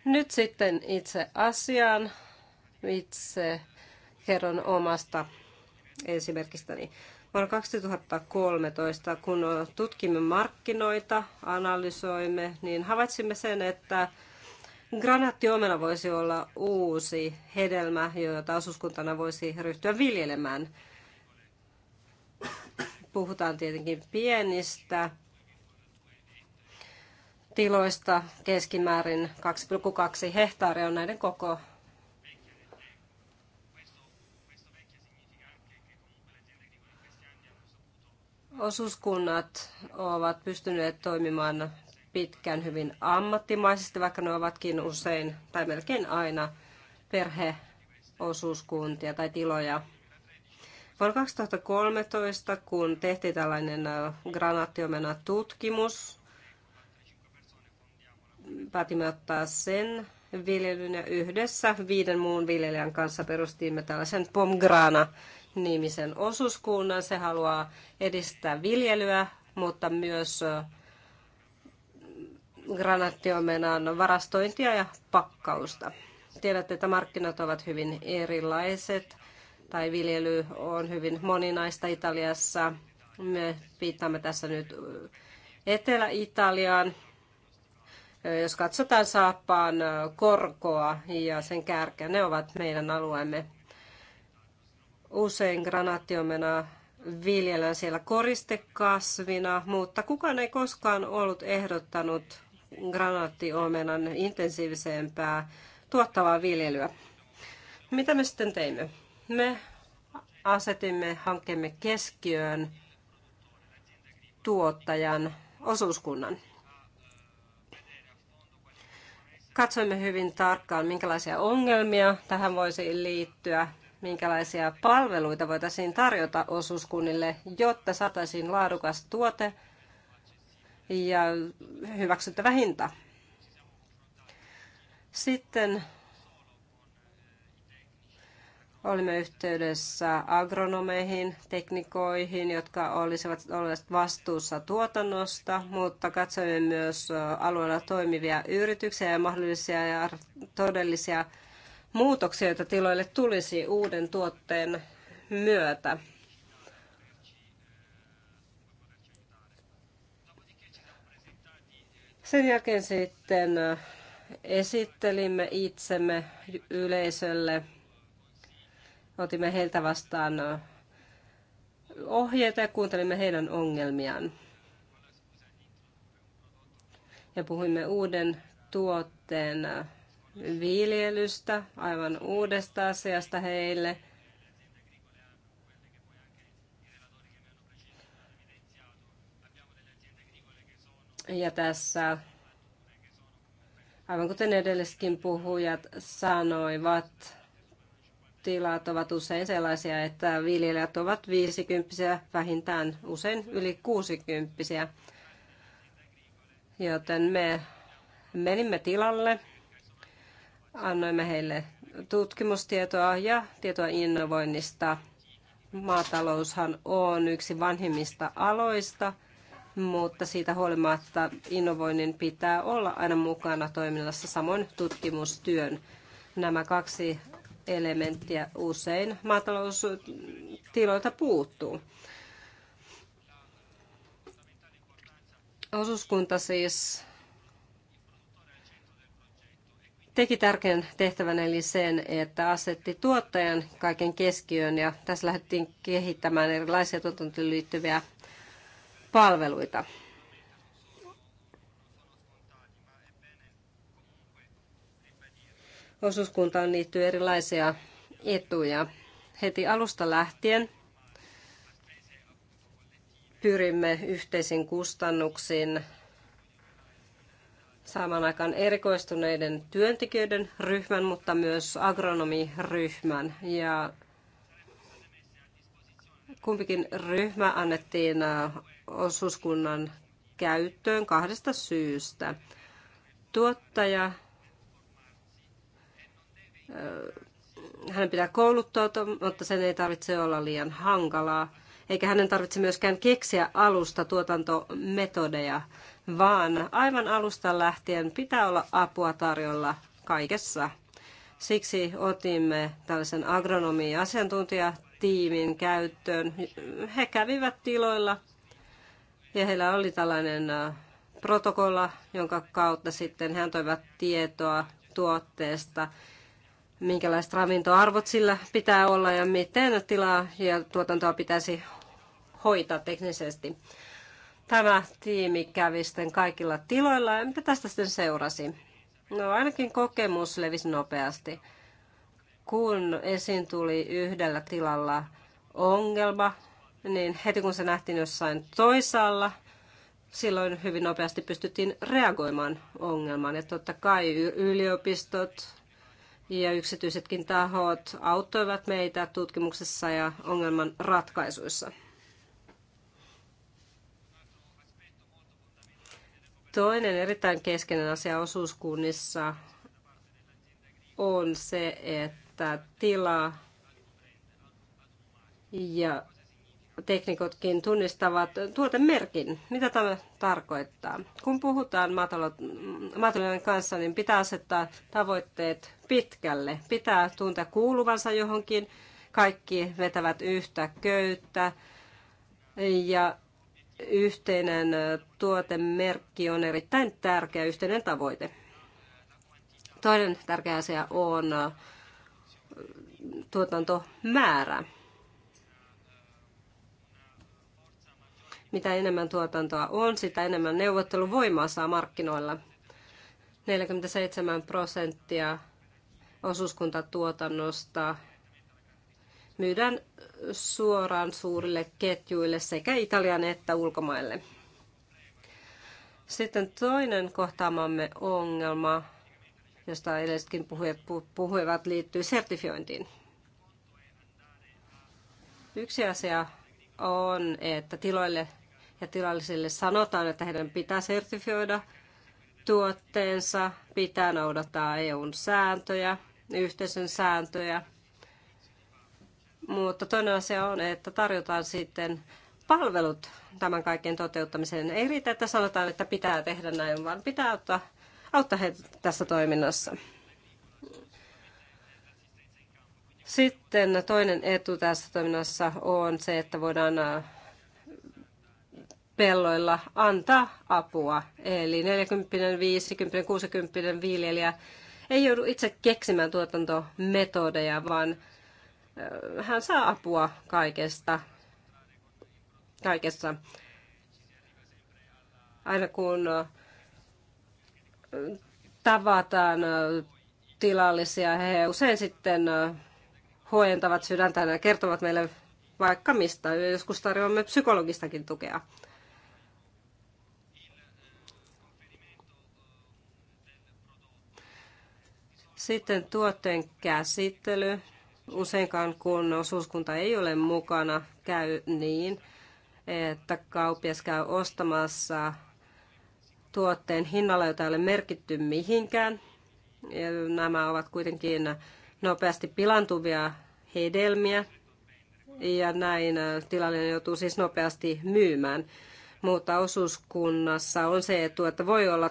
Nyt sitten itse asiaan. Itse kerron omasta esimerkistäni. Vuonna 2013, kun tutkimme markkinoita, analysoimme, niin havaitsimme sen, että Granaattiomena voisi olla uusi hedelmä, jota asuskuntana voisi ryhtyä viljelemään. Puhutaan tietenkin pienistä tiloista. Keskimäärin 2,2 hehtaaria on näiden koko. Osuuskunnat ovat pystyneet toimimaan pitkään hyvin ammattimaisesti, vaikka ne ovatkin usein tai melkein aina perheosuuskuntia tai tiloja. Vuonna 2013, kun tehtiin tällainen granaattiomena tutkimus, päätimme ottaa sen viljelyn ja yhdessä viiden muun viljelijän kanssa perustimme tällaisen Pomgrana nimisen osuuskunnan. Se haluaa edistää viljelyä, mutta myös granaattiomenan varastointia ja pakkausta. Tiedätte, että markkinat ovat hyvin erilaiset tai viljely on hyvin moninaista Italiassa. Me viittaamme tässä nyt Etelä-Italiaan. Jos katsotaan saappaan korkoa ja sen kärkeä, ne ovat meidän alueemme. Usein granaattiomena viljellään siellä koristekasvina, mutta kukaan ei koskaan ollut ehdottanut granaattiomenan intensiivisempää tuottavaa viljelyä. Mitä me sitten teimme? Me asetimme hankkeemme keskiöön tuottajan osuuskunnan. Katsoimme hyvin tarkkaan, minkälaisia ongelmia tähän voisi liittyä, minkälaisia palveluita voitaisiin tarjota osuuskunnille, jotta saataisiin laadukas tuote ja hyväksyttävä hinta. Sitten olimme yhteydessä agronomeihin, teknikoihin, jotka olisivat olleet vastuussa tuotannosta, mutta katsoimme myös alueella toimivia yrityksiä ja mahdollisia ja todellisia muutoksia, joita tiloille tulisi uuden tuotteen myötä. Sen jälkeen sitten äh, esittelimme itsemme yleisölle. Otimme heiltä vastaan äh, ohjeita ja kuuntelimme heidän ongelmiaan. Ja puhuimme uuden tuotteen äh, viljelystä, aivan uudesta asiasta heille – Ja tässä, aivan kuten edelliskin puhujat sanoivat, tilat ovat usein sellaisia, että viljelijät ovat viisikymppisiä, vähintään usein yli kuusikymppisiä. Joten me menimme tilalle, annoimme heille tutkimustietoa ja tietoa innovoinnista. Maataloushan on yksi vanhimmista aloista – mutta siitä huolimatta innovoinnin pitää olla aina mukana toiminnassa, samoin tutkimustyön. Nämä kaksi elementtiä usein maataloustiloilta puuttuu. Osuuskunta siis teki tärkeän tehtävän eli sen, että asetti tuottajan kaiken keskiöön ja tässä lähdettiin kehittämään erilaisia tuotantoon liittyviä palveluita. Osuuskuntaan liittyy erilaisia etuja. Heti alusta lähtien pyrimme yhteisin kustannuksiin saamaan aikaan erikoistuneiden työntekijöiden ryhmän, mutta myös agronomiryhmän. Ja kumpikin ryhmä annettiin äh, osuuskunnan käyttöön kahdesta syystä. Tuottaja, hänen pitää kouluttautua, mutta sen ei tarvitse olla liian hankalaa. Eikä hänen tarvitse myöskään keksiä alusta tuotantometodeja, vaan aivan alusta lähtien pitää olla apua tarjolla kaikessa. Siksi otimme tällaisen agronomi asiantuntijatiimin käyttöön. He kävivät tiloilla ja heillä oli tällainen äh, protokolla, jonka kautta sitten he antoivat tietoa tuotteesta, minkälaiset ravintoarvot sillä pitää olla ja miten tilaa ja tuotantoa pitäisi hoitaa teknisesti. Tämä tiimi kävi sitten kaikilla tiloilla ja mitä tästä sitten seurasi? No ainakin kokemus levisi nopeasti. Kun esiin tuli yhdellä tilalla ongelma, niin heti kun se nähtiin jossain toisaalla, silloin hyvin nopeasti pystyttiin reagoimaan ongelmaan. Ja totta kai yliopistot ja yksityisetkin tahot auttoivat meitä tutkimuksessa ja ongelman ratkaisuissa. Toinen erittäin keskeinen asia osuuskunnissa on se, että tila ja teknikotkin tunnistavat tuotemerkin. Mitä tämä tarkoittaa? Kun puhutaan maatalouden kanssa, niin pitää asettaa tavoitteet pitkälle. Pitää tuntea kuuluvansa johonkin. Kaikki vetävät yhtä köyttä. Ja yhteinen tuotemerkki on erittäin tärkeä yhteinen tavoite. Toinen tärkeä asia on tuotantomäärä. Mitä enemmän tuotantoa on, sitä enemmän neuvotteluvoimaa saa markkinoilla. 47 prosenttia osuuskuntatuotannosta myydään suoraan suurille ketjuille sekä Italian että ulkomaille. Sitten toinen kohtaamamme ongelma, josta edellisetkin puhujat puhuivat, liittyy sertifiointiin. Yksi asia on, että tiloille ja tilallisille sanotaan, että heidän pitää sertifioida tuotteensa, pitää noudattaa EUn sääntöjä, yhteisön sääntöjä. Mutta toinen asia on, että tarjotaan sitten palvelut tämän kaiken toteuttamiseen. Ei riitä, että sanotaan, että pitää tehdä näin, vaan pitää auttaa, auttaa heitä tässä toiminnassa. Sitten toinen etu tässä toiminnassa on se, että voidaan pelloilla antaa apua. Eli 40, 50, 60 viljelijä ei joudu itse keksimään tuotantometodeja, vaan hän saa apua kaikesta, kaikessa. Aina kun tavataan tilallisia, he usein sitten huojentavat sydäntään ja kertovat meille vaikka mistä. Joskus tarjoamme psykologistakin tukea. Sitten tuotteen käsittely. Useinkaan kun osuuskunta ei ole mukana, käy niin, että kauppias käy ostamassa tuotteen hinnalla, jota ei ole merkitty mihinkään. Ja nämä ovat kuitenkin nopeasti pilantuvia hedelmiä ja näin tilanne joutuu siis nopeasti myymään. Mutta osuuskunnassa on se etu, että voi olla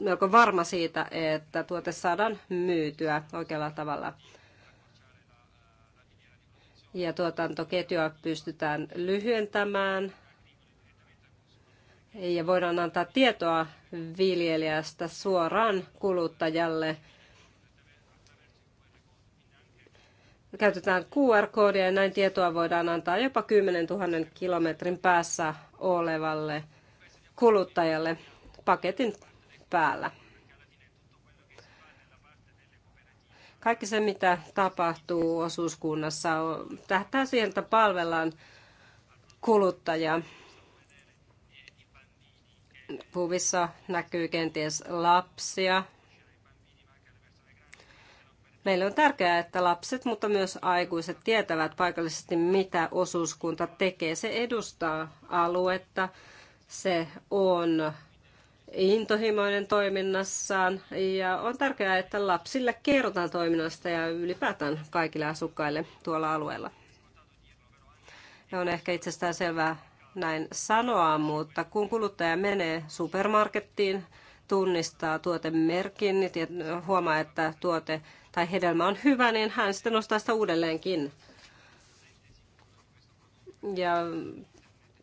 melko varma siitä, että tuote saadaan myytyä oikealla tavalla. Ja tuotantoketjua pystytään lyhyentämään. ja voidaan antaa tietoa viljelijästä suoraan kuluttajalle. Käytetään QR-koodia ja näin tietoa voidaan antaa jopa 10 000 kilometrin päässä olevalle kuluttajalle paketin päällä. Kaikki se, mitä tapahtuu osuuskunnassa, tähtää siihen, että palvellaan kuluttaja. Puvissa näkyy kenties lapsia. Meillä on tärkeää, että lapset, mutta myös aikuiset tietävät paikallisesti, mitä osuuskunta tekee. Se edustaa aluetta, se on intohimoinen toiminnassaan ja on tärkeää, että lapsille kerrotaan toiminnasta ja ylipäätään kaikille asukkaille tuolla alueella. Ja on ehkä itsestään selvää näin sanoa, mutta kun kuluttaja menee supermarkettiin, tunnistaa tuotemerkin ja niin huomaa, että tuote tai hedelmä on hyvä, niin hän sitten nostaa sitä uudelleenkin. Ja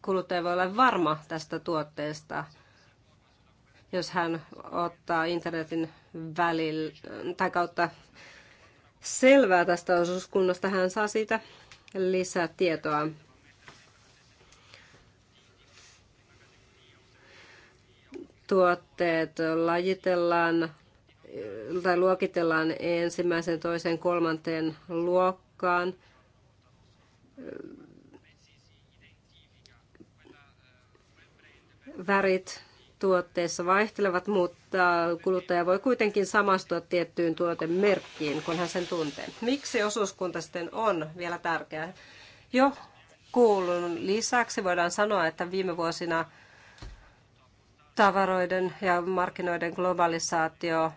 kuluttaja voi olla varma tästä tuotteesta – jos hän ottaa internetin välillä tai kautta selvää tästä osuuskunnasta, hän saa siitä lisää tietoa. Tuotteet lajitellaan tai luokitellaan ensimmäisen, toisen, kolmanteen luokkaan. Värit tuotteissa vaihtelevat, mutta kuluttaja voi kuitenkin samastua tiettyyn tuotemerkkiin, kun hän sen tuntee. Miksi osuuskunta sitten on vielä tärkeä? Jo kuulun lisäksi voidaan sanoa, että viime vuosina tavaroiden ja markkinoiden globalisaatio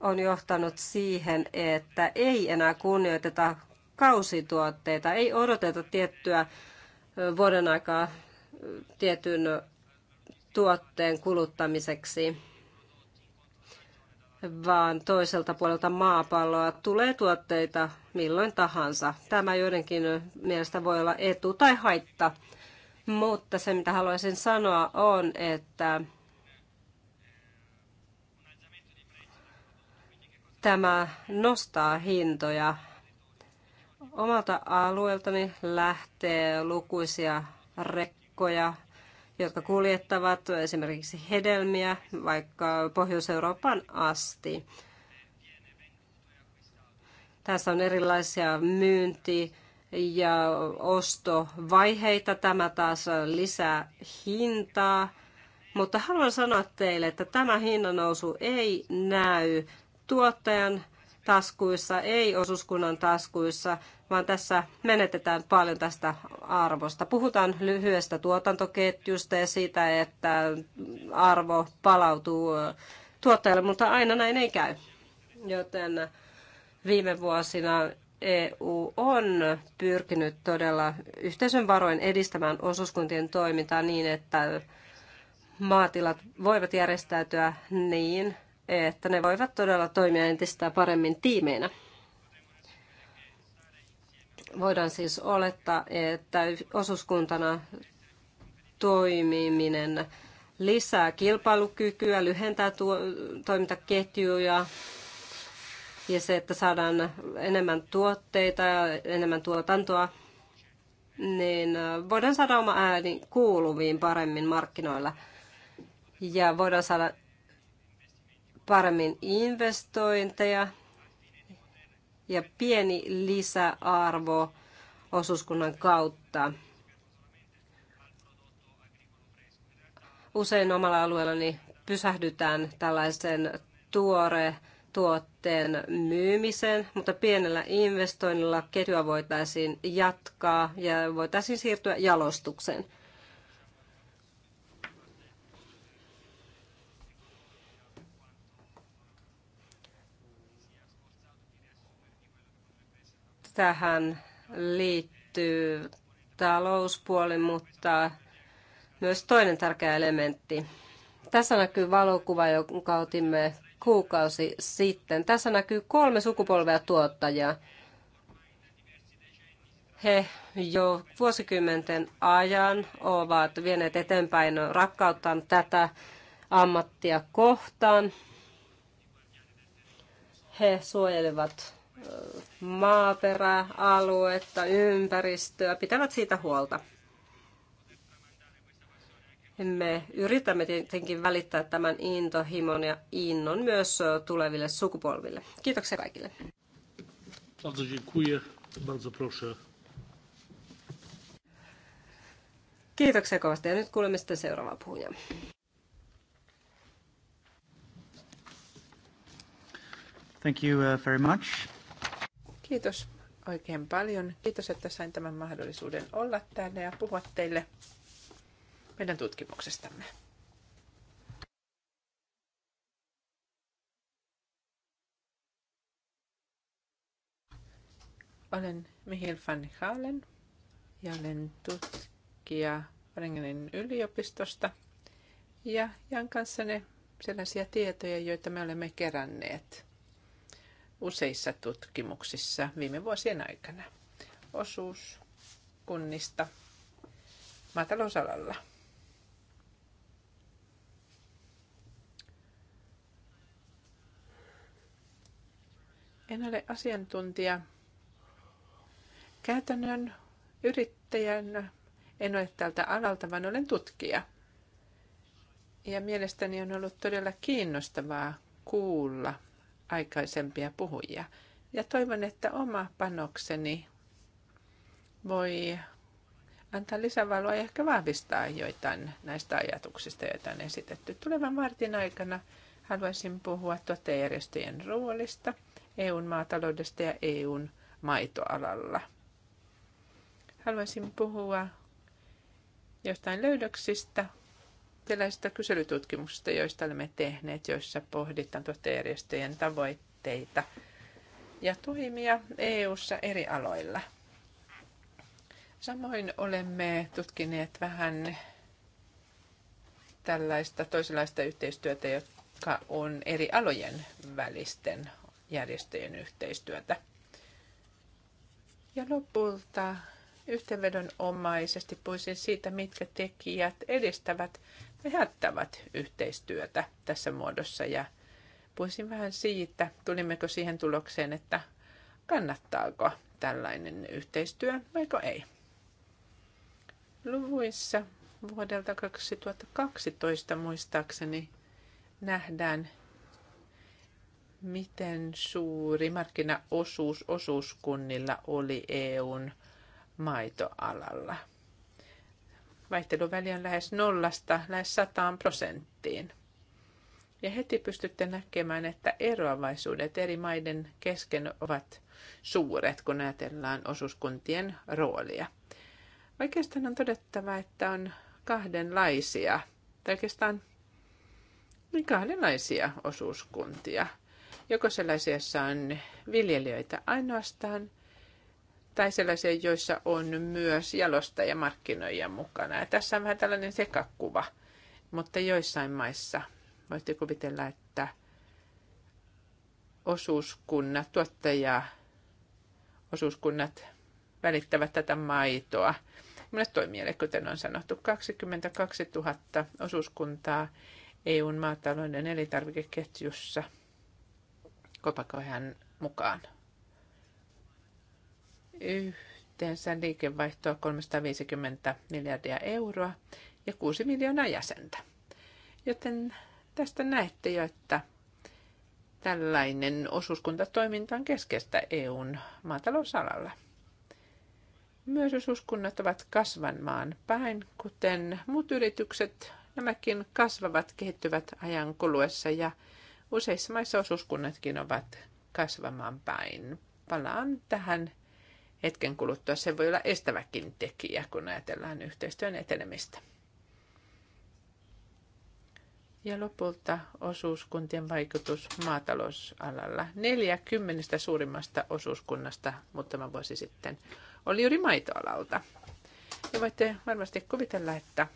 on johtanut siihen, että ei enää kunnioiteta kausituotteita, ei odoteta tiettyä vuoden aikaa tietyn tuotteen kuluttamiseksi, vaan toiselta puolelta maapalloa tulee tuotteita milloin tahansa. Tämä joidenkin mielestä voi olla etu tai haitta, mutta se mitä haluaisin sanoa on, että tämä nostaa hintoja. Omalta alueeltani lähtee lukuisia rekkoja rekkoja, jotka kuljettavat esimerkiksi hedelmiä vaikka Pohjois-Euroopan asti. Tässä on erilaisia myynti- ja ostovaiheita. Tämä taas lisää hintaa. Mutta haluan sanoa teille, että tämä hinnannousu ei näy tuottajan taskuissa, ei osuuskunnan taskuissa, vaan tässä menetetään paljon tästä arvosta. Puhutaan lyhyestä tuotantoketjusta ja siitä, että arvo palautuu tuottajalle, mutta aina näin ei käy. Joten viime vuosina EU on pyrkinyt todella yhteisön varoin edistämään osuuskuntien toimintaa niin, että maatilat voivat järjestäytyä niin, että ne voivat todella toimia entistä paremmin tiimeinä. Voidaan siis olettaa, että osuuskuntana toimiminen lisää kilpailukykyä, lyhentää tuo, toimintaketjuja ja se, että saadaan enemmän tuotteita ja enemmän tuotantoa, niin voidaan saada oma ääni kuuluviin paremmin markkinoilla ja voidaan saada paremmin investointeja ja pieni lisäarvo osuuskunnan kautta. Usein omalla alueellani pysähdytään tällaisen tuore tuotteen myymiseen, mutta pienellä investoinnilla ketjua voitaisiin jatkaa ja voitaisiin siirtyä jalostukseen. Tähän liittyy talouspuoli, mutta myös toinen tärkeä elementti. Tässä näkyy valokuva, jonka otimme kuukausi sitten. Tässä näkyy kolme sukupolvea tuottajia. He jo vuosikymmenten ajan ovat vieneet eteenpäin rakkauttaan tätä ammattia kohtaan. He suojelevat maaperää, aluetta, ympäristöä, pitävät siitä huolta. Me yritämme tietenkin välittää tämän intohimon ja innon myös tuleville sukupolville. Kiitoksia kaikille. Bardzo dziękuję. Bardzo proszę. Kiitoksia kovasti ja nyt kuulemme sitten seuraavaa puhujaa. Thank you uh, very much. Kiitos oikein paljon. Kiitos, että sain tämän mahdollisuuden olla täällä ja puhua teille meidän tutkimuksestamme. Olen Mihil van Halen ja olen tutkija Varengenin yliopistosta ja jaan kanssanne sellaisia tietoja, joita me olemme keränneet useissa tutkimuksissa viime vuosien aikana. Osuus kunnista maatalousalalla. En ole asiantuntija. Käytännön yrittäjän en ole tältä alalta, vaan olen tutkija. Ja mielestäni on ollut todella kiinnostavaa kuulla – aikaisempia puhujia. Ja toivon, että oma panokseni voi antaa lisävaloa ja ehkä vahvistaa joitain näistä ajatuksista, joita on esitetty. Tulevan vartin aikana haluaisin puhua tuottajärjestöjen roolista, EUn maataloudesta ja EUn maitoalalla. Haluaisin puhua jostain löydöksistä erilaisista kyselytutkimuksista, joista olemme tehneet, joissa pohditaan tuottajärjestöjen tavoitteita ja toimia EU-ssa eri aloilla. Samoin olemme tutkineet vähän tällaista toisenlaista yhteistyötä, joka on eri alojen välisten järjestöjen yhteistyötä. Ja lopulta yhteenvedonomaisesti puhuisin siitä, mitkä tekijät edistävät vehattavat yhteistyötä tässä muodossa ja puhuisin vähän siitä, tulimmeko siihen tulokseen, että kannattaako tällainen yhteistyö vaiko ei. Luvuissa vuodelta 2012 muistaakseni nähdään, miten suuri markkinaosuus osuuskunnilla oli EUn maitoalalla vaihteluväli on lähes nollasta lähes sataan prosenttiin. Ja heti pystytte näkemään, että eroavaisuudet eri maiden kesken ovat suuret, kun ajatellaan osuuskuntien roolia. Oikeastaan on todettava, että on kahdenlaisia, tai oikeastaan niin kahdenlaisia osuuskuntia. Joko sellaisia, on viljelijöitä ainoastaan, tai sellaisia, joissa on myös ja markkinoija mukana. Ja tässä on vähän tällainen sekakuva, mutta joissain maissa voitte kuvitella, että osuuskunnat, tuottaja, osuuskunnat välittävät tätä maitoa. Mulle toimijoille, kuten on sanottu, 22 000 osuuskuntaa EUn maatalouden elintarvikeketjussa Kopakohan mukaan yhteensä liikevaihtoa 350 miljardia euroa ja 6 miljoonaa jäsentä. Joten tästä näette jo, että tällainen osuuskuntatoiminta on keskeistä EUn maatalousalalla. Myös osuuskunnat ovat kasvanmaan päin, kuten muut yritykset. Nämäkin kasvavat, kehittyvät ajan kuluessa ja useissa maissa osuuskunnatkin ovat kasvamaan päin. Palaan tähän hetken kuluttua. Se voi olla estäväkin tekijä, kun ajatellaan yhteistyön etenemistä. Ja lopulta osuuskuntien vaikutus maatalousalalla. kymmenestä suurimmasta osuuskunnasta muutama vuosi sitten oli juuri maitoalalta. Ja voitte varmasti kuvitella, että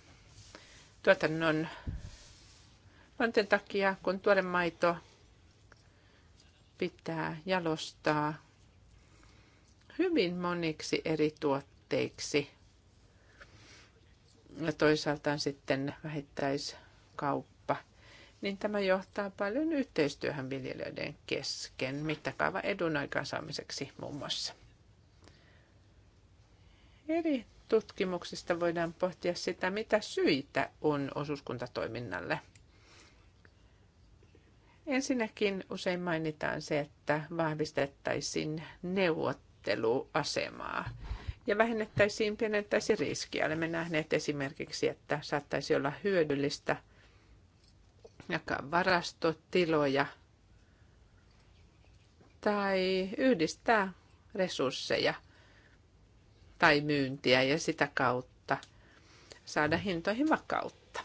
tuotannon vanten takia, kun tuore maito pitää jalostaa hyvin moniksi eri tuotteiksi. Ja toisaalta sitten vähittäiskauppa. Niin tämä johtaa paljon yhteistyöhön viljelijöiden kesken, mittakaava edun aikaansaamiseksi muun muassa. Eri tutkimuksista voidaan pohtia sitä, mitä syitä on osuuskuntatoiminnalle. Ensinnäkin usein mainitaan se, että vahvistettaisiin neuvot neuvotteluasemaa ja vähennettäisiin, pienentäisiin riskiä. Olemme nähneet esimerkiksi, että saattaisi olla hyödyllistä jakaa varastotiloja tai yhdistää resursseja tai myyntiä ja sitä kautta saada hintoihin vakautta.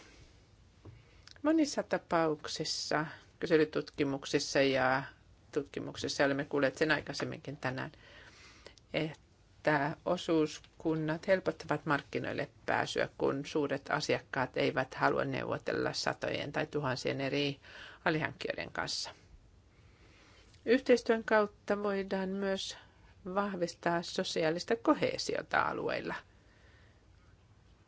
Monissa tapauksissa, kyselytutkimuksissa ja tutkimuksissa olemme kuulleet sen aikaisemminkin tänään – että osuuskunnat helpottavat markkinoille pääsyä, kun suuret asiakkaat eivät halua neuvotella satojen tai tuhansien eri alihankkijoiden kanssa. Yhteistyön kautta voidaan myös vahvistaa sosiaalista kohesiota alueilla.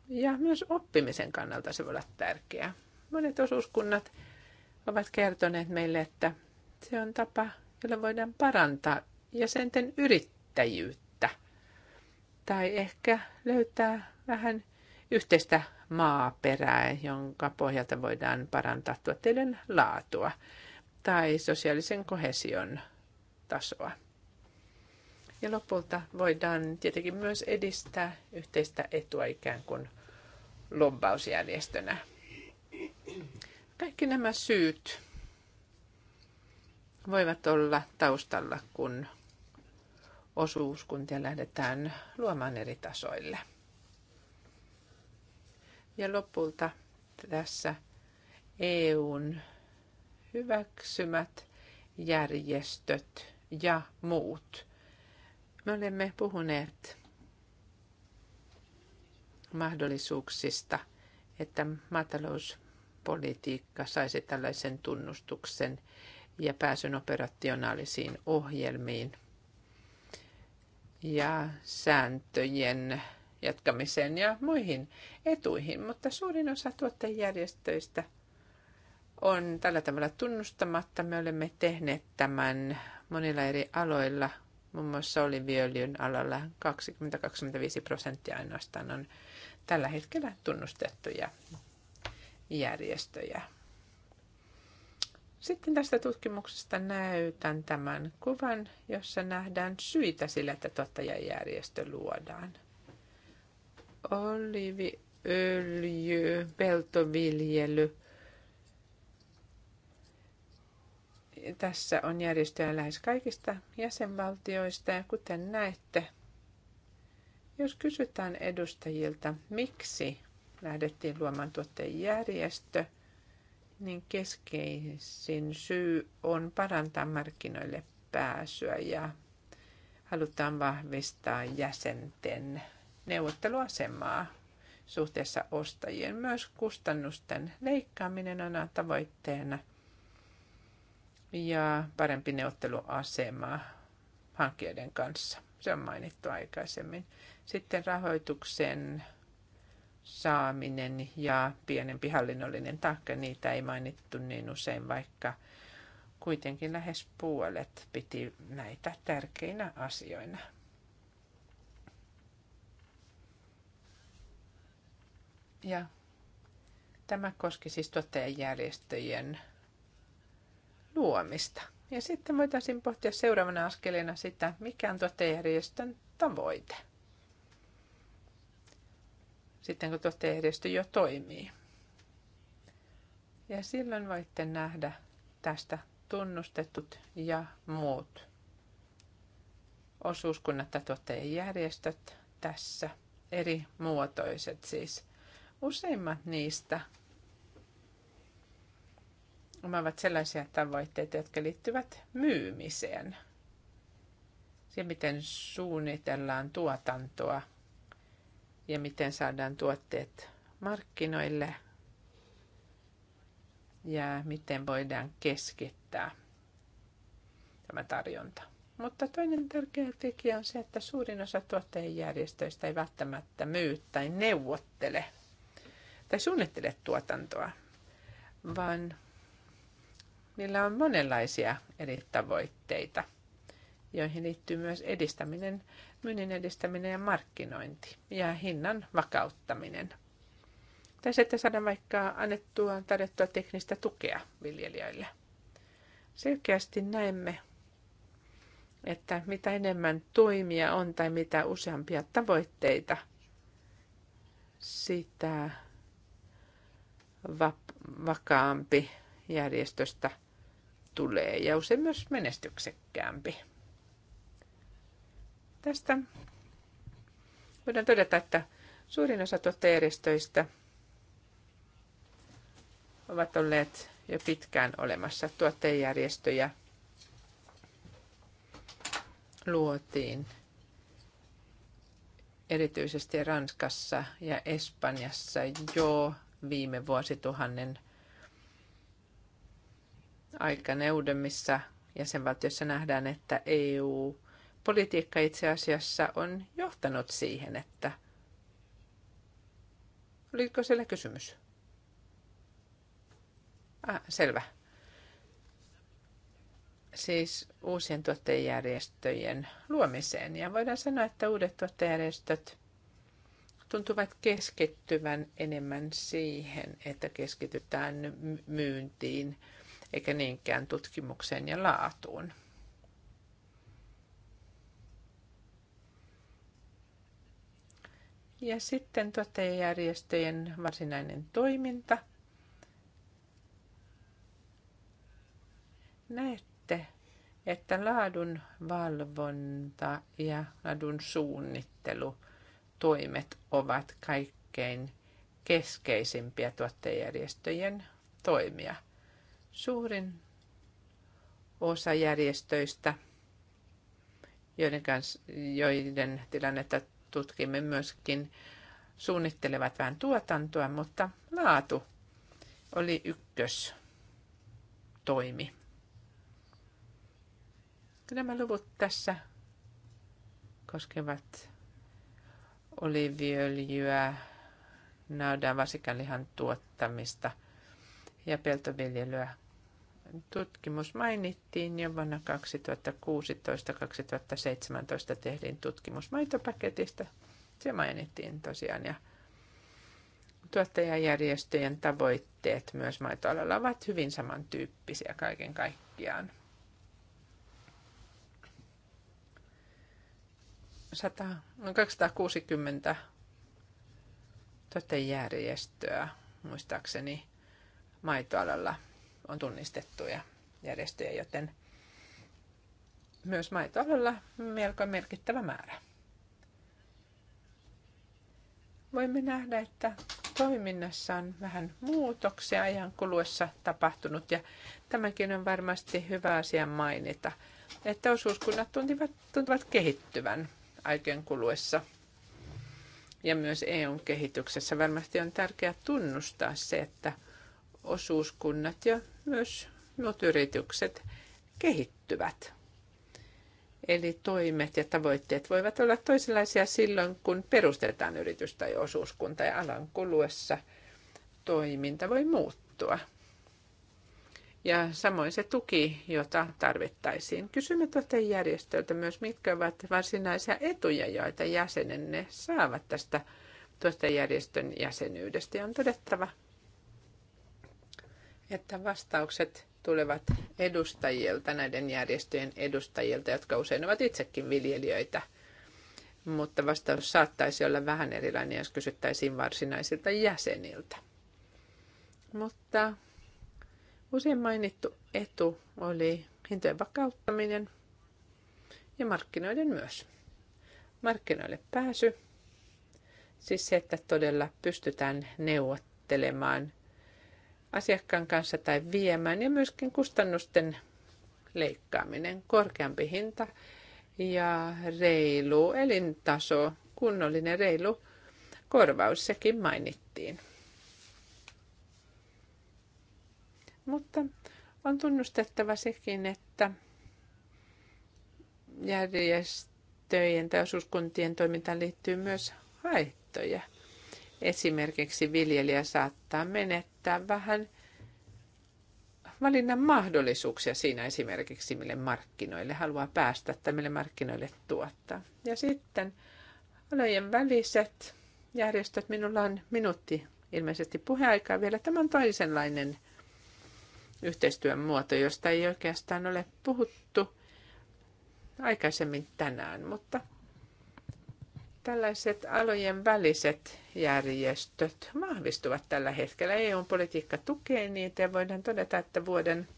Ja myös oppimisen kannalta se voi olla tärkeää. Monet osuuskunnat ovat kertoneet meille, että se on tapa, jolla voidaan parantaa jäsenten yrittäjyyttä yrittäjyyttä. Tai ehkä löytää vähän yhteistä maaperää, jonka pohjalta voidaan parantaa tuotteiden laatua tai sosiaalisen kohesion tasoa. Ja lopulta voidaan tietenkin myös edistää yhteistä etua ikään kuin lobbausjärjestönä. Kaikki nämä syyt voivat olla taustalla, kun osuuskuntia lähdetään luomaan eri tasoille. Ja lopulta tässä EUn hyväksymät järjestöt ja muut. Me olemme puhuneet mahdollisuuksista, että maatalouspolitiikka saisi tällaisen tunnustuksen ja pääsyn operationaalisiin ohjelmiin – ja sääntöjen jatkamiseen ja muihin etuihin, mutta suurin osa tuottajajärjestöistä on tällä tavalla tunnustamatta. Me olemme tehneet tämän monilla eri aloilla, muun muassa oliviöljyn alalla 20-25 prosenttia ainoastaan on tällä hetkellä tunnustettuja järjestöjä. Sitten tästä tutkimuksesta näytän tämän kuvan, jossa nähdään syitä sille, että tuottajajärjestö luodaan. Oliviöljy, peltoviljely. Tässä on järjestöjä lähes kaikista jäsenvaltioista ja kuten näette, jos kysytään edustajilta, miksi lähdettiin luomaan tuottajajärjestö – niin keskeisin syy on parantaa markkinoille pääsyä ja halutaan vahvistaa jäsenten neuvotteluasemaa suhteessa ostajien. Myös kustannusten leikkaaminen on tavoitteena ja parempi neuvotteluasema hankkeiden kanssa. Se on mainittu aikaisemmin. Sitten rahoituksen saaminen ja pienempi hallinnollinen taakka, niitä ei mainittu niin usein, vaikka kuitenkin lähes puolet piti näitä tärkeinä asioina. Ja tämä koski siis tuottajajärjestöjen luomista. Ja sitten voitaisiin pohtia seuraavana askeleena sitä, mikä on tuottajajärjestön tavoite – sitten kun tuottajajärjestö jo toimii. Ja silloin voitte nähdä tästä tunnustetut ja muut osuuskunnat ja tuottajajärjestöt tässä, eri muotoiset siis. Useimmat niistä omaavat sellaisia tavoitteita, jotka liittyvät myymiseen. Se, miten suunnitellaan tuotantoa – ja miten saadaan tuotteet markkinoille ja miten voidaan keskittää tämä tarjonta. Mutta toinen tärkeä tekijä on se, että suurin osa järjestöistä ei välttämättä myy tai neuvottele tai suunnittele tuotantoa, vaan niillä on monenlaisia eri tavoitteita, joihin liittyy myös edistäminen myynnin edistäminen ja markkinointi ja hinnan vakauttaminen. Tai että saada vaikka annettua tarjottua teknistä tukea viljelijöille. Selkeästi näemme, että mitä enemmän toimia on tai mitä useampia tavoitteita, sitä vakaampi järjestöstä tulee ja usein myös menestyksekkäämpi. Tästä voidaan todeta, että suurin osa tuottajärjestöistä ovat olleet jo pitkään olemassa. Tuottajärjestöjä luotiin erityisesti Ranskassa ja Espanjassa jo viime vuosituhannen aikana uudemmissa jäsenvaltioissa nähdään, että EU politiikka itse asiassa on johtanut siihen, että oliko siellä kysymys? Ah, selvä. Siis uusien tuottajajärjestöjen luomiseen. Ja voidaan sanoa, että uudet tuottajajärjestöt tuntuvat keskittyvän enemmän siihen, että keskitytään myyntiin eikä niinkään tutkimukseen ja laatuun. Ja sitten tuottajajärjestöjen varsinainen toiminta. Näette, että laadun valvonta ja laadun suunnittelu toimet ovat kaikkein keskeisimpiä tuottajajärjestöjen toimia. Suurin osa järjestöistä, joiden, kanssa, joiden tilannetta tutkimme myöskin, suunnittelevat vähän tuotantoa, mutta laatu oli ykkös toimi. Nämä luvut tässä koskevat oliviöljyä, naudan vasikanlihan tuottamista ja peltoviljelyä tutkimus mainittiin ja vuonna 2016-2017 tehtiin tutkimus maitopaketista. Se mainittiin tosiaan ja tuottajajärjestöjen tavoitteet myös maitoalalla ovat hyvin samantyyppisiä kaiken kaikkiaan. 100, 260 tuottajajärjestöä muistaakseni maitoalalla – on tunnistettuja järjestöjä, joten myös maitoalalla melko merkittävä määrä. Voimme nähdä, että toiminnassa on vähän muutoksia ajan kuluessa tapahtunut ja tämäkin on varmasti hyvä asia mainita, että osuuskunnat tuntivat, tuntuvat kehittyvän aikojen kuluessa. Ja myös EUn kehityksessä varmasti on tärkeää tunnustaa se, että osuuskunnat jo myös nuo yritykset kehittyvät. Eli toimet ja tavoitteet voivat olla toisenlaisia silloin, kun perustetaan yritys tai osuuskunta ja alan kuluessa toiminta voi muuttua. Ja samoin se tuki, jota tarvittaisiin. Kysymme tuolta järjestöltä myös, mitkä ovat varsinaisia etuja, joita jäsenenne saavat tästä tuosta järjestön jäsenyydestä. Ja on todettava, että vastaukset tulevat edustajilta, näiden järjestöjen edustajilta, jotka usein ovat itsekin viljelijöitä. Mutta vastaus saattaisi olla vähän erilainen, jos kysyttäisiin varsinaisilta jäseniltä. Mutta usein mainittu etu oli hintojen vakauttaminen ja markkinoiden myös. Markkinoille pääsy, siis se, että todella pystytään neuvottelemaan – asiakkaan kanssa tai viemään ja myöskin kustannusten leikkaaminen, korkeampi hinta ja reilu elintaso, kunnollinen reilu korvaus, sekin mainittiin. Mutta on tunnustettava sekin, että järjestöjen tai osuuskuntien toimintaan liittyy myös haittoja – Esimerkiksi viljelijä saattaa menettää vähän valinnan mahdollisuuksia siinä esimerkiksi, mille markkinoille haluaa päästä tai mille markkinoille tuottaa. Ja sitten alojen väliset järjestöt, minulla on minuutti ilmeisesti puheaikaa vielä. Tämä on toisenlainen yhteistyön muoto, josta ei oikeastaan ole puhuttu aikaisemmin tänään, mutta Tällaiset alojen väliset järjestöt vahvistuvat tällä hetkellä. EU-politiikka tukee niitä ja voidaan todeta, että vuoden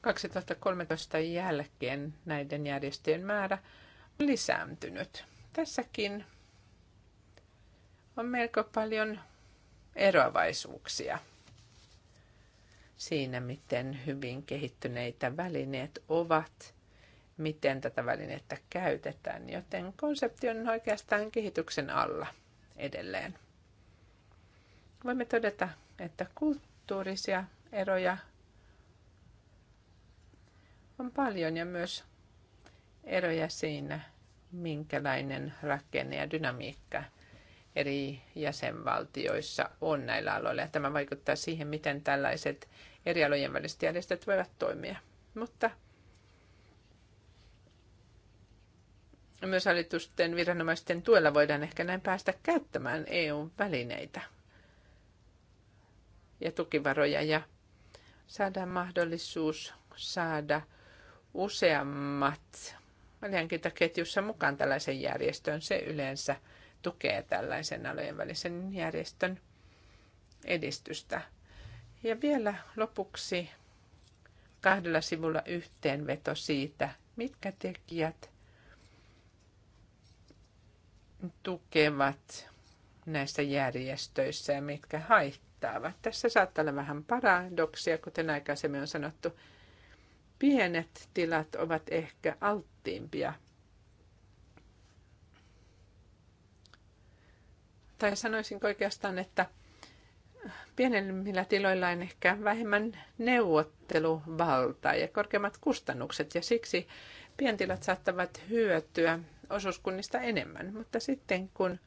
2013 jälkeen näiden järjestöjen määrä on lisääntynyt. Tässäkin on melko paljon eroavaisuuksia siinä, miten hyvin kehittyneitä välineet ovat miten tätä välinettä käytetään, joten konsepti on oikeastaan kehityksen alla edelleen. Voimme todeta, että kulttuurisia eroja on paljon ja myös eroja siinä, minkälainen rakenne ja dynamiikka eri jäsenvaltioissa on näillä aloilla. Ja tämä vaikuttaa siihen, miten tällaiset eri alojen väliset järjestöt voivat toimia. Mutta myös hallitusten viranomaisten tuella voidaan ehkä näin päästä käyttämään EUn välineitä ja tukivaroja ja saada mahdollisuus saada useammat alihankintaketjussa mukaan tällaisen järjestön. Se yleensä tukee tällaisen alojen välisen järjestön edistystä. Ja vielä lopuksi kahdella sivulla yhteenveto siitä, mitkä tekijät tukevat näissä järjestöissä ja mitkä haittaavat. Tässä saattaa olla vähän paradoksia, kuten aikaisemmin on sanottu. Pienet tilat ovat ehkä alttiimpia tai sanoisin oikeastaan, että pienemmillä tiloilla on ehkä vähemmän neuvotteluvaltaa ja korkeammat kustannukset, ja siksi pientilat saattavat hyötyä osuuskunnista enemmän. Mutta sitten kun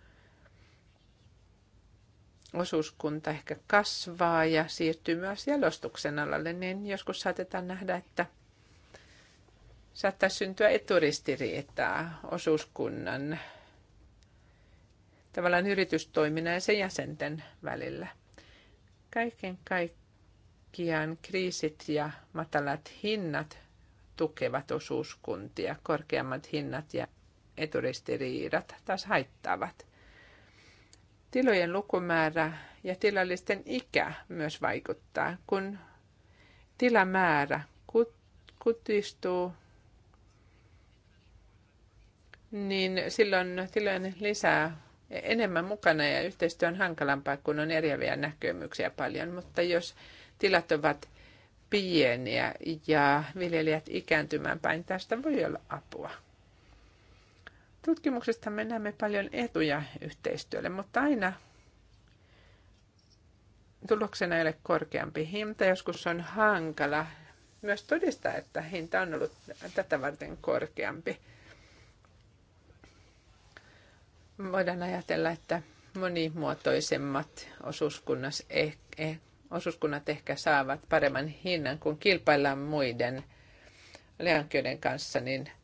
osuuskunta ehkä kasvaa ja siirtyy myös jalostuksen alalle, niin joskus saatetaan nähdä, että saattaa syntyä eturistiriitaa osuuskunnan tavallaan yritystoiminnan ja sen jäsenten välillä. Kaiken kaikkiaan kriisit ja matalat hinnat tukevat osuuskuntia, korkeammat hinnat ja eturistiriidat taas haittaavat. Tilojen lukumäärä ja tilallisten ikä myös vaikuttaa, kun tilamäärä kutistuu, niin silloin tilojen lisää enemmän mukana ja yhteistyö on hankalampaa, kun on eriäviä näkemyksiä paljon. Mutta jos tilat ovat pieniä ja viljelijät ikääntymään päin, tästä voi olla apua. Tutkimuksesta me näemme paljon etuja yhteistyölle, mutta aina tuloksena ei ole korkeampi hinta. Joskus on hankala myös todistaa, että hinta on ollut tätä varten korkeampi. Voidaan ajatella, että monimuotoisemmat osuuskunnat, eh, eh, osuuskunnat ehkä saavat paremman hinnan, kun kilpaillaan muiden leankioiden kanssa, niin –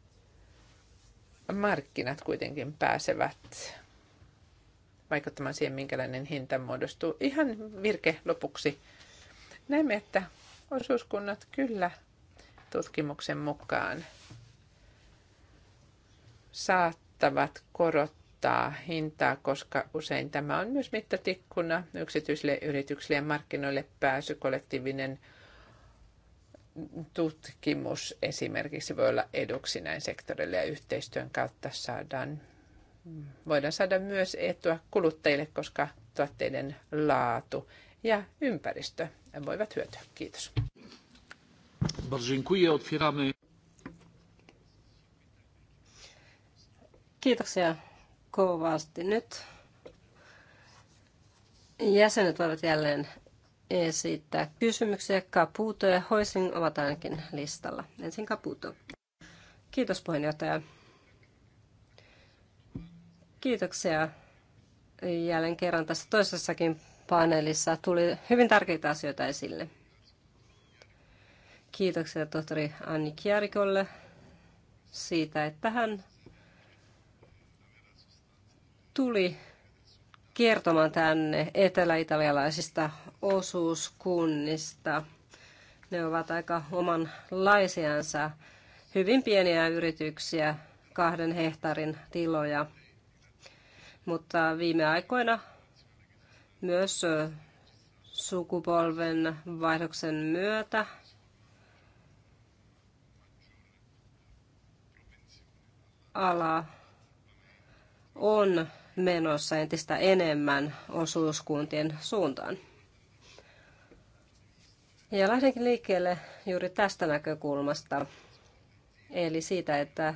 markkinat kuitenkin pääsevät vaikuttamaan siihen, minkälainen hinta muodostuu. Ihan virke lopuksi. Näemme, että osuuskunnat kyllä tutkimuksen mukaan saattavat korottaa hintaa, koska usein tämä on myös mittatikkuna yksityisille yrityksille ja markkinoille pääsy, kollektiivinen tutkimus esimerkiksi voi olla eduksi näin sektorille ja yhteistyön kautta saadaan, voidaan saada myös etua kuluttajille, koska tuotteiden laatu ja ympäristö voivat hyötyä. Kiitos. Kiitoksia kovasti. Nyt jäsenet voivat jälleen esittää kysymyksiä. Kaputo ja Hoising ovat ainakin listalla. Ensin Kaputo. Kiitos puheenjohtaja. Kiitoksia jälleen kerran tässä toisessakin paneelissa. Tuli hyvin tärkeitä asioita esille. Kiitoksia tohtori Anni Kiarikolle siitä, että hän tuli kertomaan tänne etelä-italialaisista osuuskunnista. Ne ovat aika omanlaisiansa, hyvin pieniä yrityksiä, kahden hehtaarin tiloja. Mutta viime aikoina myös sukupolven vaihdoksen myötä ala on menossa entistä enemmän osuuskuntien suuntaan. Ja lähdenkin liikkeelle juuri tästä näkökulmasta, eli siitä, että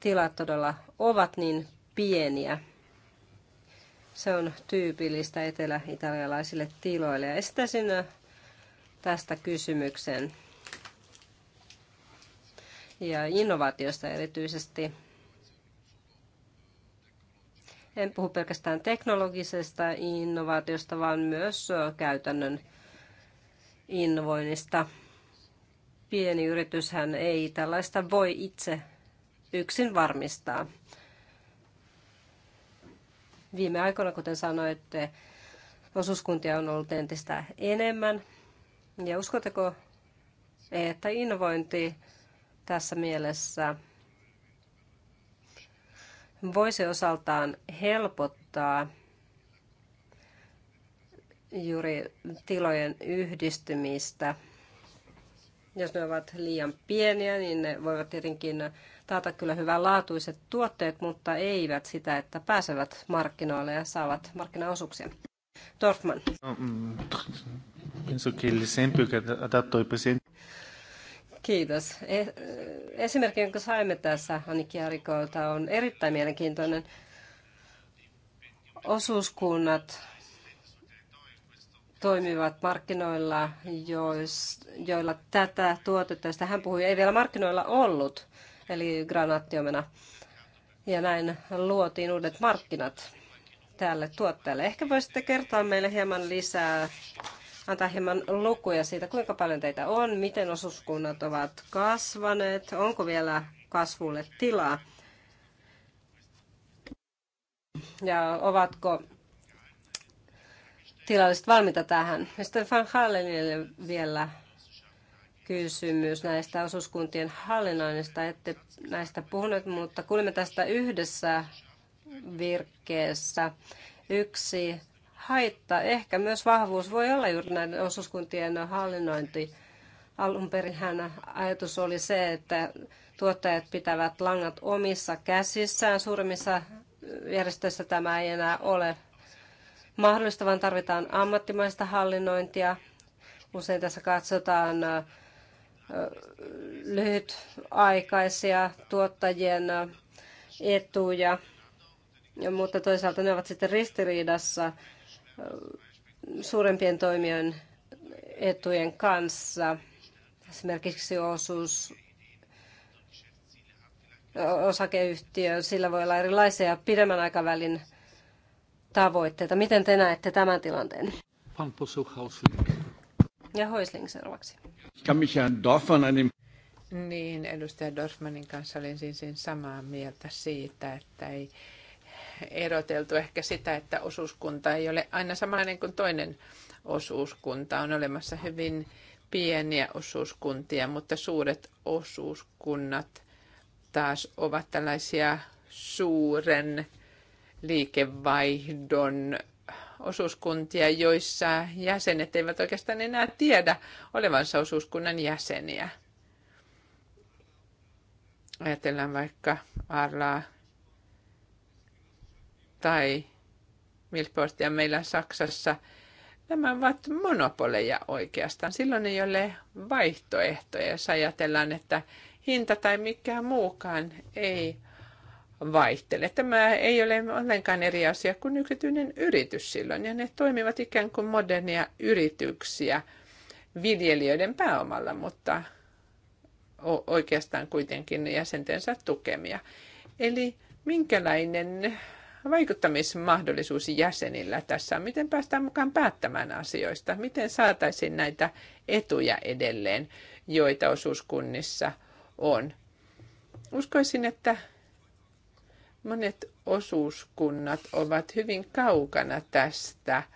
tilat todella ovat niin pieniä. Se on tyypillistä etelä-italialaisille tiloille. Ja esittäisin äh, tästä kysymyksen ja innovaatiosta erityisesti en puhu pelkästään teknologisesta innovaatiosta, vaan myös käytännön innovoinnista. Pieni yrityshän ei tällaista voi itse yksin varmistaa. Viime aikoina, kuten sanoitte, osuuskuntia on ollut entistä enemmän. Ja uskotteko, että innovointi tässä mielessä – voisi osaltaan helpottaa juuri tilojen yhdistymistä. Jos ne ovat liian pieniä, niin ne voivat tietenkin taata kyllä hyvänlaatuiset tuotteet, mutta eivät sitä, että pääsevät markkinoille ja saavat markkinaosuuksia. Dorfman. No, mm, penso che l'esempio che ha dato il Presidente Kiitos. E, e, esimerkki, jonka saimme tässä Annikki Rikolta, on erittäin mielenkiintoinen. Osuuskunnat toimivat markkinoilla, joilla tätä tuotetta, josta hän puhui, ei vielä markkinoilla ollut, eli granaattiomena. Ja näin luotiin uudet markkinat tälle tuotteelle. Ehkä voisitte kertoa meille hieman lisää antaa hieman lukuja siitä, kuinka paljon teitä on, miten osuuskunnat ovat kasvaneet, onko vielä kasvulle tilaa ja ovatko tilalliset valmiita tähän. Ja sitten Van Hallenille vielä kysymys näistä osuuskuntien hallinnoinnista. Ette näistä puhuneet, mutta kuulimme tästä yhdessä virkkeessä. Yksi haitta, ehkä myös vahvuus voi olla juuri näiden osuuskuntien hallinnointi. Alun perin ajatus oli se, että tuottajat pitävät langat omissa käsissään. suurimmissa järjestöissä tämä ei enää ole mahdollista, vaan tarvitaan ammattimaista hallinnointia. Usein tässä katsotaan lyhytaikaisia tuottajien etuja, mutta toisaalta ne ovat sitten ristiriidassa suurempien toimijoiden etujen kanssa. Esimerkiksi osuus osakeyhtiö, sillä voi olla erilaisia pidemmän aikavälin tavoitteita. Miten te näette tämän tilanteen? Ja Hoisling seuraavaksi. Niin, edustaja Dorfmanin kanssa olin siis samaa mieltä siitä, että ei eroteltu ehkä sitä, että osuuskunta ei ole aina samanlainen kuin toinen osuuskunta. On olemassa hyvin pieniä osuuskuntia, mutta suuret osuuskunnat taas ovat tällaisia suuren liikevaihdon osuuskuntia, joissa jäsenet eivät oikeastaan enää tiedä olevansa osuuskunnan jäseniä. Ajatellaan vaikka Arlaa tai Milportia meillä Saksassa, nämä ovat monopoleja oikeastaan. Silloin ei ole vaihtoehtoja, jos ajatellaan, että hinta tai mikään muukaan ei vaihtele. Tämä ei ole ollenkaan eri asia kuin yksityinen yritys silloin, ja ne toimivat ikään kuin modernia yrityksiä viljelijöiden pääomalla, mutta oikeastaan kuitenkin jäsentensä tukemia. Eli minkälainen vaikuttamismahdollisuus jäsenillä tässä? Miten päästään mukaan päättämään asioista? Miten saataisiin näitä etuja edelleen, joita osuuskunnissa on? Uskoisin, että monet osuuskunnat ovat hyvin kaukana tästä –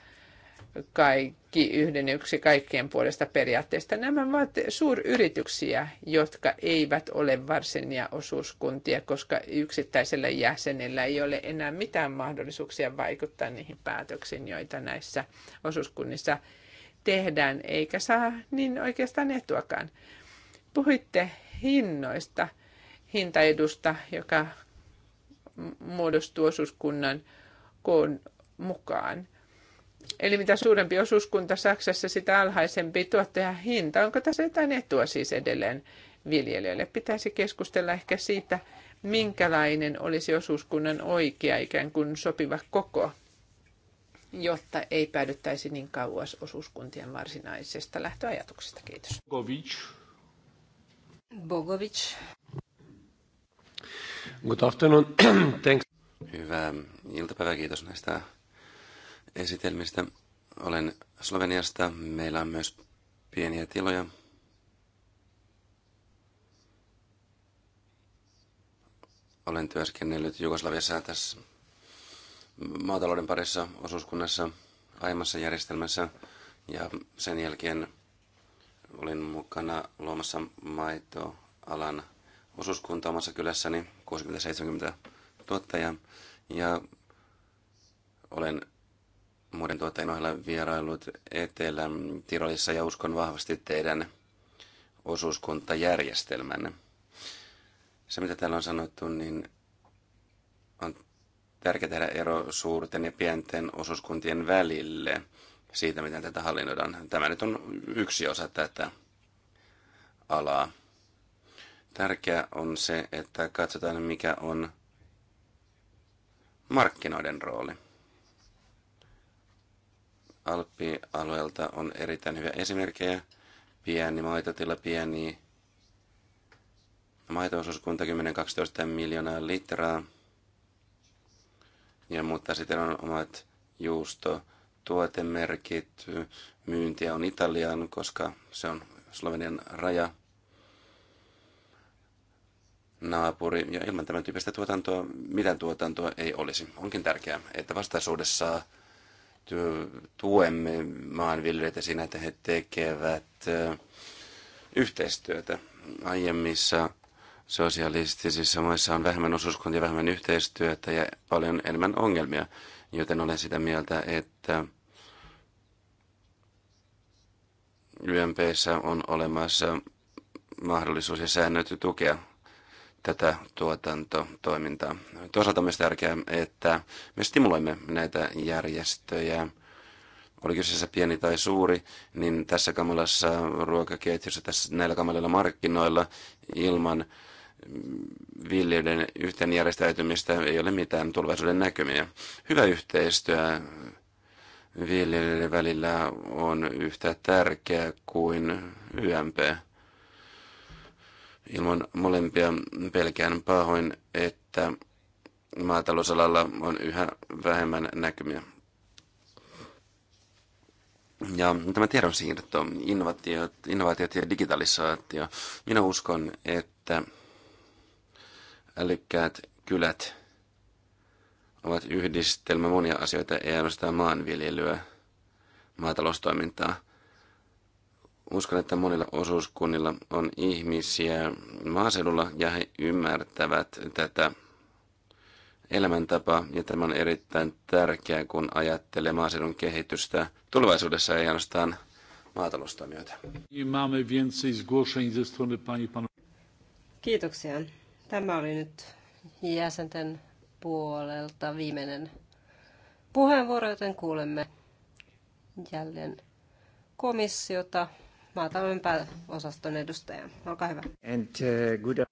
kaikki yhden yksi kaikkien puolesta periaatteesta. Nämä ovat suuryrityksiä, jotka eivät ole varsinia osuuskuntia, koska yksittäisellä jäsenellä ei ole enää mitään mahdollisuuksia vaikuttaa niihin päätöksiin, joita näissä osuuskunnissa tehdään, eikä saa niin oikeastaan etuakaan. Puhuitte hinnoista, hintaedusta, joka muodostuu osuuskunnan koon mukaan. Eli mitä suurempi osuuskunta Saksassa, sitä alhaisempi hinta Onko tässä jotain etua siis edelleen viljelijöille? Pitäisi keskustella ehkä siitä, minkälainen olisi osuuskunnan oikea ikään kuin sopiva koko, jotta ei päädyttäisi niin kauas osuuskuntien varsinaisesta lähtöajatuksesta. Kiitos. Bogovic. Bogovic. Good afternoon. [clears throat] Thanks. Hyvää iltapäivää, kiitos näistä esitelmistä. Olen Sloveniasta. Meillä on myös pieniä tiloja. Olen työskennellyt Jugoslaviassa tässä maatalouden parissa osuuskunnassa aiemmassa järjestelmässä ja sen jälkeen olin mukana luomassa maitoalan osuuskunta omassa kylässäni, 60-70 tuottajaa ja olen muiden tuottajien ohella vierailut Etelä-Tirolissa ja uskon vahvasti teidän osuuskuntajärjestelmänne. Se, mitä täällä on sanottu, niin on tärkeää tehdä ero suurten ja pienten osuuskuntien välille siitä, miten tätä hallinnoidaan. Tämä nyt on yksi osa tätä alaa. Tärkeää on se, että katsotaan, mikä on markkinoiden rooli. Alppi-alueelta on erittäin hyviä esimerkkejä. Pieni maitotila, pieni maitoosuuskunta 10-12 miljoonaa litraa. Ja, mutta sitten on omat juusto, tuotemerkit, myyntiä on Italiaan, koska se on Slovenian raja, naapuri, ja ilman tämän tyyppistä tuotantoa mitään tuotantoa ei olisi. Onkin tärkeää, että vastaisuudessa tuemme maanviljelijöitä siinä, että he tekevät yhteistyötä. Aiemmissa sosialistisissa maissa on vähemmän osuuskuntia, vähemmän yhteistyötä ja paljon enemmän ongelmia, joten olen sitä mieltä, että YMPssä on olemassa mahdollisuus ja säännöt tukea tätä tuotantotoimintaa. Toisaalta on myös tärkeää, että me stimuloimme näitä järjestöjä. Oli kyseessä pieni tai suuri, niin tässä kamalassa ruokaketjussa, tässä, näillä kamalilla markkinoilla ilman viljelijöiden yhteen järjestäytymistä ei ole mitään tulevaisuuden näkymiä. Hyvä yhteistyö viljelijöiden välillä on yhtä tärkeää kuin YMP Ilman molempia pelkään pahoin, että maatalousalalla on yhä vähemmän näkymiä. Ja tämä tiedonsiirto, innovaatiot, innovaatiot ja digitalisaatio. Minä uskon, että älykkäät kylät ovat yhdistelmä monia asioita, ei ainoastaan maanviljelyä, maataloustoimintaa – Uskon, että monilla osuuskunnilla on ihmisiä maaseudulla ja he ymmärtävät tätä elämäntapaa ja tämä on erittäin tärkeää, kun ajattelee maaseudun kehitystä tulevaisuudessa ei ainoastaan maataloustoimijoita. Kiitoksia. Tämä oli nyt jäsenten puolelta viimeinen puheenvuoro, joten kuulemme jälleen komissiota maatalouden pääosaston edustaja. Olkaa hyvä. And, uh, good...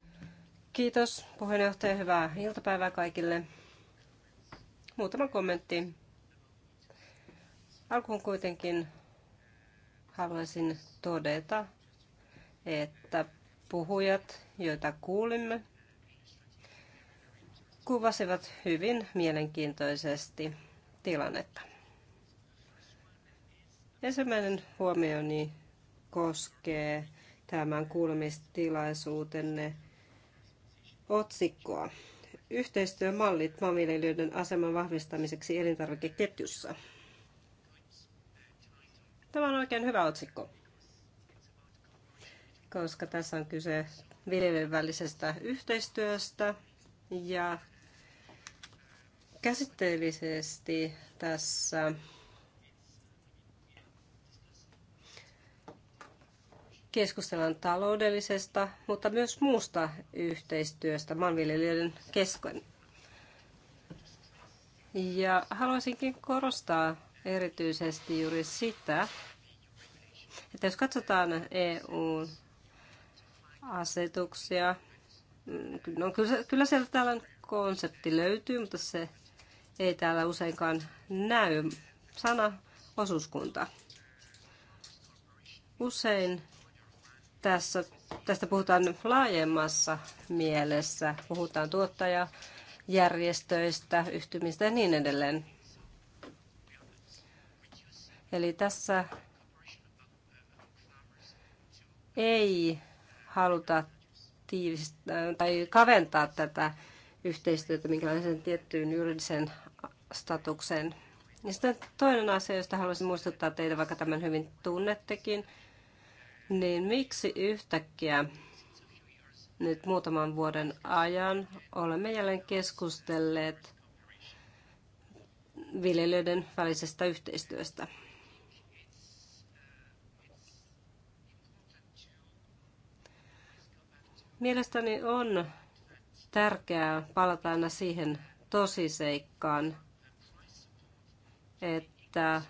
Kiitos puheenjohtaja. Hyvää iltapäivää kaikille. Muutama kommentti. Alkuun kuitenkin haluaisin todeta, että puhujat, joita kuulimme, kuvasivat hyvin mielenkiintoisesti tilannetta. Ensimmäinen huomioni koskee tämän kuulemistilaisuutenne otsikkoa. Yhteistyömallit maanviljelijöiden aseman vahvistamiseksi elintarvikeketjussa. Tämä on oikein hyvä otsikko, koska tässä on kyse viljelijöiden välisestä yhteistyöstä ja käsitteellisesti tässä Keskustellaan taloudellisesta, mutta myös muusta yhteistyöstä maanviljelijöiden kesken. Ja haluaisinkin korostaa erityisesti juuri sitä, että jos katsotaan EU-asetuksia, no mm, kyllä, kyllä sieltä tällainen konsepti löytyy, mutta se ei täällä useinkaan näy. Sana osuuskunta. Usein tässä, tästä puhutaan laajemmassa mielessä. Puhutaan tuottajajärjestöistä, yhtymistä ja niin edelleen. Eli tässä ei haluta tiivistää äh, tai kaventaa tätä yhteistyötä minkälaisen tiettyyn juridisen statukseen. Ja sitten toinen asia, josta haluaisin muistuttaa teitä, vaikka tämän hyvin tunnettekin, niin miksi yhtäkkiä nyt muutaman vuoden ajan olemme jälleen keskustelleet viljelijöiden välisestä yhteistyöstä? Mielestäni on tärkeää palata aina siihen tosiseikkaan, että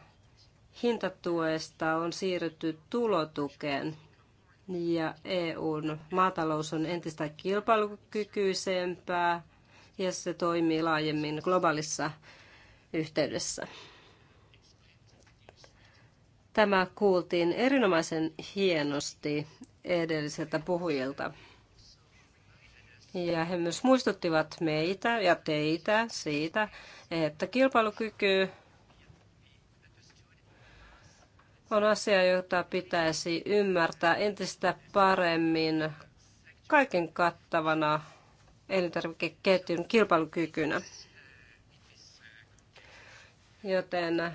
hintatuesta on siirrytty tulotukeen ja EUn maatalous on entistä kilpailukykyisempää ja se toimii laajemmin globaalissa yhteydessä. Tämä kuultiin erinomaisen hienosti edelliseltä puhujilta. Ja he myös muistuttivat meitä ja teitä siitä, että kilpailukyky on asia, jota pitäisi ymmärtää entistä paremmin kaiken kattavana elintarvikeketjun kilpailukykynä. Joten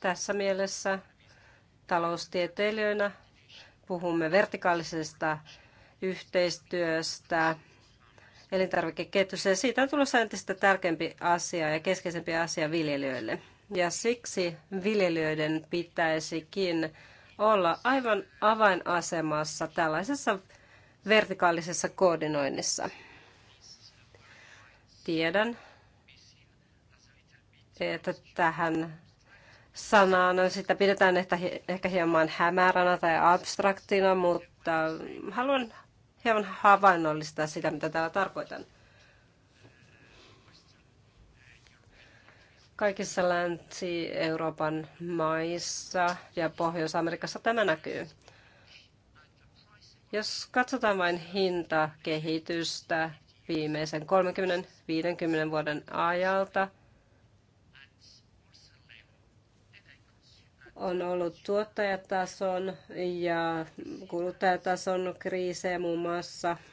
tässä mielessä taloustieteilijöinä puhumme vertikaalisesta yhteistyöstä elintarvikeketjussa ja siitä on tulossa entistä tärkeämpi asia ja keskeisempi asia viljelijöille. Ja siksi viljelijöiden pitäisikin olla aivan avainasemassa tällaisessa vertikaalisessa koordinoinnissa. Tiedän, että tähän sanaan sitä pidetään ehkä, ehkä hieman hämäränä tai abstraktina, mutta haluan hieman havainnollistaa sitä, mitä täällä tarkoitan. Kaikissa Länsi-Euroopan maissa ja Pohjois-Amerikassa tämä näkyy. Jos katsotaan vain hintakehitystä viimeisen 30-50 vuoden ajalta, on ollut tuottajatason ja kuluttajatason kriisejä muun muassa –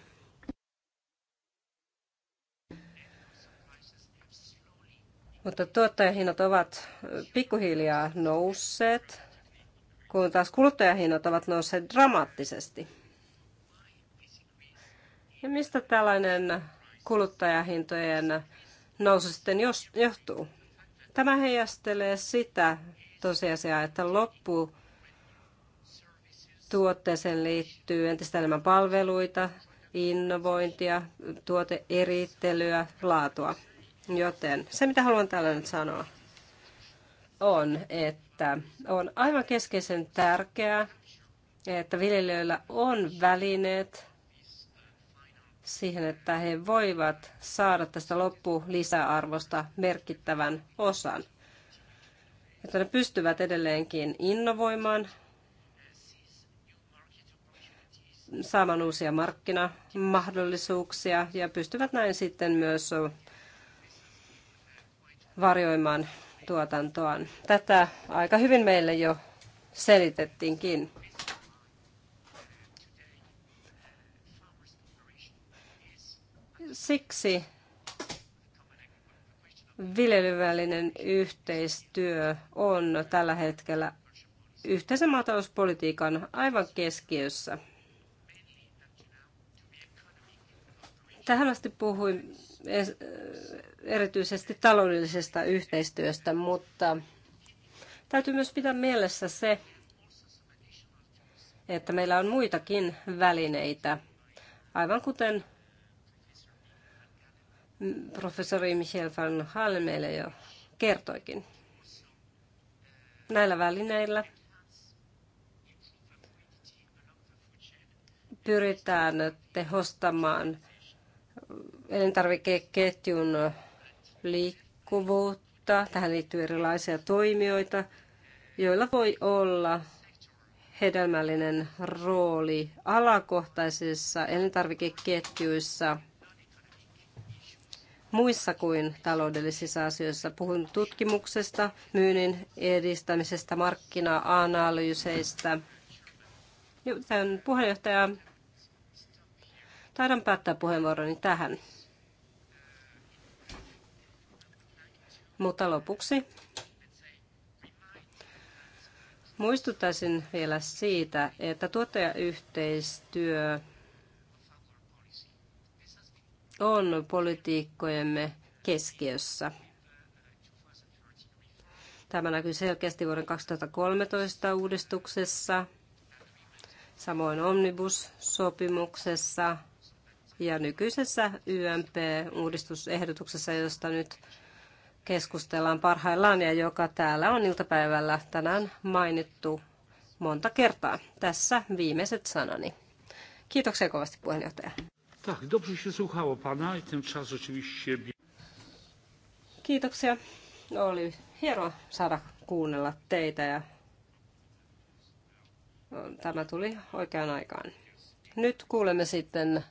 Mutta tuottajahinnat ovat pikkuhiljaa nousseet, kun taas kuluttajahinnat ovat nousseet dramaattisesti. Ja mistä tällainen kuluttajahintojen nousu sitten johtuu? Tämä heijastelee sitä tosiasiaa, että loppu tuotteeseen liittyy entistä enemmän palveluita, innovointia, tuoteerittelyä, laatua. Joten se, mitä haluan tällä nyt sanoa, on, että on aivan keskeisen tärkeää, että viljelijöillä on välineet siihen, että he voivat saada tästä loppulisäarvosta merkittävän osan. Että ne pystyvät edelleenkin innovoimaan, saamaan uusia markkinamahdollisuuksia ja pystyvät näin sitten myös varjoimaan tuotantoaan. Tätä aika hyvin meille jo selitettiinkin. Siksi viljelyvälinen yhteistyö on tällä hetkellä yhteisen maatalouspolitiikan aivan keskiössä. Tähän asti puhuin Eh, erityisesti taloudellisesta yhteistyöstä, mutta täytyy myös pitää mielessä se, että meillä on muitakin välineitä, aivan kuten professori Michel van Halle meille jo kertoikin. Näillä välineillä pyritään tehostamaan elintarvikeketjun liikkuvuutta. Tähän liittyy erilaisia toimijoita, joilla voi olla hedelmällinen rooli alakohtaisissa elintarvikeketjuissa muissa kuin taloudellisissa asioissa. Puhun tutkimuksesta, myynnin edistämisestä, markkina-analyyseistä. Tämän puheenjohtaja, taidan päättää puheenvuoroni tähän. Mutta lopuksi muistuttaisin vielä siitä, että tuottajayhteistyö on politiikkojemme keskiössä. Tämä näkyy selkeästi vuoden 2013 uudistuksessa, samoin Omnibus-sopimuksessa ja nykyisessä YMP-uudistusehdotuksessa, josta nyt keskustellaan parhaillaan ja joka täällä on iltapäivällä tänään mainittu monta kertaa. Tässä viimeiset sanani. Kiitoksia kovasti puheenjohtaja. Tak, dobrze się słuchało czas oczywiście... Kiitoksia. Oli hienoa saada kuunnella teitä ja tämä tuli oikeaan aikaan. Nyt kuulemme sitten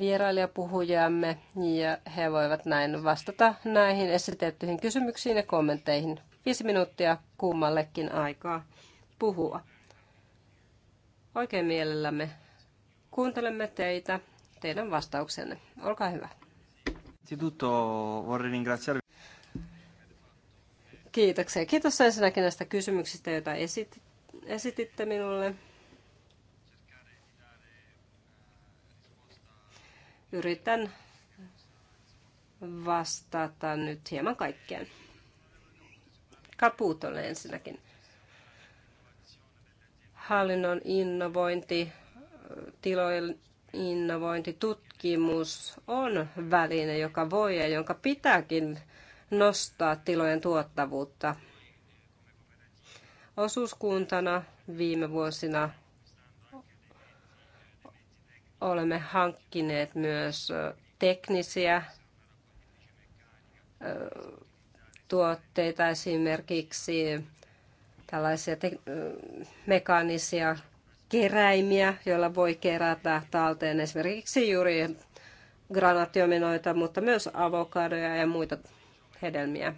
vierailijapuhujamme ja he voivat näin vastata näihin esitettyihin kysymyksiin ja kommentteihin. Viisi minuuttia kummallekin aikaa puhua. Oikein mielellämme kuuntelemme teitä, teidän vastauksenne. Olkaa hyvä. Kiitoksia. Kiitos ensinnäkin näistä kysymyksistä, joita esititte minulle. Yritän vastata nyt hieman kaikkeen. Kaputolle ensinnäkin. Hallinnon innovointi, tilojen innovointi, tutkimus on väline, joka voi ja jonka pitääkin nostaa tilojen tuottavuutta. Osuuskuntana viime vuosina olemme hankkineet myös teknisiä tuotteita, esimerkiksi tällaisia mekaanisia keräimiä, joilla voi kerätä talteen esimerkiksi juuri granatiominoita, mutta myös avokadoja ja muita hedelmiä.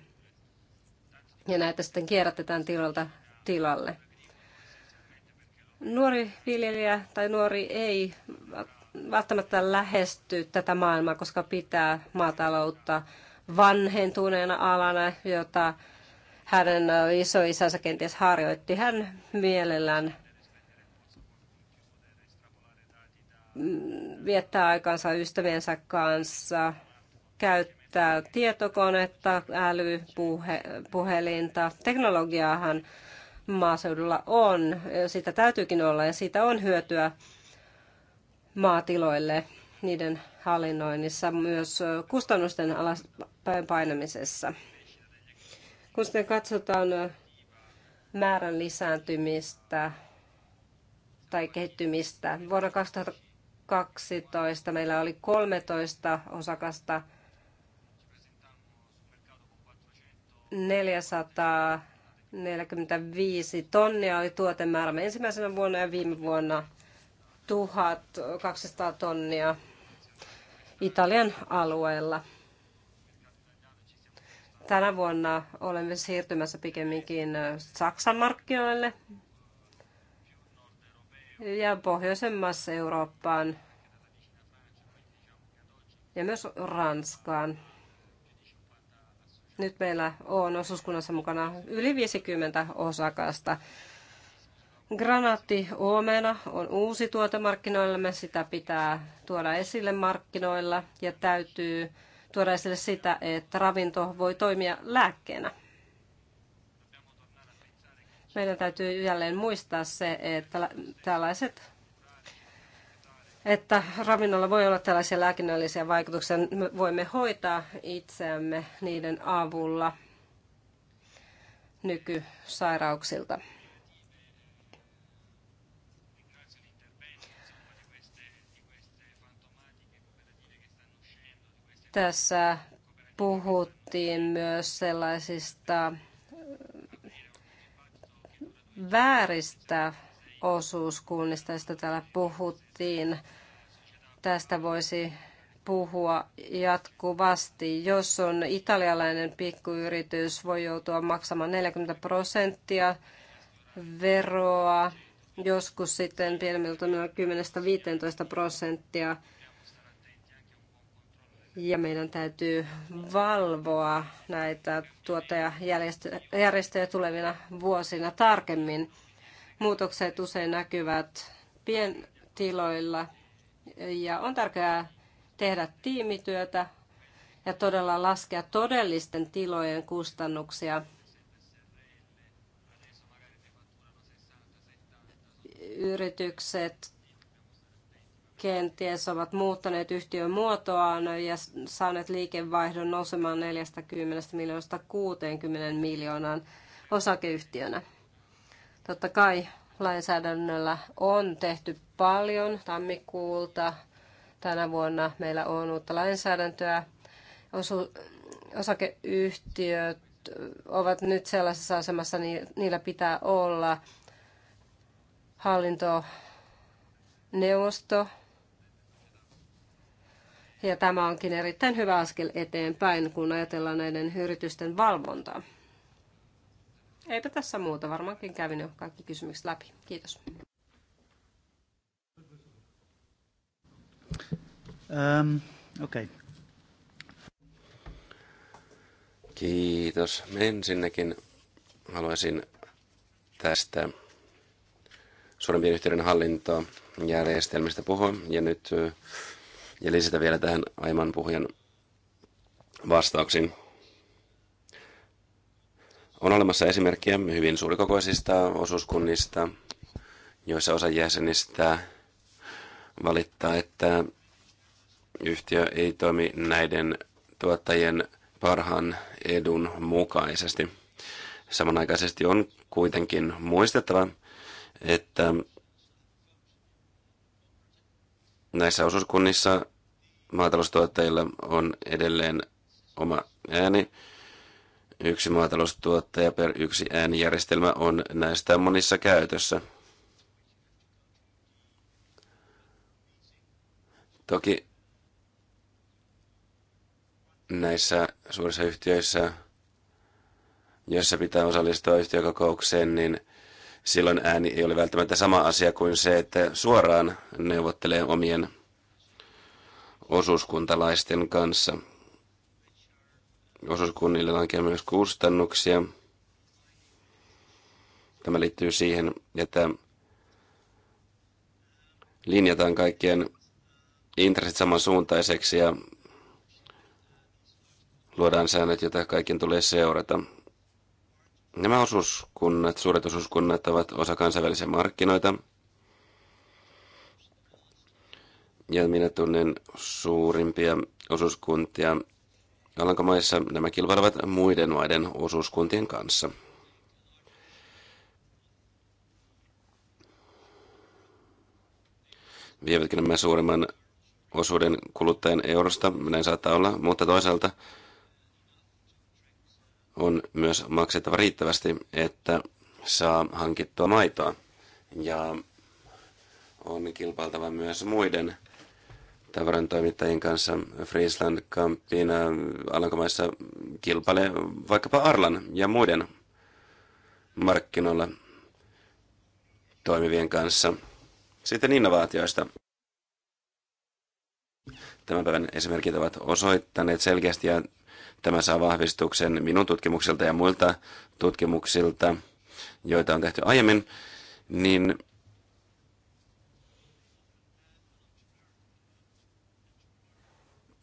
Ja näitä sitten kierrätetään tilalta tilalle. Nuori viljelijä tai nuori ei välttämättä lähesty tätä maailmaa, koska pitää maataloutta vanhentuneena alana, jota hänen isoisänsä kenties harjoitti. Hän mielellään viettää aikansa ystäviensä kanssa, käyttää tietokonetta, älypuhelinta. Teknologiaahan maaseudulla on. Sitä täytyykin olla ja siitä on hyötyä maatiloille niiden hallinnoinnissa, myös kustannusten alaspäin painamisessa. Kun sitten katsotaan määrän lisääntymistä tai kehittymistä, vuonna 2012 meillä oli 13 osakasta 400 45 tonnia oli tuotemäärämme ensimmäisenä vuonna ja viime vuonna 1200 tonnia Italian alueella. Tänä vuonna olemme siirtymässä pikemminkin Saksan markkinoille ja pohjoisemmassa Eurooppaan ja myös Ranskaan. Nyt meillä on osuuskunnassa mukana yli 50 osakasta. Granaatti Omena on uusi tuote me sitä pitää tuoda esille markkinoilla ja täytyy tuoda esille sitä, että ravinto voi toimia lääkkeenä. Meidän täytyy jälleen muistaa se, että tällaiset että ravinnolla voi olla tällaisia lääkinnällisiä vaikutuksia. Me voimme hoitaa itseämme niiden avulla nykysairauksilta. Tässä puhuttiin myös sellaisista vääristä osuuskunnista, joista täällä puhuttiin. Tästä voisi puhua jatkuvasti. Jos on italialainen pikkuyritys, voi joutua maksamaan 40 prosenttia veroa, joskus sitten pienemmiltä 10-15 prosenttia. Ja meidän täytyy valvoa näitä tuottajajärjestöjä tulevina vuosina tarkemmin. Muutokset usein näkyvät pientiloilla ja on tärkeää tehdä tiimityötä ja todella laskea todellisten tilojen kustannuksia. Yritykset kenties ovat muuttaneet yhtiön muotoaan ja saaneet liikevaihdon nousemaan 40 miljoonasta 60 miljoonaan osakeyhtiönä. Totta kai lainsäädännöllä on tehty paljon tammikuulta. Tänä vuonna meillä on uutta lainsäädäntöä. Osu- osakeyhtiöt ovat nyt sellaisessa asemassa, niillä pitää olla hallintoneuvosto. Ja tämä onkin erittäin hyvä askel eteenpäin, kun ajatellaan näiden yritysten valvontaa. Eipä tässä muuta. Varmaankin kävin jo kaikki kysymykset läpi. Kiitos. Um, Okei. Okay. Kiitos. Ensinnäkin haluaisin tästä suurempien yhteyden hallintojärjestelmistä puhua ja nyt ja lisätä vielä tähän aiemman puhujan vastauksiin. On olemassa esimerkkejä hyvin suurikokoisista osuuskunnista, joissa osa jäsenistä valittaa, että yhtiö ei toimi näiden tuottajien parhaan edun mukaisesti. Samanaikaisesti on kuitenkin muistettava, että näissä osuuskunnissa maataloustuottajilla on edelleen oma ääni Yksi maataloustuottaja per yksi äänijärjestelmä on näistä monissa käytössä. Toki näissä suurissa yhtiöissä, joissa pitää osallistua yhtiökokoukseen, niin silloin ääni ei ole välttämättä sama asia kuin se, että suoraan neuvottelee omien osuuskuntalaisten kanssa – osuuskunnille lankee myös kustannuksia. Tämä liittyy siihen, että linjataan kaikkien intressit samansuuntaiseksi ja luodaan säännöt, joita kaiken tulee seurata. Nämä osuuskunnat, suuret osuuskunnat ovat osa kansainvälisiä markkinoita. Ja minä tunnen suurimpia osuuskuntia Alankomaissa nämä kilpailevat muiden maiden osuuskuntien kanssa. Vievätkin nämä suuremman osuuden kuluttajan eurosta? Näin saattaa olla, mutta toisaalta on myös maksettava riittävästi, että saa hankittua maitoa. Ja on kilpailtava myös muiden tavarantoimittajien kanssa Friesland Campin äh, Alankomaissa kilpailee vaikkapa Arlan ja muiden markkinoilla toimivien kanssa. Sitten innovaatioista. Tämän päivän esimerkit ovat osoittaneet selkeästi ja tämä saa vahvistuksen minun tutkimuksilta ja muilta tutkimuksilta, joita on tehty aiemmin, niin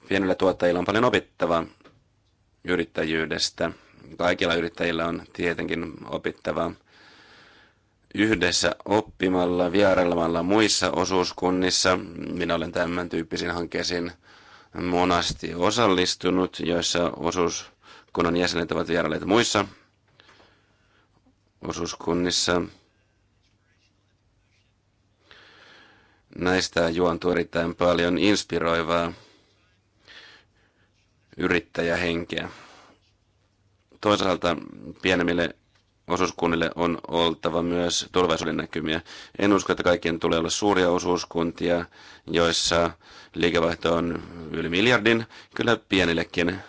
Pienillä tuottajilla on paljon opittavaa yrittäjyydestä. Kaikilla yrittäjillä on tietenkin opittavaa yhdessä oppimalla, vierailemalla muissa osuuskunnissa. Minä olen tämän tyyppisiin hankkeisiin monasti osallistunut, joissa osuuskunnan jäsenet ovat vierailleet muissa osuuskunnissa. Näistä juontuu erittäin paljon inspiroivaa yrittäjähenkeä. Toisaalta pienemmille osuuskunnille on oltava myös tulevaisuuden näkymiä. En usko, että kaikkien tulee olla suuria osuuskuntia, joissa liikevaihto on yli miljardin. Kyllä pienillekin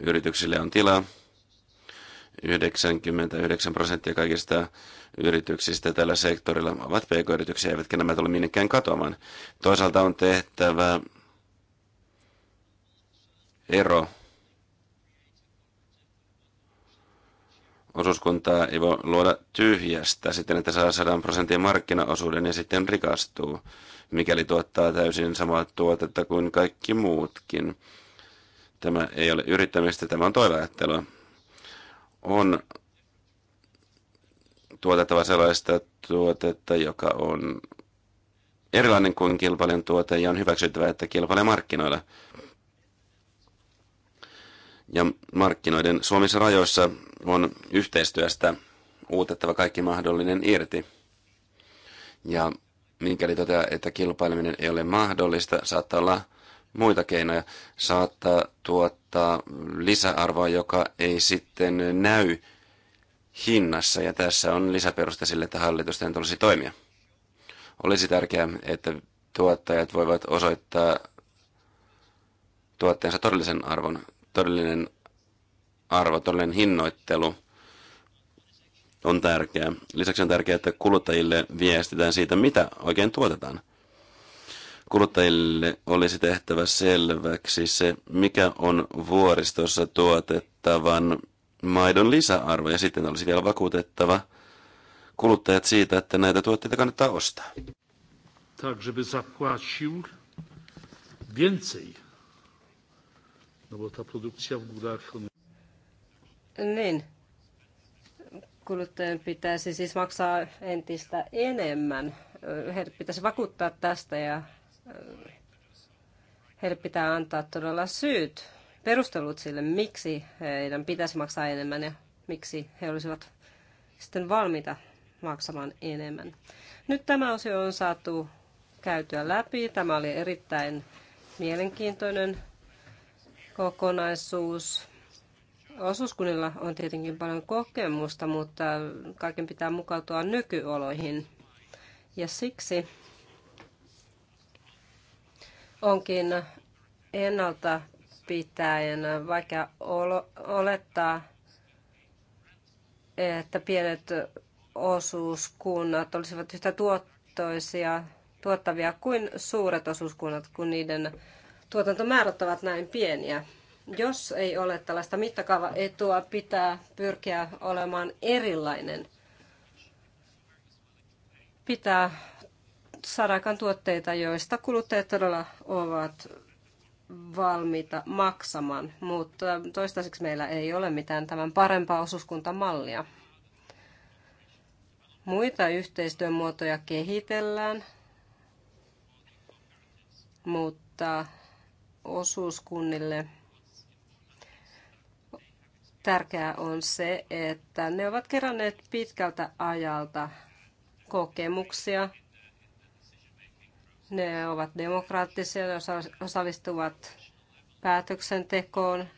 yrityksille on tilaa. 99 prosenttia kaikista yrityksistä tällä sektorilla ovat pk-yrityksiä, eivätkä nämä tule minnekään katoamaan. Toisaalta on tehtävä ero osuuskuntaa ei voi luoda tyhjästä siten, että saa 100 prosentin markkinaosuuden ja sitten rikastuu, mikäli tuottaa täysin samaa tuotetta kuin kaikki muutkin. Tämä ei ole yrittämistä, tämä on toiveajattelua. On tuotettava sellaista tuotetta, joka on erilainen kuin kilpailijan tuote ja on hyväksyttävä, että kilpailee markkinoilla ja markkinoiden Suomessa rajoissa on yhteistyöstä uutettava kaikki mahdollinen irti. Ja mikäli toteaa, että kilpaileminen ei ole mahdollista, saattaa olla muita keinoja. Saattaa tuottaa lisäarvoa, joka ei sitten näy hinnassa, ja tässä on lisäperuste sille, että hallitusten tulisi toimia. Olisi tärkeää, että tuottajat voivat osoittaa tuotteensa todellisen arvon todellinen arvo, todellinen hinnoittelu on tärkeää. Lisäksi on tärkeää, että kuluttajille viestitään siitä, mitä oikein tuotetaan. Kuluttajille olisi tehtävä selväksi se, mikä on vuoristossa tuotettavan maidon lisäarvo. Ja sitten olisi vielä vakuutettava kuluttajat siitä, että näitä tuotteita kannattaa ostaa. Tak, żeby zapłacił więcej No bo ta produkcja w górach... Niin. Kuluttajan pitäisi siis maksaa entistä enemmän. Heidät pitäisi vakuuttaa tästä ja eh, heille pitää antaa todella syyt, perustelut sille, miksi heidän pitäisi maksaa enemmän ja miksi he olisivat sitten valmiita maksamaan enemmän. Nyt tämä osio on saatu käytyä läpi. Tämä oli erittäin mielenkiintoinen kokonaisuus. Osuuskunnilla on tietenkin paljon kokemusta, mutta kaiken pitää mukautua nykyoloihin. Ja siksi onkin ennalta pitäen vaikea olettaa, että pienet osuuskunnat olisivat yhtä tuottoisia, tuottavia kuin suuret osuuskunnat, kun niiden tuotantomäärät ovat näin pieniä. Jos ei ole tällaista mittakaavaetua, pitää pyrkiä olemaan erilainen. Pitää sarakan tuotteita, joista kuluttajat todella ovat valmiita maksamaan, mutta toistaiseksi meillä ei ole mitään tämän parempaa osuuskuntamallia. Muita yhteistyön muotoja kehitellään, mutta osuuskunnille tärkeää on se, että ne ovat keränneet pitkältä ajalta kokemuksia. Ne ovat demokraattisia, ne osallistuvat päätöksentekoon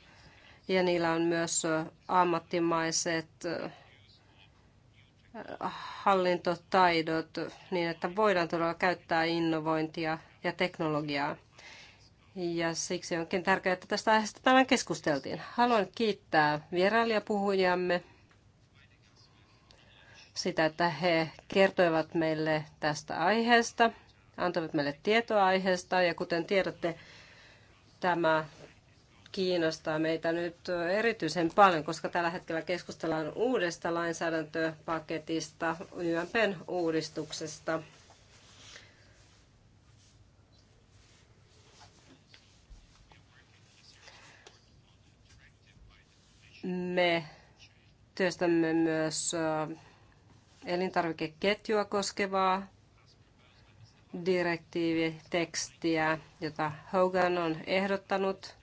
ja niillä on myös ammattimaiset äh, hallintotaidot niin, että voidaan todella käyttää innovointia ja teknologiaa. Ja siksi onkin tärkeää, että tästä aiheesta tänään keskusteltiin. Haluan kiittää vierailijapuhujamme sitä, että he kertoivat meille tästä aiheesta, antoivat meille tietoa aiheesta. Ja kuten tiedätte, tämä kiinnostaa meitä nyt erityisen paljon, koska tällä hetkellä keskustellaan uudesta lainsäädäntöpaketista, YMPn uudistuksesta – Me työstämme myös elintarvikeketjua koskevaa direktiivitekstiä, jota Hogan on ehdottanut.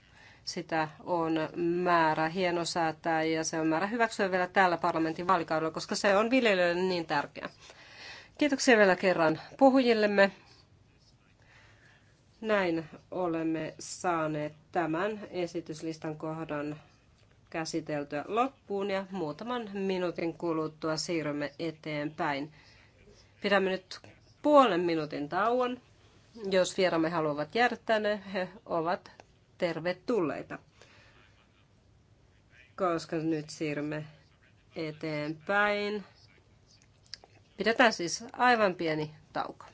Sitä on määrä hienosäätää ja se on määrä hyväksyä vielä tällä parlamentin vaalikaudella, koska se on viljelijöille niin tärkeä. Kiitoksia vielä kerran puhujillemme. Näin olemme saaneet tämän esityslistan kohdan käsiteltyä loppuun ja muutaman minuutin kuluttua siirrymme eteenpäin. Pidämme nyt puolen minuutin tauon. Jos vieramme haluavat jäädä tänne, he ovat tervetulleita. Koska nyt siirrymme eteenpäin. Pidetään siis aivan pieni tauko.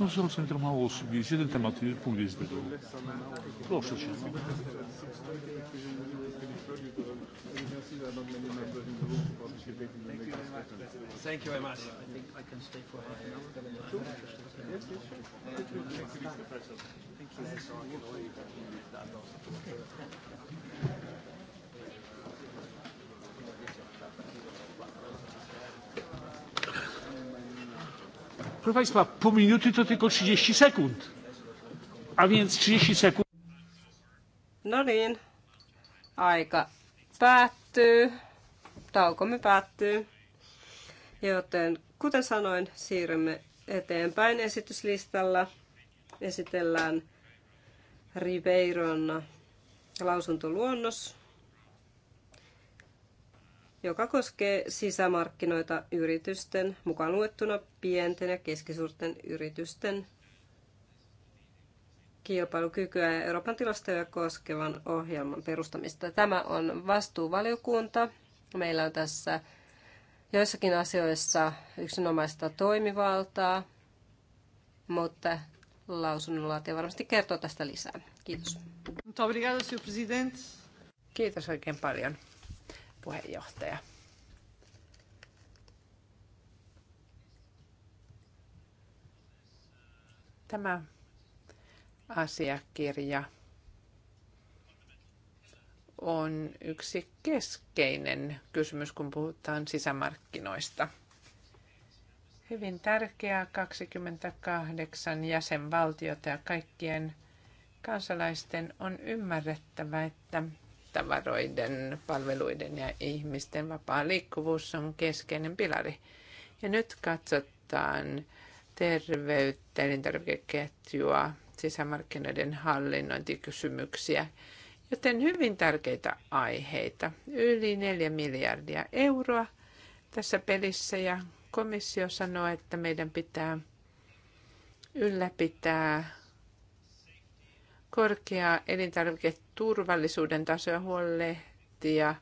No zresztą tam mało osób jest. Jeden temat, punkt jest tego. Proszę cię. Thank you very much. I think I can stay for half an hour. Thank you. Proszę Państwa, pół minuty to tylko 30 sekund. A więc 30 sekund. No niin, aika päättyy, taukomme päättyy. Joten kuten sanoin, siirrymme eteenpäin esityslistalla. Esitellään Ribeiron lausuntoluonnos joka koskee sisämarkkinoita yritysten, mukaan luettuna pienten ja keskisuurten yritysten kilpailukykyä ja Euroopan tilastoja koskevan ohjelman perustamista. Tämä on vastuuvaliokunta. Meillä on tässä joissakin asioissa yksinomaista toimivaltaa, mutta lausunnonlaatija varmasti kertoo tästä lisää. Kiitos. Kiitos oikein paljon puheenjohtaja. Tämä asiakirja on yksi keskeinen kysymys, kun puhutaan sisämarkkinoista. Hyvin tärkeää 28 jäsenvaltiota ja kaikkien kansalaisten on ymmärrettävä, että tavaroiden, palveluiden ja ihmisten vapaa liikkuvuus on keskeinen pilari. Ja nyt katsotaan terveyttä, elintarvikeketjua, sisämarkkinoiden hallinnointikysymyksiä, joten hyvin tärkeitä aiheita. Yli 4 miljardia euroa tässä pelissä ja komissio sanoo, että meidän pitää ylläpitää korkeaa elintarviketurvallisuuden tasoa huolehtia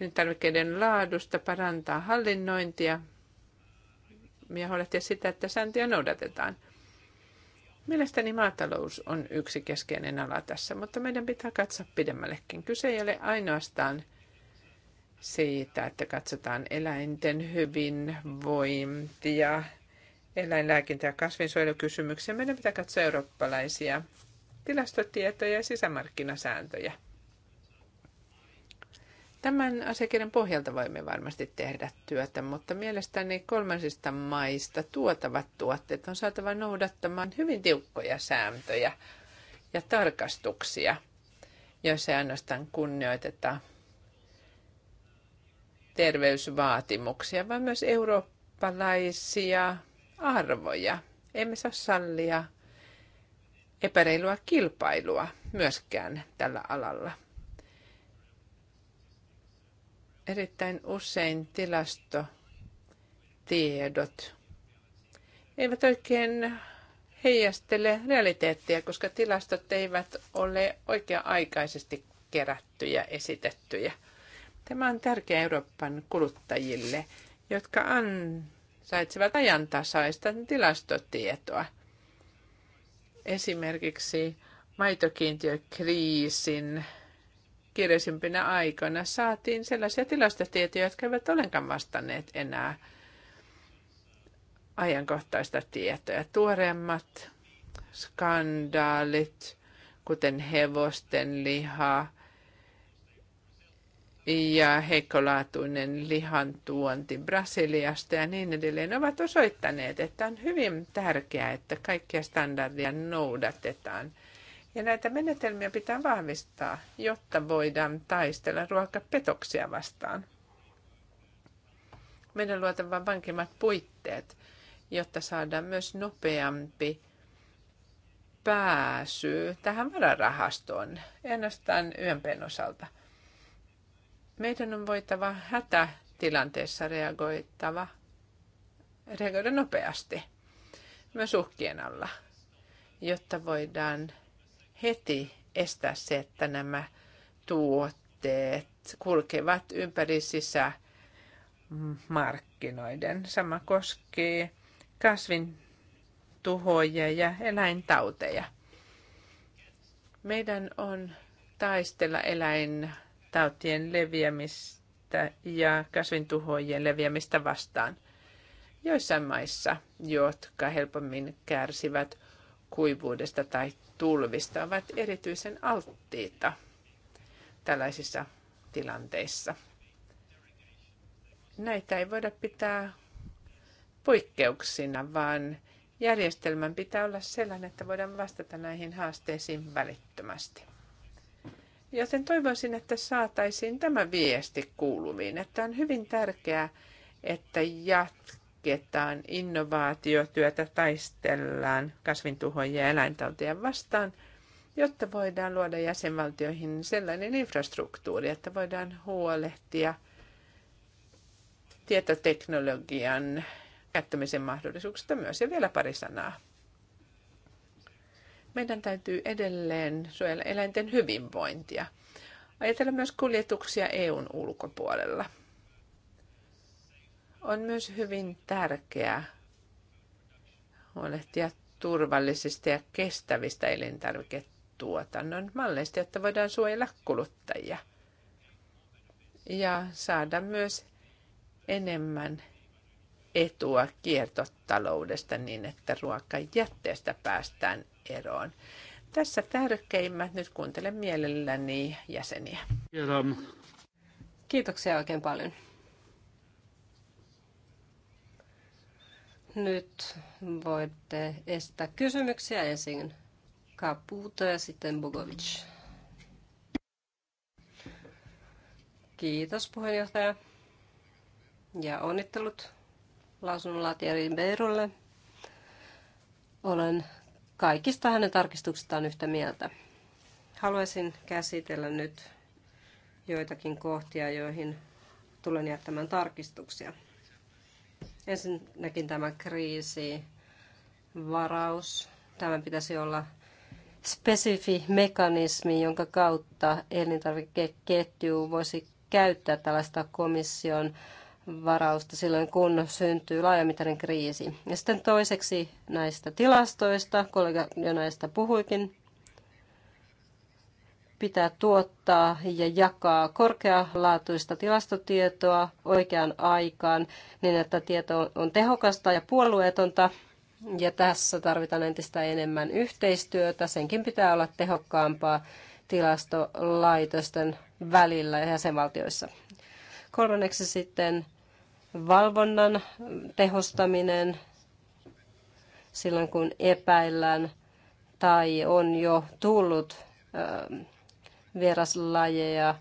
elintarvikkeiden laadusta, parantaa hallinnointia ja huolehtia sitä, että sääntöjä noudatetaan. Mielestäni maatalous on yksi keskeinen ala tässä, mutta meidän pitää katsoa pidemmällekin. Kyse ei ole ainoastaan siitä, että katsotaan eläinten hyvinvointia, eläinlääkintä- ja kasvinsuojelukysymyksiä. Meidän pitää katsoa eurooppalaisia tilastotietoja ja sisämarkkinasääntöjä. Tämän asiakirjan pohjalta voimme varmasti tehdä työtä, mutta mielestäni kolmansista maista tuotavat tuotteet on saatava noudattamaan hyvin tiukkoja sääntöjä ja tarkastuksia, joissa ei ainoastaan kunnioiteta terveysvaatimuksia, vaan myös eurooppalaisia arvoja. Emme saa sallia epäreilua kilpailua myöskään tällä alalla. Erittäin usein tilastotiedot eivät oikein heijastele realiteettia, koska tilastot eivät ole oikea-aikaisesti kerättyjä, esitettyjä. Tämä on tärkeä Euroopan kuluttajille, jotka ansaitsevat ajantasaista tilastotietoa – esimerkiksi maitokiintiökriisin kiireisimpinä aikoina saatiin sellaisia tilastotietoja, jotka eivät ollenkaan vastanneet enää ajankohtaista tietoja Tuoreemmat skandaalit, kuten hevosten liha, ja heikkolaatuinen lihantuonti Brasiliasta ja niin edelleen ovat osoittaneet, että on hyvin tärkeää, että kaikkia standardia noudatetaan. Ja näitä menetelmiä pitää vahvistaa, jotta voidaan taistella ruokapetoksia vastaan. Meidän on luotava vankimmat puitteet, jotta saadaan myös nopeampi pääsy tähän vararahastoon, ennastaan YMPn osalta – meidän on voitava hätätilanteessa reagoitava, reagoida nopeasti, myös uhkien alla, jotta voidaan heti estää se, että nämä tuotteet kulkevat ympäri sisämarkkinoiden. Sama koskee kasvin tuhoja ja eläintauteja. Meidän on taistella eläin tautien leviämistä ja kasvintuhoojien leviämistä vastaan. Joissain maissa, jotka helpommin kärsivät kuivuudesta tai tulvista, ovat erityisen alttiita tällaisissa tilanteissa. Näitä ei voida pitää poikkeuksina, vaan järjestelmän pitää olla sellainen, että voidaan vastata näihin haasteisiin välittömästi. Joten toivoisin, että saataisiin tämä viesti kuuluviin, että on hyvin tärkeää, että jatketaan innovaatiotyötä, taistellaan kasvintuhoja ja eläintauteja vastaan, jotta voidaan luoda jäsenvaltioihin sellainen infrastruktuuri, että voidaan huolehtia tietoteknologian käyttämisen mahdollisuuksista myös. Ja vielä pari sanaa meidän täytyy edelleen suojella eläinten hyvinvointia. Ajatella myös kuljetuksia EUn ulkopuolella. On myös hyvin tärkeää huolehtia turvallisista ja kestävistä elintarviketuotannon malleista, jotta voidaan suojella kuluttajia ja saada myös enemmän etua kiertotaloudesta niin, että ruokajätteestä päästään eroon. Tässä tärkeimmät. Nyt kuuntelen mielelläni jäseniä. Kiitoksia oikein paljon. Nyt voitte estää kysymyksiä ensin Caputo ja sitten Bogovic. Kiitos puheenjohtaja ja onnittelut Latjari beirulle. Olen kaikista hänen tarkistuksistaan yhtä mieltä. Haluaisin käsitellä nyt joitakin kohtia, joihin tulen jättämään tarkistuksia. Ensinnäkin tämä kriisi, varaus. Tämän pitäisi olla spesifi mekanismi, jonka kautta elintarvikeketju voisi käyttää tällaista komission varausta silloin, kun syntyy laajamittainen kriisi. Ja sitten toiseksi näistä tilastoista, kollega jo näistä puhuikin, pitää tuottaa ja jakaa korkealaatuista tilastotietoa oikeaan aikaan niin, että tieto on tehokasta ja puolueetonta. Ja tässä tarvitaan entistä enemmän yhteistyötä. Senkin pitää olla tehokkaampaa tilastolaitosten välillä ja jäsenvaltioissa. Kolmanneksi sitten valvonnan tehostaminen silloin, kun epäillään tai on jo tullut ähm, vieraslajeja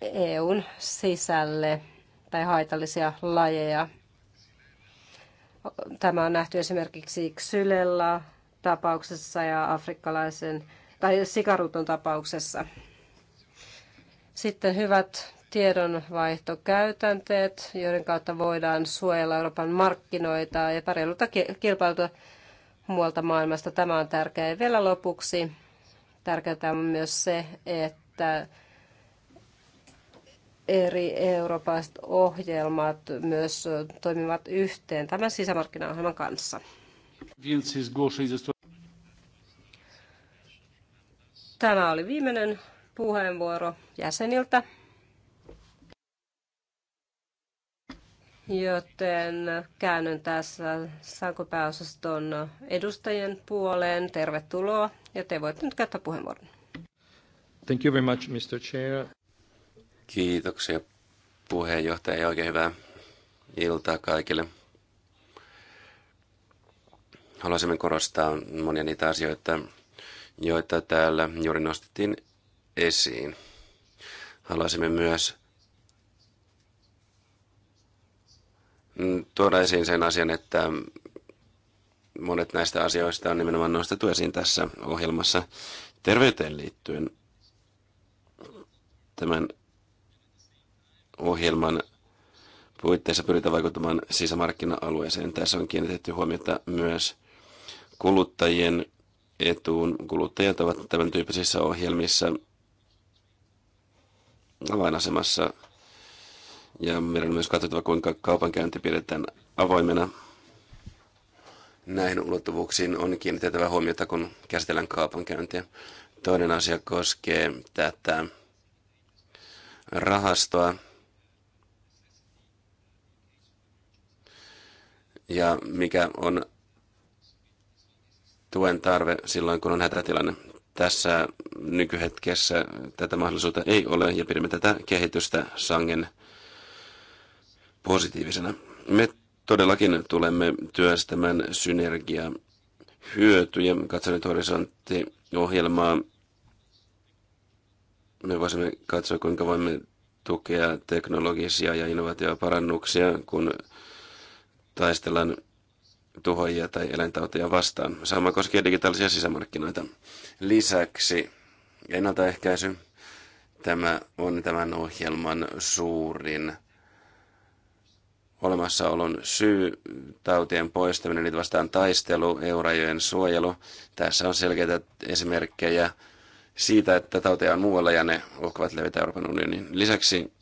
EUn sisälle tai haitallisia lajeja. Tämä on nähty esimerkiksi Xylella tapauksessa ja afrikkalaisen tai sikaruton tapauksessa. Sitten hyvät tiedonvaihtokäytänteet, joiden kautta voidaan suojella Euroopan markkinoita ja epäreilulta kilpailua muualta maailmasta. Tämä on tärkeää. Ja vielä lopuksi tärkeää on myös se, että eri eurooppalaiset ohjelmat myös toimivat yhteen tämän sisämarkkinaohjelman kanssa. Tämä oli viimeinen puheenvuoro jäseniltä. Joten käännyn tässä sankopääosaston edustajien puoleen. Tervetuloa ja te voitte nyt käyttää puheenvuoron. Thank you very much, Mr. Chair. Kiitoksia puheenjohtaja ja oikein hyvää iltaa kaikille. Haluaisimme korostaa monia niitä asioita, joita täällä juuri nostettiin esiin. Haluaisimme myös Mm, tuoda esiin sen asian, että monet näistä asioista on nimenomaan nostettu esiin tässä ohjelmassa terveyteen liittyen. Tämän ohjelman puitteissa pyritään vaikuttamaan sisämarkkina-alueeseen. Tässä on kiinnitetty huomiota myös kuluttajien etuun. Kuluttajat ovat tämän tyyppisissä ohjelmissa avainasemassa – ja meidän on myös katsottava, kuinka kaupankäynti pidetään avoimena. Näihin ulottuvuuksiin on kiinnitettävä huomiota, kun käsitellään kaupankäyntiä. Toinen asia koskee tätä rahastoa. Ja mikä on tuen tarve silloin, kun on hätätilanne. Tässä nykyhetkessä tätä mahdollisuutta ei ole ja pidämme tätä kehitystä sangen positiivisena. Me todellakin tulemme työstämään synergia hyötyjä. Katson nyt horisonttiohjelmaa. Me voisimme katsoa, kuinka voimme tukea teknologisia ja innovaatioparannuksia, kun taistellaan tuhoajia tai eläintauteja vastaan. Sama koskee digitaalisia sisämarkkinoita. Lisäksi ennaltaehkäisy. Tämä on tämän ohjelman suurin olemassaolon syy, tautien poistaminen, niitä vastaan taistelu, eurajojen suojelu. Tässä on selkeitä esimerkkejä siitä, että tauteja on muualla ja ne uhkavat levitä Euroopan unionin. Lisäksi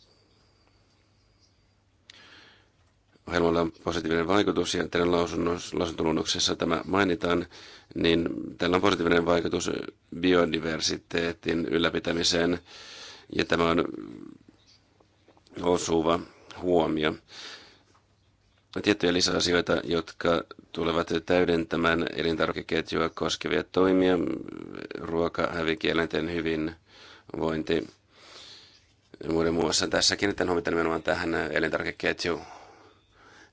ohjelmalla on positiivinen vaikutus ja teidän lausuntoluonnoksessa tämä mainitaan, niin tällä on positiivinen vaikutus biodiversiteetin ylläpitämiseen ja tämä on osuva huomio tiettyjä lisäasioita, jotka tulevat täydentämään elintarvikeketjua koskevia toimia, ruokahävikki, eläinten hyvinvointi ja muiden muassa. tässäkin, että huomiota nimenomaan tähän elintarvikeketju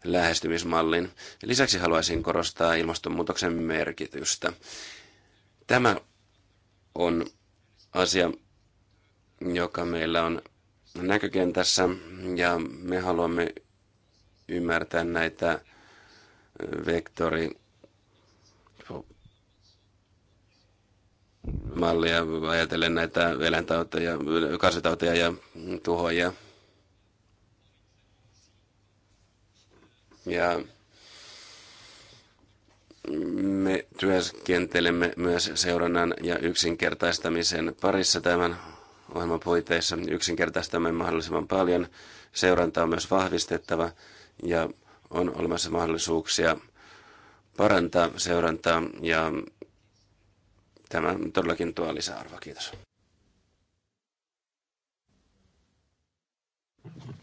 lähestymismallin. Lisäksi haluaisin korostaa ilmastonmuutoksen merkitystä. Tämä on asia, joka meillä on näkökentässä ja me haluamme ymmärtää näitä vektorimalleja, ajatellen näitä eläintauteja, kasvitauteja ja tuhoja. Ja me työskentelemme myös seurannan ja yksinkertaistamisen parissa tämän ohjelman puitteissa. Yksinkertaistamme mahdollisimman paljon. Seuranta on myös vahvistettava ja on olemassa mahdollisuuksia parantaa seurantaa ja tämä todellakin tuo lisäarvoa. Kiitos.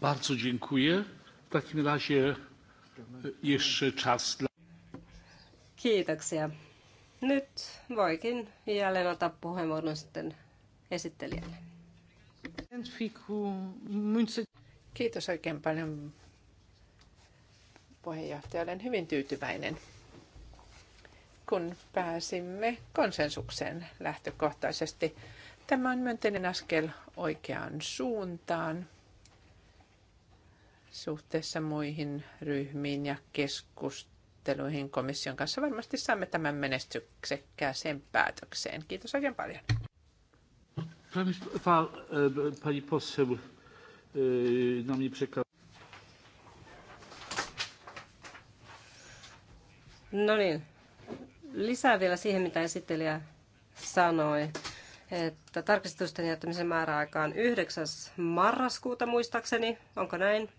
Bardzo dziękuję. W takim razie e, jeszcze czas dla... Kiitoksia. Nyt voikin jälleen ottaa puheenvuoron sitten esittelijälle. Kiitos oikein paljon puheenjohtaja, olen hyvin tyytyväinen, kun pääsimme konsensukseen lähtökohtaisesti. Tämä on myönteinen askel oikeaan suuntaan suhteessa muihin ryhmiin ja keskusteluihin komission kanssa. Varmasti saamme tämän menestyksekkääseen päätökseen. Kiitos oikein paljon. Pani e, poseł e, nam no nie przekazała. No niin, lisää vielä siihen, mitä esittelijä sanoi, että tarkistusten jättämisen määräaika on 9. marraskuuta muistaakseni, onko näin?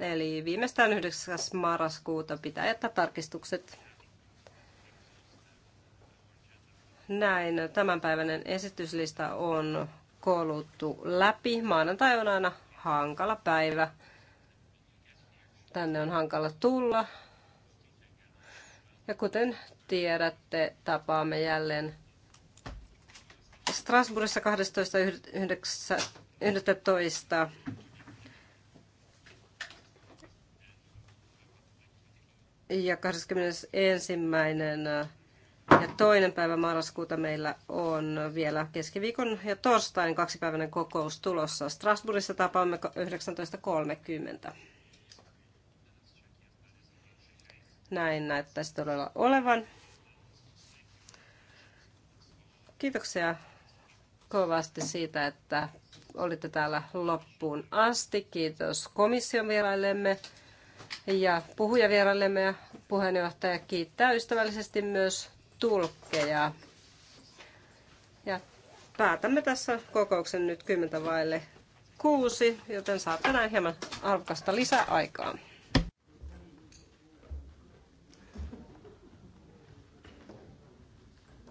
Eli viimeistään 9. marraskuuta pitää jättää tarkistukset. Näin, tämänpäiväinen esityslista on kouluttu läpi. Maanantai on aina hankala päivä. Tänne on hankala tulla ja kuten tiedätte, tapaamme jälleen Strasbourgissa 12.11. Ja 21. ja toinen päivä marraskuuta meillä on vielä keskiviikon ja torstain kaksipäiväinen kokous tulossa. Strasbourgissa tapaamme 19.30. Näin näyttäisi todella olevan. Kiitoksia kovasti siitä, että olitte täällä loppuun asti. Kiitos komission vieraillemme ja puhujavieraillemme ja puheenjohtaja kiittää ystävällisesti myös tulkkeja. Ja päätämme tässä kokouksen nyt kymmentä vaille kuusi, joten saatte näin hieman arvokasta lisäaikaa.